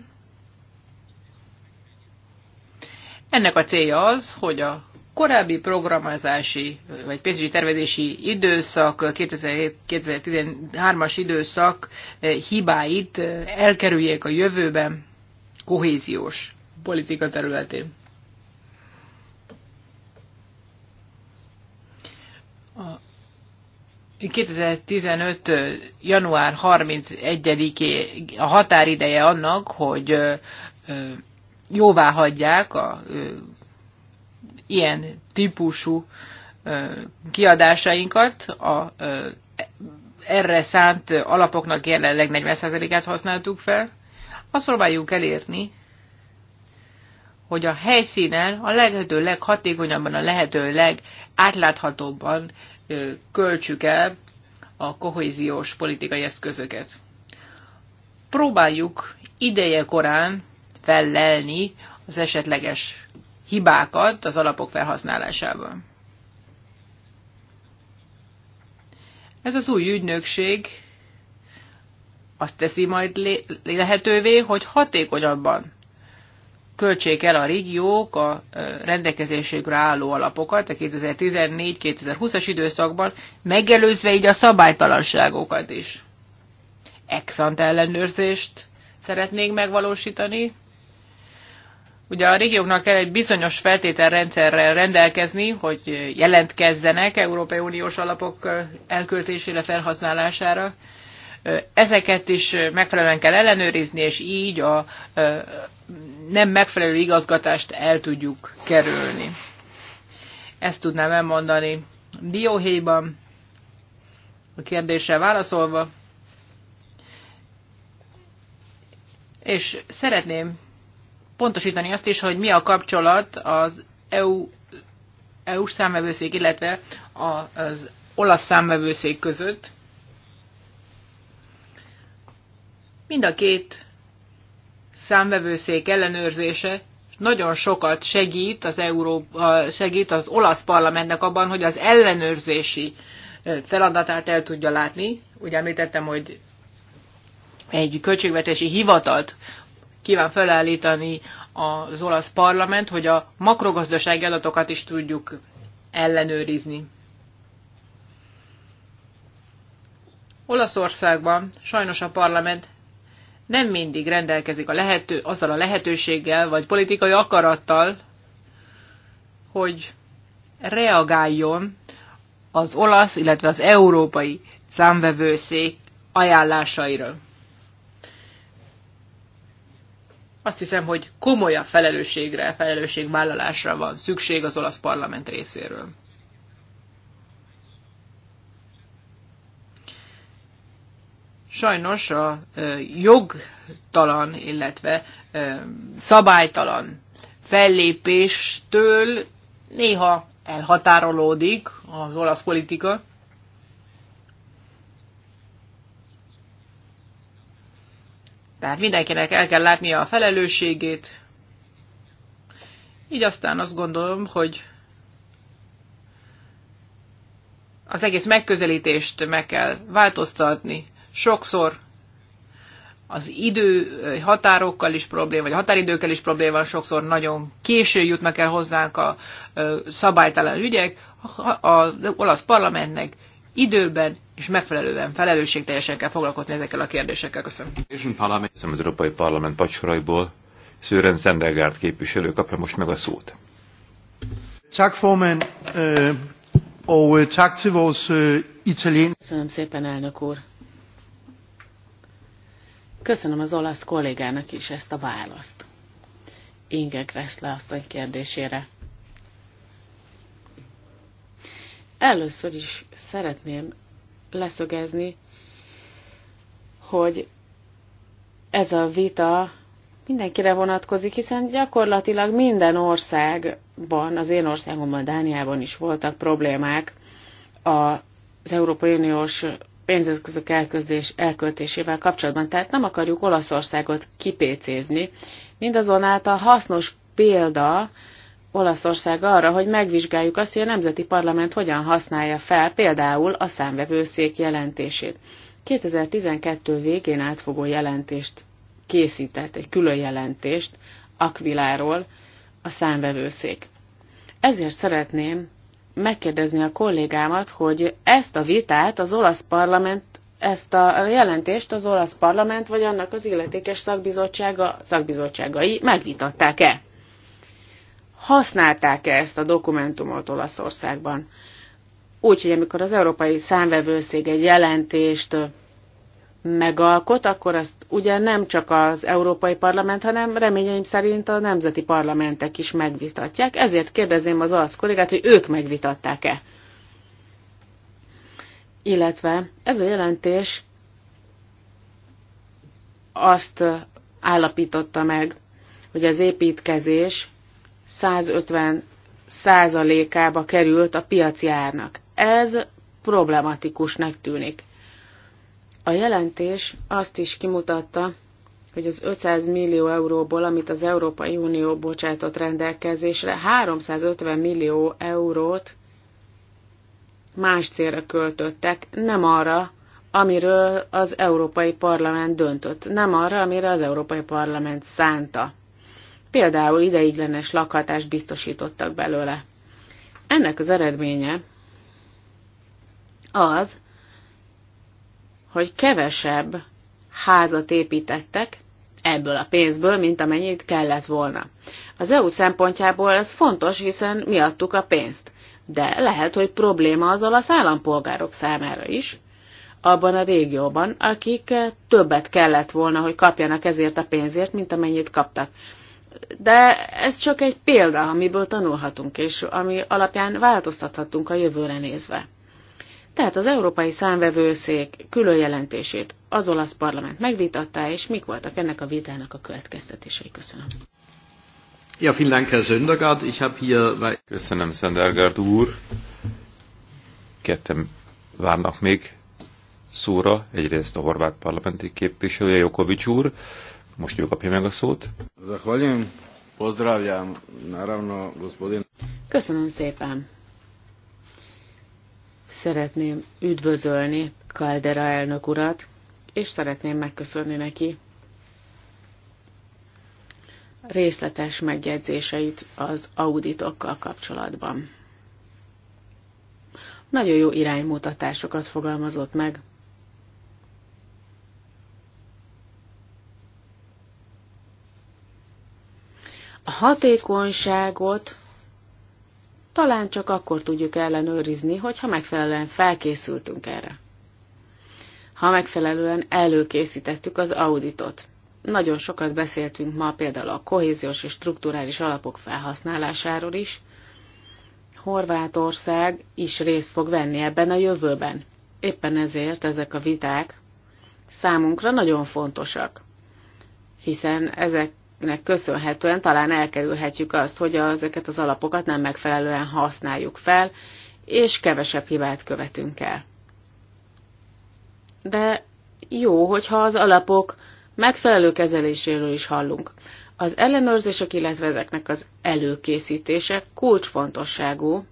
Ennek a célja az, hogy a korábbi programozási vagy pénzügyi tervezési időszak, 2013-as időszak eh, hibáit eh, elkerüljék a jövőben kohéziós politika területén. A 2015. Eh, január 31-é a határideje annak, hogy jóvá hagyják a ilyen típusú kiadásainkat a erre szánt alapoknak jelenleg 40%-át használtuk fel, azt próbáljuk elérni, hogy a helyszínen a lehető leghatékonyabban, a lehető legátláthatóbban költsük el a kohéziós politikai eszközöket. Próbáljuk ideje korán fellelni az esetleges hibákat az alapok felhasználásában. Ez az új ügynökség azt teszi majd lehetővé, hogy hatékonyabban költsék el a régiók a rendelkezésükre álló alapokat a 2014-2020-as időszakban, megelőzve így a szabálytalanságokat is. Exant ellenőrzést szeretnék megvalósítani, Ugye a régióknak kell egy bizonyos feltételrendszerrel rendelkezni, hogy jelentkezzenek Európai Uniós alapok elköltésére, felhasználására. Ezeket is megfelelően kell ellenőrizni, és így a nem megfelelő igazgatást el tudjuk kerülni. Ezt tudnám elmondani dióhéjban, a kérdéssel válaszolva. És szeretném pontosítani azt is, hogy mi a kapcsolat az EU, EU-s számvevőszék, illetve az olasz számvevőszék között. Mind a két számvevőszék ellenőrzése nagyon sokat segít az, Európa, segít az olasz parlamentnek abban, hogy az ellenőrzési feladatát el tudja látni. Ugye említettem, hogy egy költségvetési hivatalt kíván felállítani az olasz parlament, hogy a makrogazdasági adatokat is tudjuk ellenőrizni. Olaszországban sajnos a parlament nem mindig rendelkezik a lehető, azzal a lehetőséggel, vagy politikai akarattal, hogy reagáljon az olasz, illetve az európai számvevőszék ajánlásaira. Azt hiszem, hogy komolyabb felelősségre, felelősségvállalásra van szükség az olasz parlament részéről. Sajnos a jogtalan, illetve szabálytalan fellépéstől néha elhatárolódik az olasz politika. Tehát mindenkinek el kell látnia a felelősségét. Így aztán azt gondolom, hogy az egész megközelítést meg kell változtatni. Sokszor az idő eh, határokkal is probléma, vagy határidőkkel is probléma, sokszor nagyon késő jutnak el hozzánk a eh, szabálytalan ügyek. Az olasz parlamentnek időben és megfelelően, felelősségteljesen kell foglalkozni ezekkel a kérdésekkel. Köszönöm. Köszönöm az Európai Parlament pacsorajból Szőren Zendelgárt képviselő kapja most meg a szót. Tak formand, øh, og øh, tak øh, italien. Köszönöm szépen, elnök úr. Köszönöm az olasz kollégának is ezt a választ. Inge Gressle asszony kérdésére. Először is szeretném leszögezni, hogy ez a vita mindenkire vonatkozik, hiszen gyakorlatilag minden országban, az én országomban, Dániában is voltak problémák az Európai Uniós pénzeszközök elközdés, elköltésével kapcsolatban. Tehát nem akarjuk Olaszországot kipécézni. Mindazonáltal hasznos példa Olaszország arra, hogy megvizsgáljuk azt, hogy a Nemzeti Parlament hogyan használja fel például a számvevőszék jelentését. 2012 végén átfogó jelentést készített, egy külön jelentést Akviláról a számvevőszék. Ezért szeretném megkérdezni a kollégámat, hogy ezt a vitát az olasz parlament, ezt a jelentést az olasz parlament, vagy annak az illetékes szakbizottsága, szakbizottságai megvitatták-e? használták -e ezt a dokumentumot Olaszországban. Úgyhogy amikor az Európai Számvevőszék egy jelentést megalkot, akkor azt ugye nem csak az Európai Parlament, hanem reményeim szerint a nemzeti parlamentek is megvitatják. Ezért kérdezném az olasz kollégát, hogy ők megvitatták-e. Illetve ez a jelentés azt állapította meg, hogy az építkezés 150 százalékába került a piaci árnak. Ez problematikusnak tűnik. A jelentés azt is kimutatta, hogy az 500 millió euróból, amit az Európai Unió bocsátott rendelkezésre, 350 millió eurót más célra költöttek, nem arra, amiről az Európai Parlament döntött, nem arra, amire az Európai Parlament szánta például ideiglenes lakhatást biztosítottak belőle. Ennek az eredménye az, hogy kevesebb házat építettek ebből a pénzből, mint amennyit kellett volna. Az EU szempontjából ez fontos, hiszen mi adtuk a pénzt. De lehet, hogy probléma az olasz állampolgárok számára is, abban a régióban, akik többet kellett volna, hogy kapjanak ezért a pénzért, mint amennyit kaptak de ez csak egy példa, amiből tanulhatunk, és ami alapján változtathatunk a jövőre nézve. Tehát az Európai Számvevőszék külön jelentését az olasz parlament megvitatta, és mik voltak ennek a vitának a következtetései. Köszönöm. Ja, vielen Dank, Herr Söndergaard. Ich habe hier... Köszönöm, Söndergaard úr. Ketten várnak még szóra. Egyrészt a horvát parlamenti képviselője, Jokovics úr, most jó kapja meg a szót. Köszönöm szépen. Szeretném üdvözölni Caldera elnök urat, és szeretném megköszönni neki részletes megjegyzéseit az auditokkal kapcsolatban. Nagyon jó iránymutatásokat fogalmazott meg A hatékonyságot talán csak akkor tudjuk ellenőrizni, hogyha megfelelően felkészültünk erre. Ha megfelelően előkészítettük az auditot. Nagyon sokat beszéltünk ma például a kohéziós és strukturális alapok felhasználásáról is. Horvátország is részt fog venni ebben a jövőben. Éppen ezért ezek a viták számunkra nagyon fontosak, hiszen ezek ennek köszönhetően talán elkerülhetjük azt, hogy ezeket az alapokat nem megfelelően használjuk fel, és kevesebb hibát követünk el. De jó, hogyha az alapok megfelelő kezeléséről is hallunk. Az ellenőrzések, illetve ezeknek az előkészítése kulcsfontosságú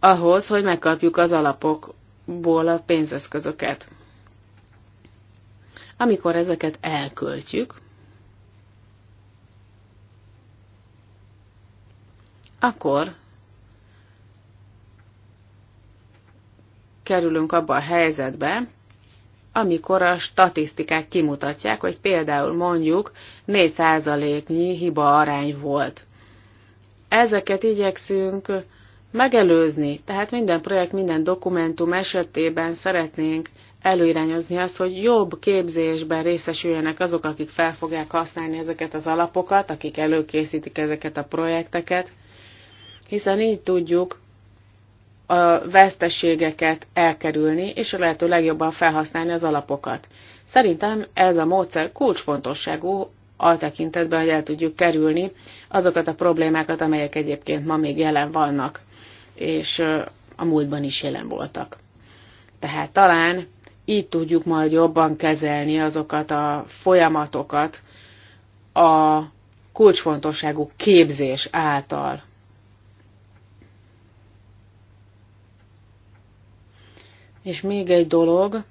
ahhoz, hogy megkapjuk az alapokból a pénzeszközöket. Amikor ezeket elköltjük, akkor kerülünk abba a helyzetbe, amikor a statisztikák kimutatják, hogy például mondjuk 4%-nyi hiba arány volt. Ezeket igyekszünk megelőzni, tehát minden projekt, minden dokumentum esetében szeretnénk előirányozni azt, hogy jobb képzésben részesüljenek azok, akik fel fogják használni ezeket az alapokat, akik előkészítik ezeket a projekteket, hiszen így tudjuk a veszteségeket elkerülni, és a lehető legjobban felhasználni az alapokat. Szerintem ez a módszer kulcsfontosságú a tekintetben, hogy el tudjuk kerülni azokat a problémákat, amelyek egyébként ma még jelen vannak, és a múltban is jelen voltak. Tehát talán így tudjuk majd jobban kezelni azokat a folyamatokat a kulcsfontosságú képzés által. És még egy dolog,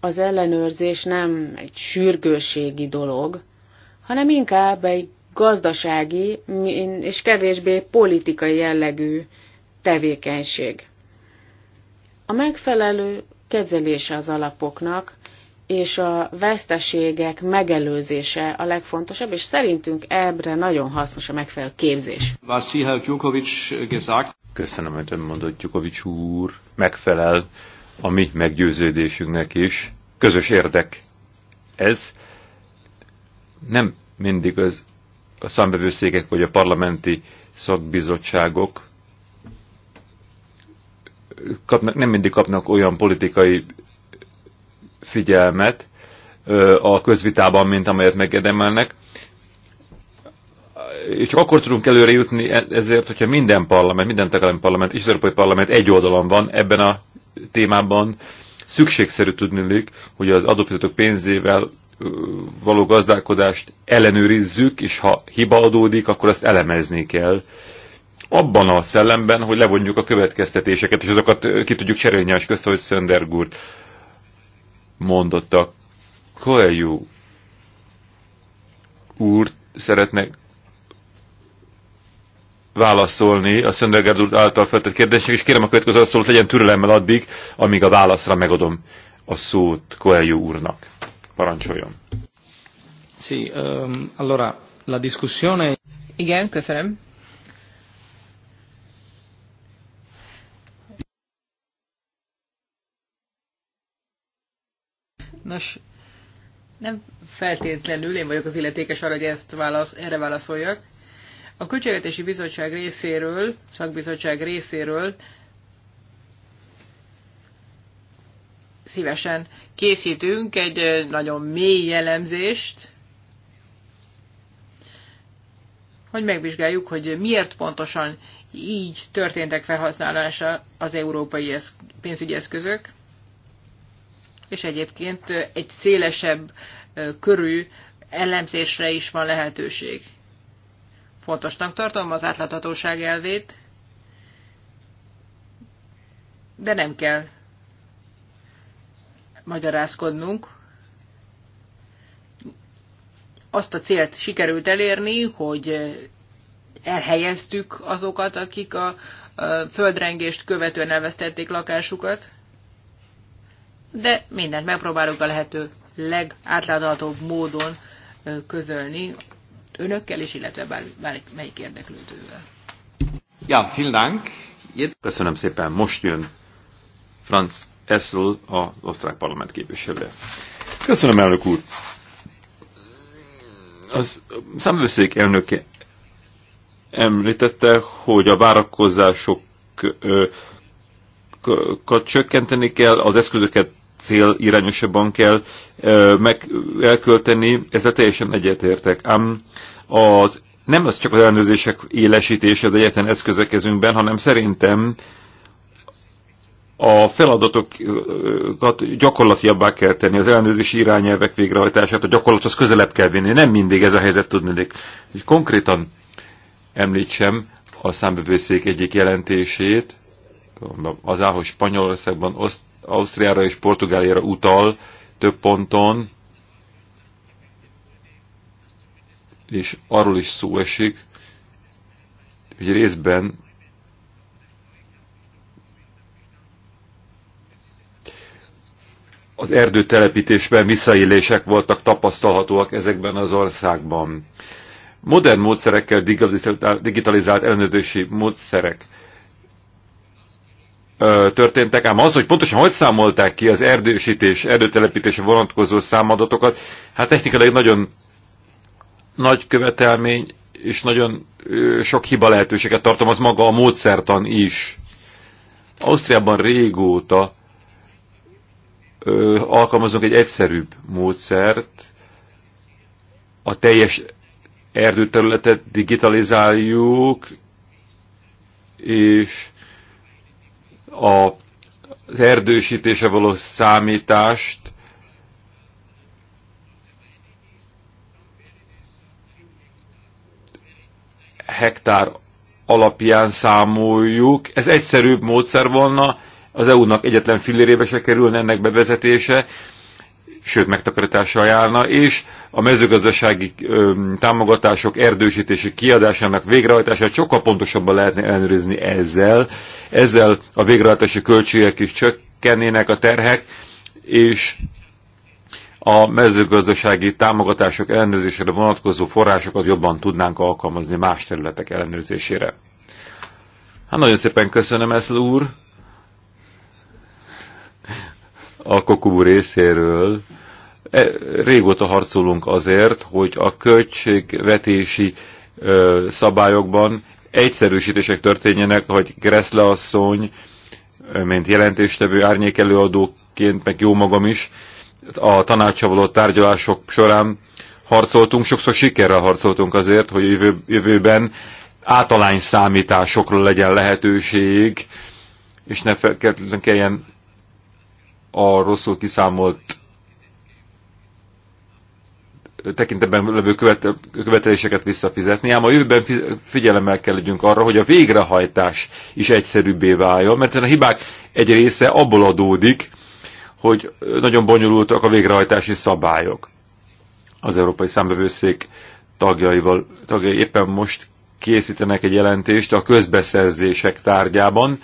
az ellenőrzés nem egy sürgőségi dolog, hanem inkább egy gazdasági és kevésbé politikai jellegű tevékenység. A megfelelő kezelése az alapoknak, és a veszteségek megelőzése a legfontosabb, és szerintünk ebbre nagyon hasznos a megfelelő képzés. Köszönöm, hogy ön mondott, Gyukovics úr, megfelel a mi meggyőződésünknek is. Közös érdek ez. Nem mindig az a számbevőszékek vagy a parlamenti szakbizottságok kapnak, nem mindig kapnak olyan politikai figyelmet a közvitában, mint amelyet megérdemelnek. És csak akkor tudunk előre jutni e- ezért, hogyha minden parlament, minden tagállami parlament és az Európai Parlament egy oldalon van ebben a témában, szükségszerű tudni, hogy az adófizetők pénzével való gazdálkodást ellenőrizzük, és ha hiba adódik, akkor azt elemezni kell, abban a szellemben, hogy levonjuk a következtetéseket, és azokat ki tudjuk cserélni, és közt, hogy Söndergurt mondotta. Koeljú úr szeretne válaszolni a Söndergaard úr által feltett kérdésnek, és kérem a következő szót legyen türelemmel addig, amíg a válaszra megadom a szót Coelho úrnak. Parancsoljon. Sí, um, allora, la discussione... Igen, köszönöm. Nos, nem feltétlenül én vagyok az illetékes arra, hogy ezt válasz, erre válaszoljak. A Költségvetési Bizottság részéről, szakbizottság részéről szívesen készítünk egy nagyon mély jellemzést, hogy megvizsgáljuk, hogy miért pontosan így történtek felhasználása az európai pénzügyi eszközök és egyébként egy szélesebb körű ellenzésre is van lehetőség. Fontosnak tartom az átláthatóság elvét, de nem kell magyarázkodnunk. Azt a célt sikerült elérni, hogy elhelyeztük azokat, akik a földrengést követően elvesztették lakásukat de mindent megpróbálok a lehető legátláthatóbb módon közölni önökkel is, illetve bár, bármelyik érdeklődővel. Ja, vielen Dank. Köszönöm szépen. Most jön Franz Essel, az osztrák parlament képviselője. Köszönöm, elnök úr. Az számvőszék elnöke említette, hogy a várakozások csökkenteni kell, az eszközöket cél irányosabban kell ö, meg, elkölteni, ezzel teljesen egyetértek. Ám az, nem az csak az ellenőrzések élesítése az egyetlen eszközök kezünkben, hanem szerintem a feladatokat gyakorlatiabbá kell tenni, az ellenőrzési irányelvek végrehajtását a gyakorlathoz közelebb kell vinni. Nem mindig ez a helyzet tudni. Konkrétan említsem a számbevőszék egyik jelentését, az áll, hogy Spanyolországban, Oszt Ausztriára és Portugáliára utal több ponton, és arról is szó esik, hogy részben az erdőtelepítésben visszaélések voltak tapasztalhatóak ezekben az országban. Modern módszerekkel digitalizált ellenőrzési módszerek történtek, ám az, hogy pontosan hogy számolták ki az erdősítés, erdőtelepítésre vonatkozó számadatokat, hát technikailag nagyon nagy követelmény, és nagyon sok hiba lehetőséget az maga a módszertan is. Ausztriában régóta ö, alkalmazunk egy egyszerűbb módszert, a teljes erdőterületet digitalizáljuk, és a, az erdősítése való számítást hektár alapján számoljuk. Ez egyszerűbb módszer volna, az EU-nak egyetlen fillérébe se kerülne ennek bevezetése, sőt megtakarítással járna, és a mezőgazdasági ö, támogatások erdősítési kiadásának végrehajtását sokkal pontosabban lehetne ellenőrizni ezzel. Ezzel a végrehajtási költségek is csökkennének a terhek, és a mezőgazdasági támogatások ellenőrzésére vonatkozó forrásokat jobban tudnánk alkalmazni más területek ellenőrzésére. Hát nagyon szépen köszönöm, ezt, úr! a kokubu részéről. E, régóta harcolunk azért, hogy a költségvetési szabályokban egyszerűsítések történjenek, hogy Greszle asszony, mint jelentéstevő árnyékelőadóként, meg jó magam is, a tanácsavaló tárgyalások során harcoltunk, sokszor sikerrel harcoltunk azért, hogy jövő, jövőben általány számításokról legyen lehetőség, és ne kelljen a rosszul kiszámolt tekintetben levő követeléseket visszafizetni, ám a jövőben figyelemmel kell legyünk arra, hogy a végrehajtás is egyszerűbbé váljon, mert a hibák egy része abból adódik, hogy nagyon bonyolultak a végrehajtási szabályok. Az Európai Számbevőszék tagjaival, tagjai éppen most készítenek egy jelentést a közbeszerzések tárgyában,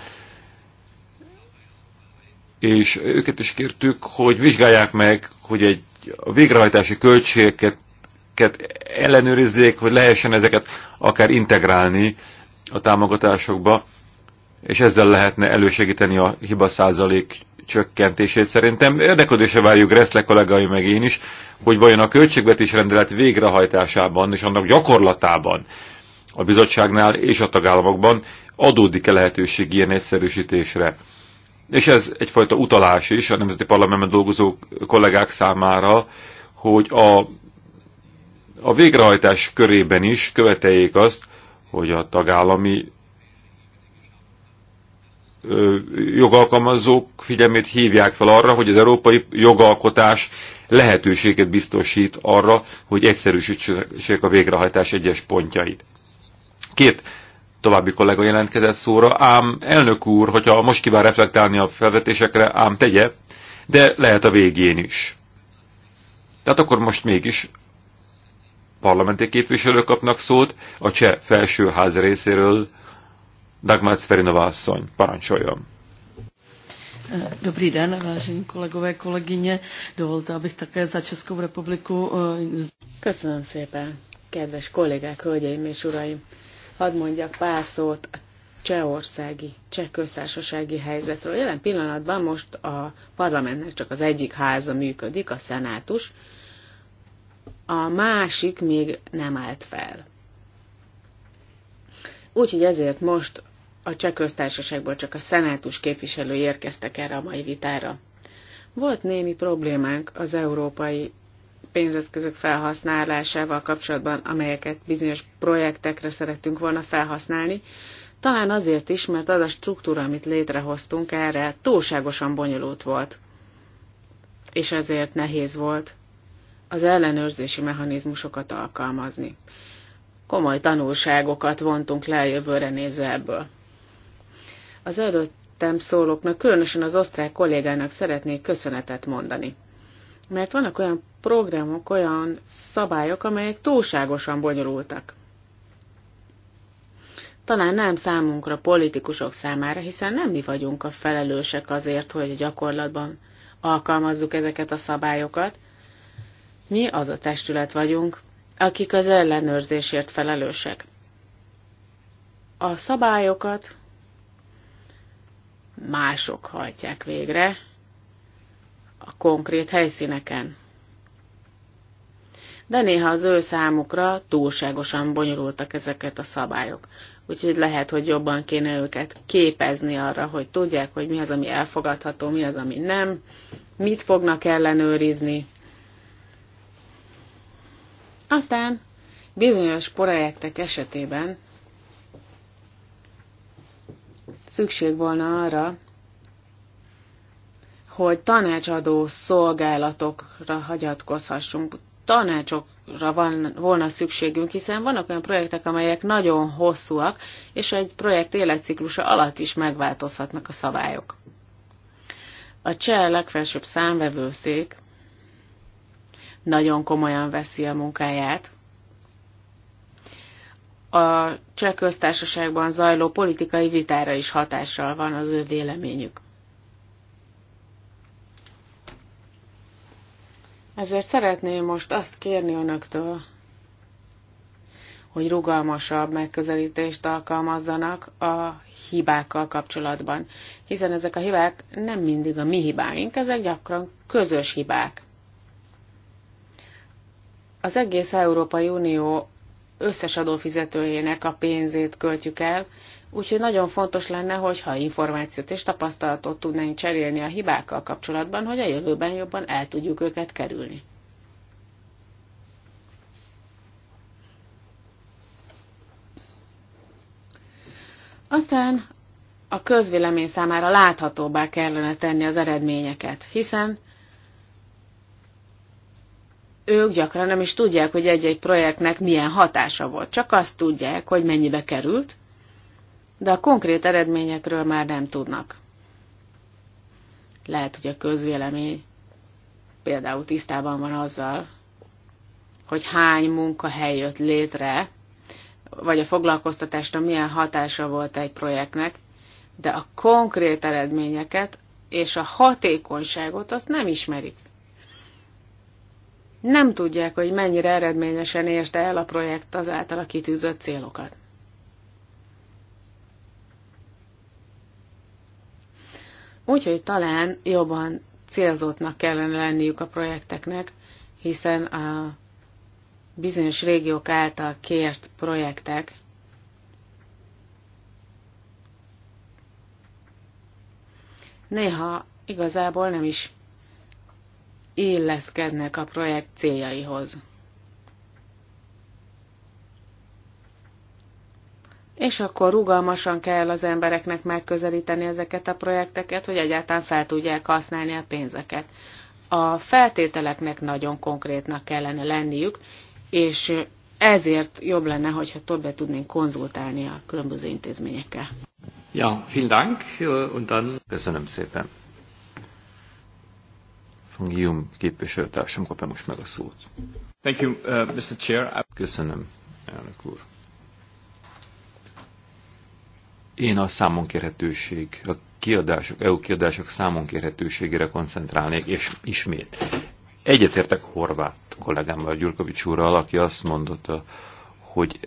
és őket is kértük, hogy vizsgálják meg, hogy egy, a végrehajtási költségeket ellenőrizzék, hogy lehessen ezeket akár integrálni a támogatásokba, és ezzel lehetne elősegíteni a hiba százalék csökkentését. Szerintem érdeklődésre várjuk Reszle kollégai meg én is, hogy vajon a költségvetés rendelet végrehajtásában és annak gyakorlatában a bizottságnál és a tagállamokban adódik-e lehetőség ilyen egyszerűsítésre és ez egyfajta utalás is a Nemzeti Parlamentben dolgozó kollégák számára, hogy a, a végrehajtás körében is követeljék azt, hogy a tagállami jogalkalmazók figyelmét hívják fel arra, hogy az európai jogalkotás lehetőséget biztosít arra, hogy egyszerűsítsék a végrehajtás egyes pontjait. Két további kollega jelentkezett szóra, ám elnök úr, hogyha most kíván reflektálni a felvetésekre, ám tegye, de lehet a végén is. Tehát akkor most mégis parlamenti képviselők kapnak szót, a cseh felsőház részéről Dagmar Cverinova asszony, parancsoljon. Dobrý den, vážení kolegové, kolegyně. Dovolte, abych také za Českou republiku... Eh, Köszönöm szépen, kedves kollégák, hölgyeim és uraim. Hadd mondjak pár szót a csehországi, cseh köztársasági helyzetről. Jelen pillanatban most a parlamentnek csak az egyik háza működik, a szenátus, a másik még nem állt fel. Úgyhogy ezért most a cseh köztársaságból csak a szenátus képviselői érkeztek erre a mai vitára. Volt némi problémánk az Európai pénzeszközök felhasználásával kapcsolatban, amelyeket bizonyos projektekre szerettünk volna felhasználni, talán azért is, mert az a struktúra, amit létrehoztunk erre, túlságosan bonyolult volt, és ezért nehéz volt az ellenőrzési mechanizmusokat alkalmazni. Komoly tanulságokat vontunk le a jövőre nézve ebből. Az előttem szólóknak, különösen az osztrák kollégának szeretnék köszönetet mondani. Mert vannak olyan programok, olyan szabályok, amelyek túlságosan bonyolultak. Talán nem számunkra, politikusok számára, hiszen nem mi vagyunk a felelősek azért, hogy gyakorlatban alkalmazzuk ezeket a szabályokat. Mi az a testület vagyunk, akik az ellenőrzésért felelősek. A szabályokat mások hajtják végre, a konkrét helyszíneken. De néha az ő számukra túlságosan bonyolultak ezeket a szabályok. Úgyhogy lehet, hogy jobban kéne őket képezni arra, hogy tudják, hogy mi az, ami elfogadható, mi az, ami nem, mit fognak ellenőrizni. Aztán bizonyos projektek esetében szükség volna arra, hogy tanácsadó szolgálatokra hagyatkozhassunk. Tanácsokra van, volna szükségünk, hiszen vannak olyan projektek, amelyek nagyon hosszúak, és egy projekt életciklusa alatt is megváltozhatnak a szabályok. A cseh legfelsőbb számvevőszék nagyon komolyan veszi a munkáját. A cseh köztársaságban zajló politikai vitára is hatással van az ő véleményük. Ezért szeretném most azt kérni önöktől, hogy rugalmasabb megközelítést alkalmazzanak a hibákkal kapcsolatban, hiszen ezek a hibák nem mindig a mi hibáink, ezek gyakran közös hibák. Az egész Európai Unió összes adófizetőjének a pénzét költjük el, Úgyhogy nagyon fontos lenne, hogyha információt és tapasztalatot tudnánk cserélni a hibákkal kapcsolatban, hogy a jövőben jobban el tudjuk őket kerülni. Aztán a közvélemény számára láthatóbbá kellene tenni az eredményeket, hiszen ők gyakran nem is tudják, hogy egy-egy projektnek milyen hatása volt, csak azt tudják, hogy mennyibe került, de a konkrét eredményekről már nem tudnak. Lehet, hogy a közvélemény például tisztában van azzal, hogy hány munkahely jött létre, vagy a foglalkoztatásra milyen hatása volt egy projektnek, de a konkrét eredményeket és a hatékonyságot azt nem ismerik. Nem tudják, hogy mennyire eredményesen érte el a projekt az általa kitűzött célokat. Úgyhogy talán jobban célzottnak kellene lenniük a projekteknek, hiszen a bizonyos régiók által kért projektek néha igazából nem is illeszkednek a projekt céljaihoz. és akkor rugalmasan kell az embereknek megközelíteni ezeket a projekteket, hogy egyáltalán fel tudják használni a pénzeket. A feltételeknek nagyon konkrétnak kellene lenniük, és ezért jobb lenne, hogyha többet tudnénk konzultálni a különböző intézményekkel. Ja, vielen Dank, und dann... Köszönöm szépen. Von Guillaume képviselőtársam kapja most meg a szót. Thank you, uh, Mr. Chair. Köszönöm, elnök úr. Én a számonkérhetőség, a kiadások, EU kiadások számonkérhetőségére koncentrálnék, és ismét. Egyetértek Horváth kollégámmal, Gyurkovics úrral, aki azt mondotta, hogy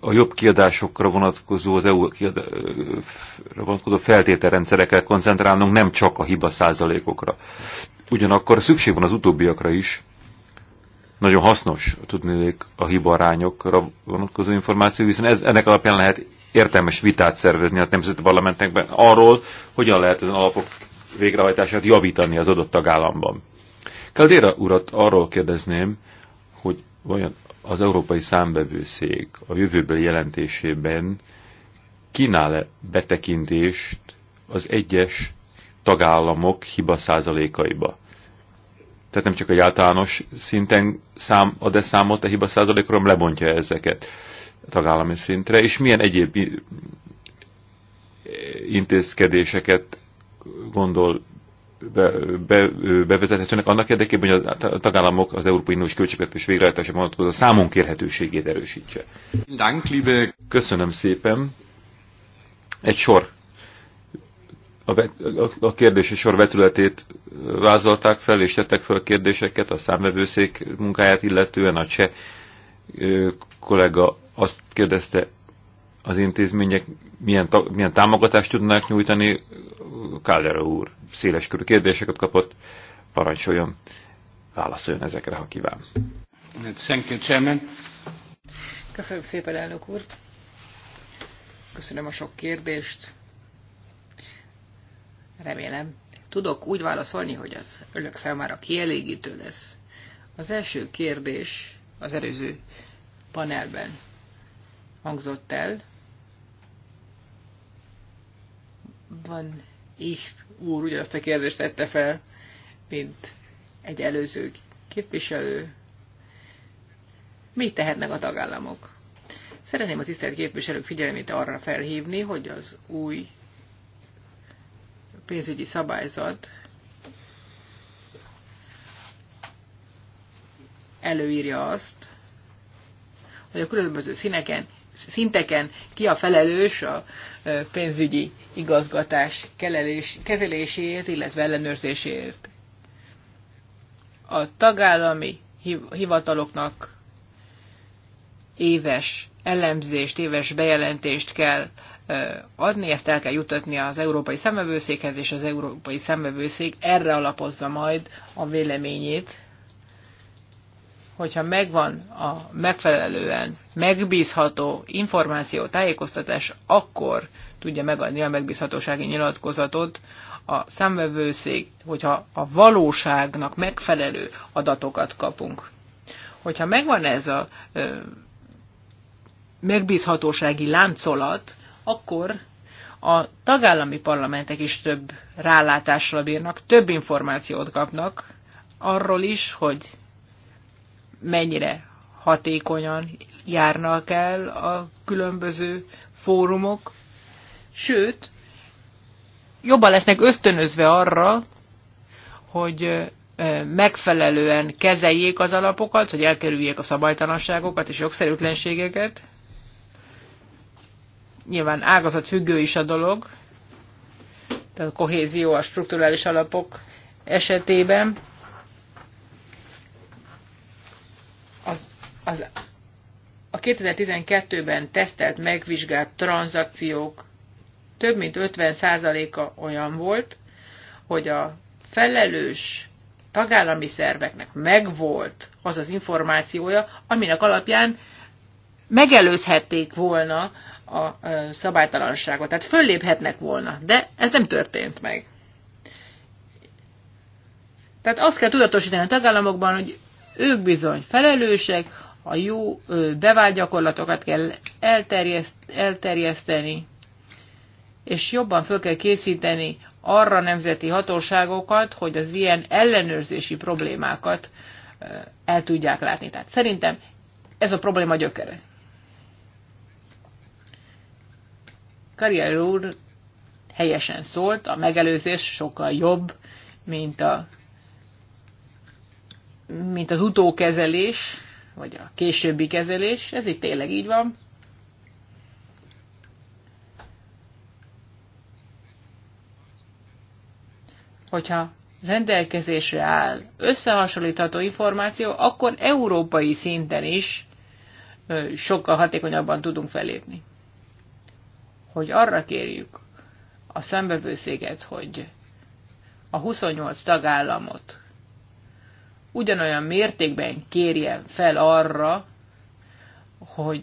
a jobb kiadásokra vonatkozó, az EU kiadásra vonatkozó feltételrendszerekkel koncentrálnunk, nem csak a hiba százalékokra. Ugyanakkor szükség van az utóbbiakra is, nagyon hasznos tudnék a hibarányokra vonatkozó információ, hiszen ez, ennek alapján lehet értelmes vitát szervezni a nemzeti parlamentekben arról, hogyan lehet ezen alapok végrehajtását javítani az adott tagállamban. Kaldéra urat arról kérdezném, hogy vajon az Európai Számbevőszék a jövőbeli jelentésében kínál-e betekintést az egyes tagállamok hiba százalékaiba? Tehát nem csak egy általános szinten szám, ad -e számot a hiba százalékról, hanem lebontja ezeket tagállami szintre, és milyen egyéb intézkedéseket gondol be, be, bevezethetőnek annak érdekében, hogy a tagállamok az Európai Uniós költségvetés végrehajtása vonatkozó számon kérhetőségét erősítse. Köszönöm szépen. Egy sor. A, a, a kérdési sor vetületét vázolták fel, és tettek fel kérdéseket a számvevőszék munkáját illetően, a cseh kollega azt kérdezte, az intézmények milyen, milyen támogatást tudnak nyújtani. Kálera úr széleskörű kérdéseket kapott, parancsoljon, válaszoljon ezekre, ha kíván. Thank you, Chairman. Köszönöm szépen, elnök úr. Köszönöm a sok kérdést. Remélem, tudok úgy válaszolni, hogy az önök számára kielégítő lesz. Az első kérdés az előző panelben hangzott el. Van ich úr ugyanazt a kérdést tette fel, mint egy előző képviselő. Mit tehetnek a tagállamok? Szeretném a tisztelt képviselők figyelmét arra felhívni, hogy az új pénzügyi szabályzat előírja azt, hogy a különböző színeken, szinteken ki a felelős a pénzügyi igazgatás kezeléséért, illetve ellenőrzéséért. A tagállami hivataloknak éves elemzést, éves bejelentést kell adni, ezt el kell jutatni az Európai Szemvevőszékhez, és az Európai Szemvevőszék erre alapozza majd a véleményét hogyha megvan a megfelelően megbízható információ, tájékoztatás, akkor tudja megadni a megbízhatósági nyilatkozatot a számvevőszék, hogyha a valóságnak megfelelő adatokat kapunk. Hogyha megvan ez a ö, megbízhatósági láncolat, akkor a tagállami parlamentek is több rálátásra bírnak, több információt kapnak arról is, hogy mennyire hatékonyan járnak el a különböző fórumok, sőt, jobban lesznek ösztönözve arra, hogy megfelelően kezeljék az alapokat, hogy elkerüljék a szabálytalanságokat és jogszerűtlenségeket. Nyilván ágazat függő is a dolog, tehát a kohézió a strukturális alapok esetében az, az a 2012-ben tesztelt, megvizsgált tranzakciók több mint 50%-a olyan volt, hogy a felelős tagállami szerveknek megvolt az az információja, aminek alapján megelőzhették volna a szabálytalanságot, tehát fölléphetnek volna, de ez nem történt meg. Tehát azt kell tudatosítani a tagállamokban, hogy ők bizony felelősek, a jó bevált gyakorlatokat kell elterjeszt, elterjeszteni, és jobban föl kell készíteni arra nemzeti hatóságokat, hogy az ilyen ellenőrzési problémákat el tudják látni. Tehát szerintem ez a probléma gyökere. Karrier úr helyesen szólt, a megelőzés sokkal jobb, mint a mint az utókezelés, vagy a későbbi kezelés, ez itt tényleg így van. Hogyha rendelkezésre áll összehasonlítható információ, akkor európai szinten is sokkal hatékonyabban tudunk felépni. Hogy arra kérjük a szembevőszéget, hogy a 28 tagállamot ugyanolyan mértékben kérje fel arra, hogy,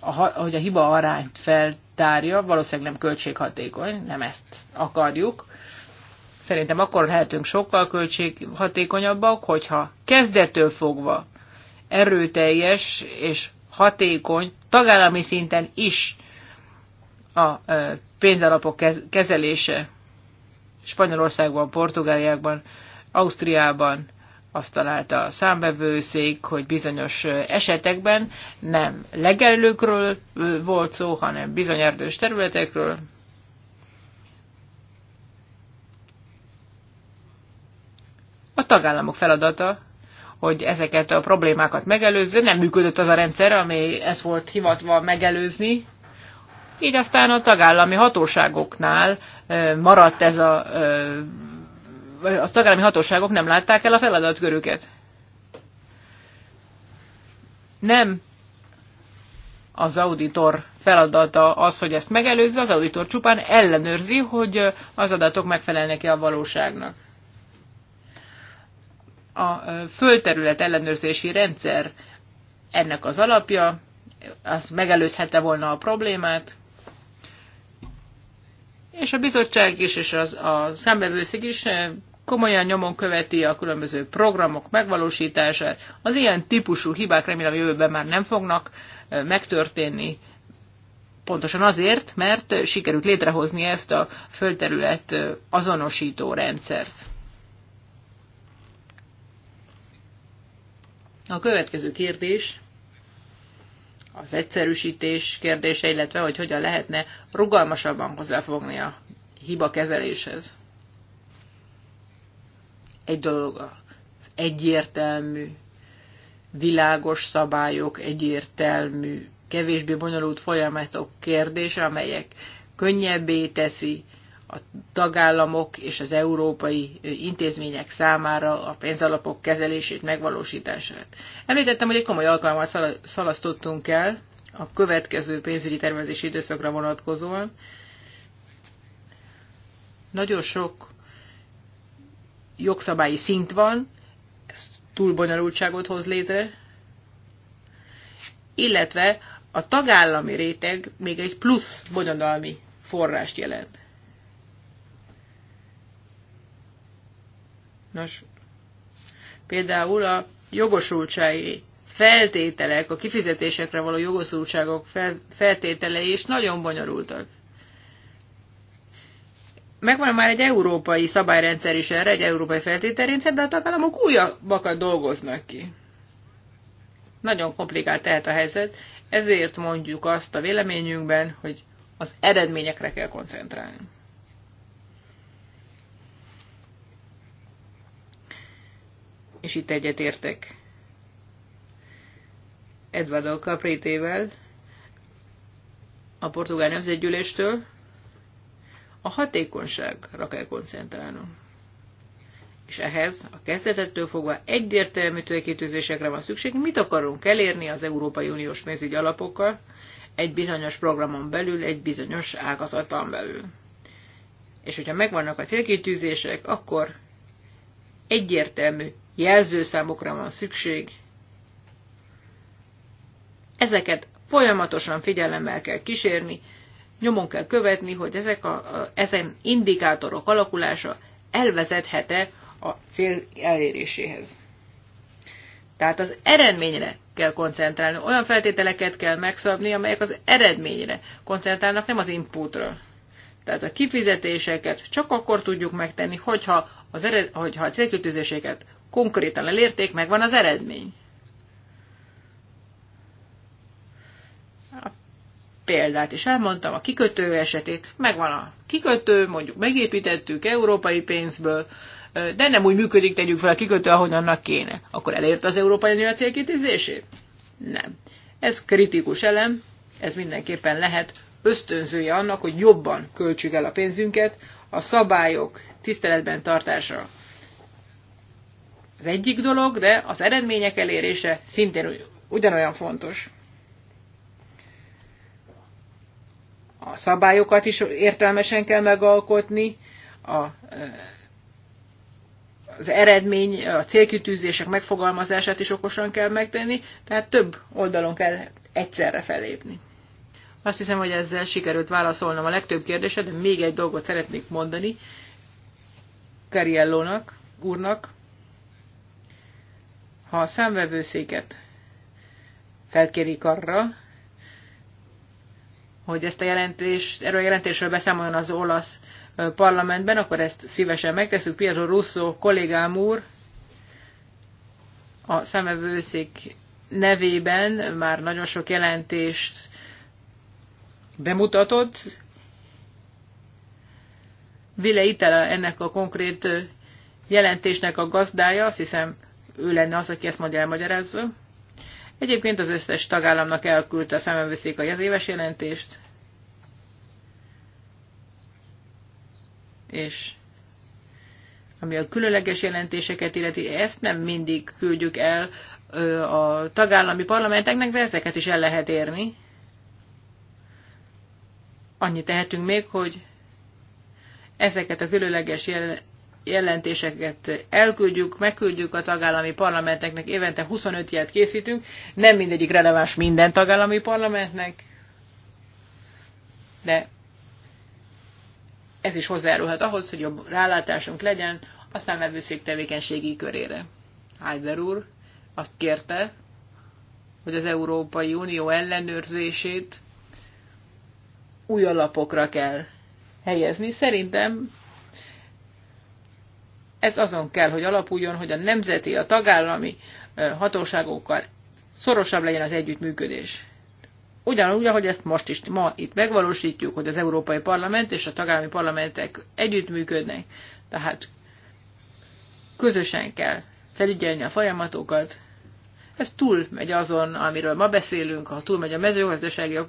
a, hogy a hiba arányt feltárja, valószínűleg nem költséghatékony, nem ezt akarjuk. Szerintem akkor lehetünk sokkal költséghatékonyabbak, hogyha kezdettől fogva erőteljes és hatékony tagállami szinten is a pénzalapok kezelése Spanyolországban, Portugáliákban, Ausztriában azt találta a számbevőszék, hogy bizonyos esetekben nem legelőkről volt szó, hanem bizony erdős területekről. A tagállamok feladata, hogy ezeket a problémákat megelőzze, nem működött az a rendszer, ami ez volt hivatva megelőzni, így aztán a tagállami hatóságoknál maradt ez a a tagállami hatóságok nem látták el a feladatkörüket. Nem az auditor feladata az, hogy ezt megelőzze, az auditor csupán ellenőrzi, hogy az adatok megfelelnek-e a valóságnak. A földterület ellenőrzési rendszer ennek az alapja, az megelőzhette volna a problémát, és a bizottság is, és az, a számbevőszék is komolyan nyomon követi a különböző programok megvalósítását. Az ilyen típusú hibák remélem jövőben már nem fognak megtörténni, pontosan azért, mert sikerült létrehozni ezt a földterület azonosító rendszert. A következő kérdés az egyszerűsítés kérdése, illetve hogy hogyan lehetne rugalmasabban hozzáfogni a hiba kezeléshez. Egy dolog az egyértelmű, világos szabályok, egyértelmű, kevésbé bonyolult folyamatok kérdése, amelyek könnyebbé teszi a tagállamok és az európai intézmények számára a pénzalapok kezelését, megvalósítását. Említettem, hogy egy komoly alkalmat szalasztottunk el a következő pénzügyi tervezési időszakra vonatkozóan. Nagyon sok jogszabályi szint van, ez túl bonyolultságot hoz létre, illetve a tagállami réteg még egy plusz bonyodalmi forrást jelent. Nos, például a jogosultsági feltételek, a kifizetésekre való jogosultságok feltételei is nagyon bonyolultak megvan már egy európai szabályrendszer is erre, egy európai feltételrendszer, de a tagállamok újabbakat dolgoznak ki. Nagyon komplikált tehet a helyzet, ezért mondjuk azt a véleményünkben, hogy az eredményekre kell koncentrálni. És itt egyetértek Edvardo Capritével, a portugál nemzetgyűléstől, a hatékonyságra kell koncentrálnunk. És ehhez a kezdetettől fogva egyértelmű célkitűzésekre van szükség, mit akarunk elérni az Európai Uniós pénzügyi alapokkal, egy bizonyos programon belül, egy bizonyos ágazaton belül. És hogyha megvannak a célkitűzések, akkor egyértelmű jelzőszámokra van szükség. Ezeket folyamatosan figyelemmel kell kísérni, Nyomon kell követni, hogy ezek a, a, ezen indikátorok alakulása elvezethet-e a cél eléréséhez. Tehát az eredményre kell koncentrálni. Olyan feltételeket kell megszabni, amelyek az eredményre koncentrálnak, nem az inputra. Tehát a kifizetéseket csak akkor tudjuk megtenni, hogyha, az ered, hogyha a célkütőzéseket konkrétan elérték, megvan az eredmény. A példát is elmondtam, a kikötő esetét, megvan a kikötő, mondjuk megépítettük európai pénzből, de nem úgy működik, tegyük fel a kikötő, ahonnan kéne. Akkor elérte az Európai Unió célkitűzését? Nem. Ez kritikus elem, ez mindenképpen lehet ösztönzője annak, hogy jobban költsük el a pénzünket, a szabályok tiszteletben tartása az egyik dolog, de az eredmények elérése szintén ugyanolyan fontos. a szabályokat is értelmesen kell megalkotni, a, az eredmény, a célkitűzések megfogalmazását is okosan kell megtenni, tehát több oldalon kell egyszerre felépni. Azt hiszem, hogy ezzel sikerült válaszolnom a legtöbb kérdésre, de még egy dolgot szeretnék mondani Cariellónak, úrnak. Ha a számvevőszéket felkérik arra, hogy ezt a jelentés, erről a jelentésről beszámoljon az olasz parlamentben, akkor ezt szívesen megteszünk. Piero Russo kollégám úr a szemevőszék nevében már nagyon sok jelentést bemutatott. Vile Itala ennek a konkrét jelentésnek a gazdája, azt hiszem ő lenne az, aki ezt majd elmagyarázza. Egyébként az összes tagállamnak elküldte a számövőszék a éves jelentést, és ami a különleges jelentéseket illeti, ezt nem mindig küldjük el a tagállami parlamenteknek, de ezeket is el lehet érni. Annyi tehetünk még, hogy ezeket a különleges jelentéseket elküldjük, megküldjük a tagállami parlamenteknek, évente 25 ilyet készítünk, nem mindegyik releváns minden tagállami parlamentnek, de ez is hozzájárulhat ahhoz, hogy jobb rálátásunk legyen a számvevőszék tevékenységi körére. Heider úr azt kérte, hogy az Európai Unió ellenőrzését új alapokra kell helyezni. Szerintem ez azon kell, hogy alapuljon, hogy a nemzeti, a tagállami hatóságokkal szorosabb legyen az együttműködés. Ugyanúgy, ahogy ezt most is ma itt megvalósítjuk, hogy az Európai Parlament és a tagállami parlamentek együttműködnek, tehát közösen kell felügyelni a folyamatokat. Ez túl megy azon, amiről ma beszélünk, ha túl megy a mezőgazdasági, a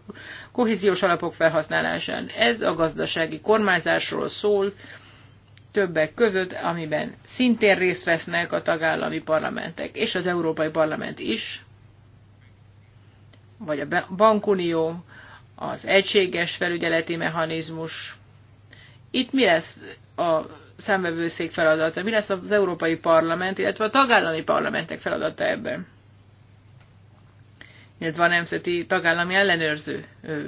kohéziós alapok felhasználásán. Ez a gazdasági kormányzásról szól, többek között, amiben szintén részt vesznek a tagállami parlamentek, és az Európai Parlament is, vagy a bankunió, az egységes felügyeleti mechanizmus. Itt mi lesz a szemvevőszék feladata, mi lesz az Európai Parlament, illetve a tagállami parlamentek feladata ebben? Illetve a nemzeti tagállami ellenőrző ö,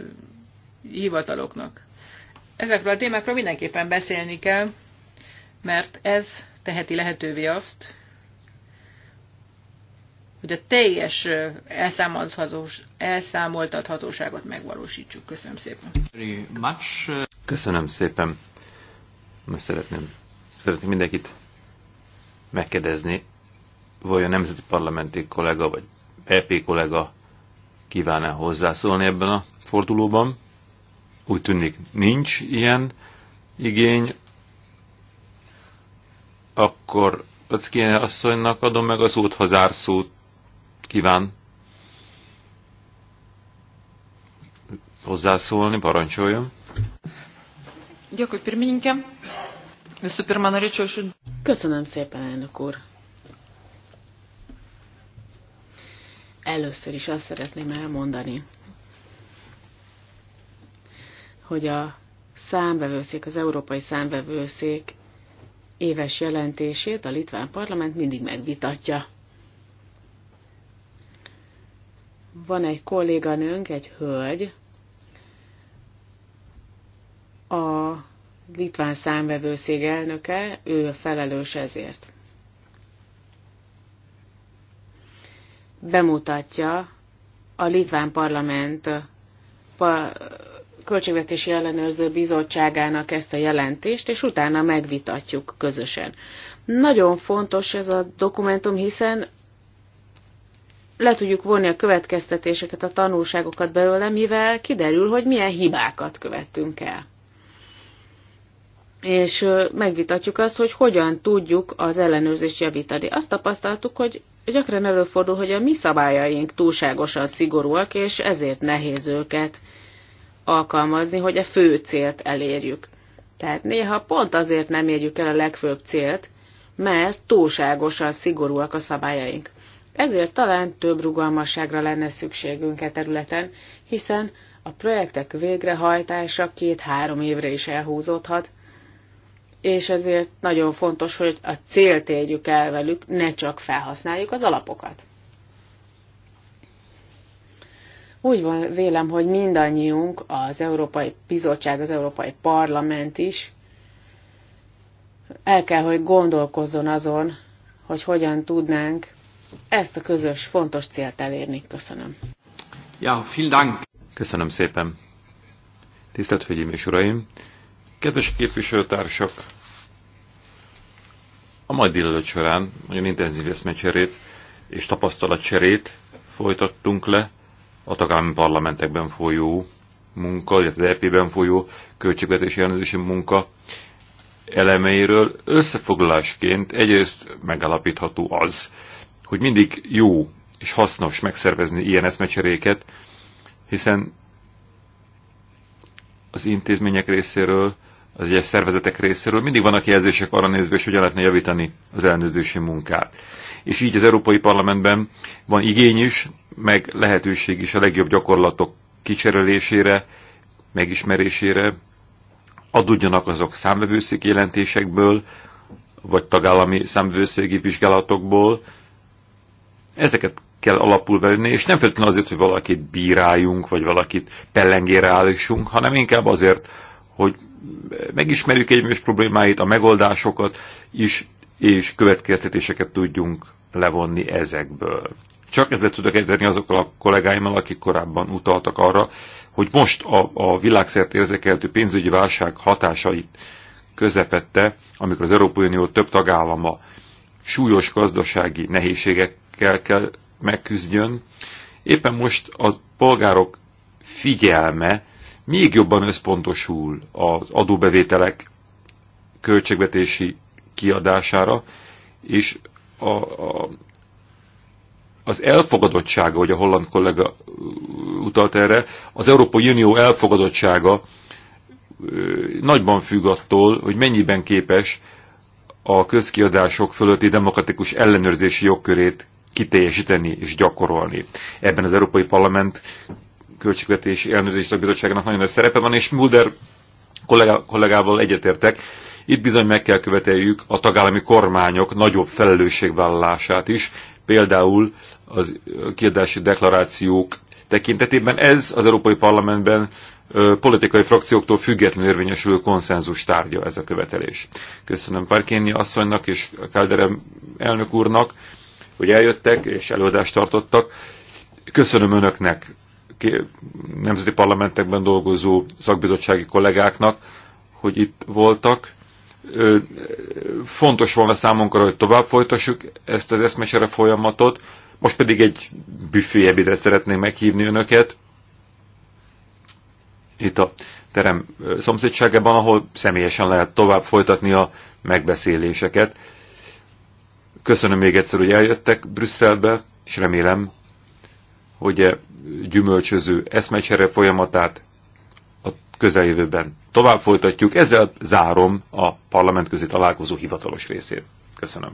hivataloknak. Ezekről a témákról mindenképpen beszélni kell mert ez teheti lehetővé azt, hogy a teljes elszámoltathatóságot megvalósítsuk. Köszönöm szépen. Köszönöm szépen. Most szeretném, szeretném mindenkit megkérdezni, a nemzeti parlamenti kollega vagy EP kollega kíván-e hozzászólni ebben a fordulóban. Úgy tűnik nincs ilyen igény, akkor Öckéne asszonynak adom meg az út, ha zárszót kíván hozzászólni, parancsoljon. Köszönöm szépen, elnök úr. Először is azt szeretném elmondani, hogy a számvevőszék, az Európai Számvevőszék éves jelentését a litván parlament mindig megvitatja. Van egy kolléganőnk, egy hölgy, a litván számvevőszég elnöke, ő felelős ezért. Bemutatja a litván parlament Költségvetési Ellenőrző Bizottságának ezt a jelentést, és utána megvitatjuk közösen. Nagyon fontos ez a dokumentum, hiszen le tudjuk vonni a következtetéseket, a tanulságokat belőle, mivel kiderül, hogy milyen hibákat követtünk el. És megvitatjuk azt, hogy hogyan tudjuk az ellenőrzést javítani. Azt tapasztaltuk, hogy gyakran előfordul, hogy a mi szabályaink túlságosan szigorúak, és ezért nehéz őket alkalmazni, hogy a fő célt elérjük. Tehát néha pont azért nem érjük el a legfőbb célt, mert túlságosan szigorúak a szabályaink. Ezért talán több rugalmasságra lenne szükségünk e területen, hiszen a projektek végrehajtása két-három évre is elhúzódhat, és ezért nagyon fontos, hogy a célt érjük el velük, ne csak felhasználjuk az alapokat. Úgy van, vélem, hogy mindannyiunk, az Európai Bizottság, az Európai Parlament is el kell, hogy gondolkozzon azon, hogy hogyan tudnánk ezt a közös fontos célt elérni. Köszönöm. Ja, vielen Dank. Köszönöm szépen. Tisztelt Hölgyeim és Uraim! Kedves képviselőtársak! A mai délelőtt során nagyon intenzív eszmecserét és tapasztalatcserét folytattunk le a tagállami parlamentekben folyó munka, illetve az EP-ben folyó költségvetési ellenőrzési munka elemeiről összefoglalásként egyrészt megalapítható az, hogy mindig jó és hasznos megszervezni ilyen eszmecseréket, hiszen az intézmények részéről, az egyes szervezetek részéről mindig vannak jelzések arra nézve, hogy hogyan lehetne javítani az ellenőrzési munkát és így az Európai Parlamentben van igény is, meg lehetőség is a legjobb gyakorlatok kicserélésére, megismerésére, adódjanak azok számvevőszék jelentésekből, vagy tagállami számvevőszégi vizsgálatokból. Ezeket kell alapul venni, és nem feltétlenül azért, hogy valakit bíráljunk, vagy valakit pellengére állítsunk, hanem inkább azért, hogy megismerjük egymás problémáit, a megoldásokat is, és következtetéseket tudjunk levonni ezekből. Csak ezzel tudok egyetérni azokkal a kollégáimmal, akik korábban utaltak arra, hogy most a, a világszerte érzékeltő pénzügyi válság hatásait közepette, amikor az Európai Unió több tagállama súlyos gazdasági nehézségekkel kell megküzdjön, éppen most a polgárok figyelme még jobban összpontosul az adóbevételek költségvetési kiadására, és a, a, az elfogadottsága, hogy a holland kollega utalt erre, az Európai Unió elfogadottsága nagyban függ attól, hogy mennyiben képes a közkiadások fölötti demokratikus ellenőrzési jogkörét kiteljesíteni és gyakorolni. Ebben az Európai Parlament költségvetési ellenőrzési szakbizottságának nagyon nagy szerepe van, és Mulder kollégával egyetértek, itt bizony meg kell követeljük a tagállami kormányok nagyobb felelősségvállalását is, például az kiadási deklarációk tekintetében. Ez az Európai Parlamentben politikai frakcióktól független érvényesülő konszenzus tárgya ez a követelés. Köszönöm Parkénia asszonynak és Kálderem elnök úrnak, hogy eljöttek és előadást tartottak. Köszönöm önöknek, nemzeti parlamentekben dolgozó szakbizottsági kollégáknak, hogy itt voltak, fontos volna számunkra, hogy tovább folytassuk ezt az eszmesere folyamatot. Most pedig egy büfé ebédre szeretném meghívni önöket. Itt a terem szomszédságában, ahol személyesen lehet tovább folytatni a megbeszéléseket. Köszönöm még egyszer, hogy eljöttek Brüsszelbe, és remélem, hogy gyümölcsöző eszmecsere folyamatát közeljövőben tovább folytatjuk. Ezzel zárom a parlamentközi találkozó hivatalos részét. Köszönöm.